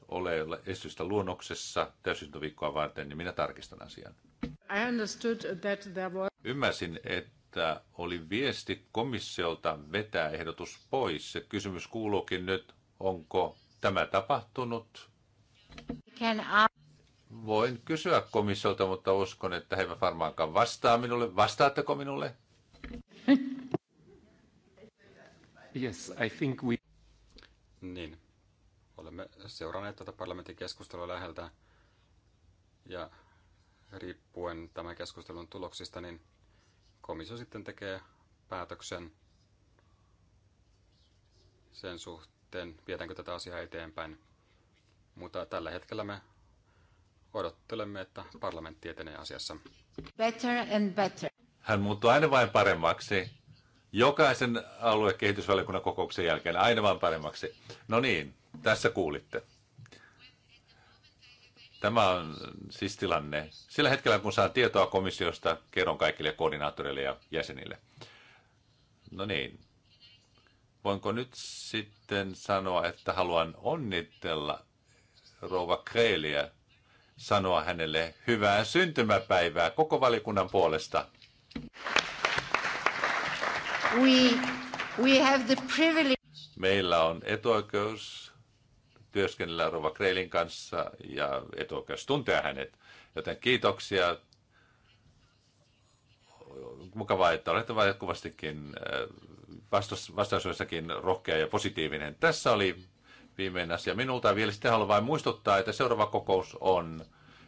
ole esitystä luonnoksessa täysistuntoviikkoa varten, niin minä tarkistan asian. I understood that there was... Ymmärsin, että oli viesti komissiolta vetää ehdotus pois. Se kysymys kuuluukin nyt, onko tämä tapahtunut? Can I... Voin kysyä komissiolta, mutta uskon, että he eivät varmaankaan vastaa minulle. Vastaatteko minulle? Yes, I think we... Niin, olemme seuranneet tätä parlamentin keskustelua läheltä ja riippuen tämän keskustelun tuloksista, niin komissio sitten tekee päätöksen sen suhteen, viedäänkö tätä asiaa eteenpäin. Mutta tällä hetkellä me odottelemme, että parlamentti etenee asiassa. Better and better. Hän muuttuu aina vain paremmaksi jokaisen aluekehitysvaliokunnan kokouksen jälkeen aina vaan paremmaksi. No niin, tässä kuulitte. Tämä on siis tilanne. Sillä hetkellä, kun saan tietoa komissiosta, kerron kaikille koordinaattoreille ja jäsenille. No niin. Voinko nyt sitten sanoa, että haluan onnitella rouva Kreeliä, sanoa hänelle hyvää syntymäpäivää koko valikunnan puolesta. We, we have the privilege. Meillä on etuoikeus työskennellä Rova Kreilin kanssa ja etuoikeus tuntea hänet. Joten kiitoksia. Mukavaa, että olette jatkuvastikin äh, vastaisuudessakin rohkea ja positiivinen. Tässä oli viimeinen asia minulta. Vielä sitten haluan vain muistuttaa, että seuraava kokous on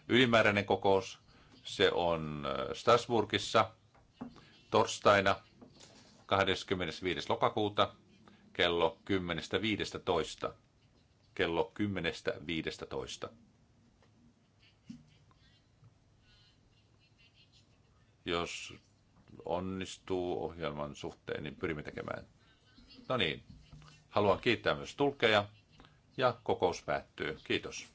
ylimääräinen kokous. Se on äh, Strasbourgissa torstaina 25. lokakuuta kello 10.15. Kello 10.15. Jos onnistuu ohjelman suhteen, niin pyrimme tekemään. No niin, haluan kiittää myös tulkkeja ja kokous päättyy. Kiitos.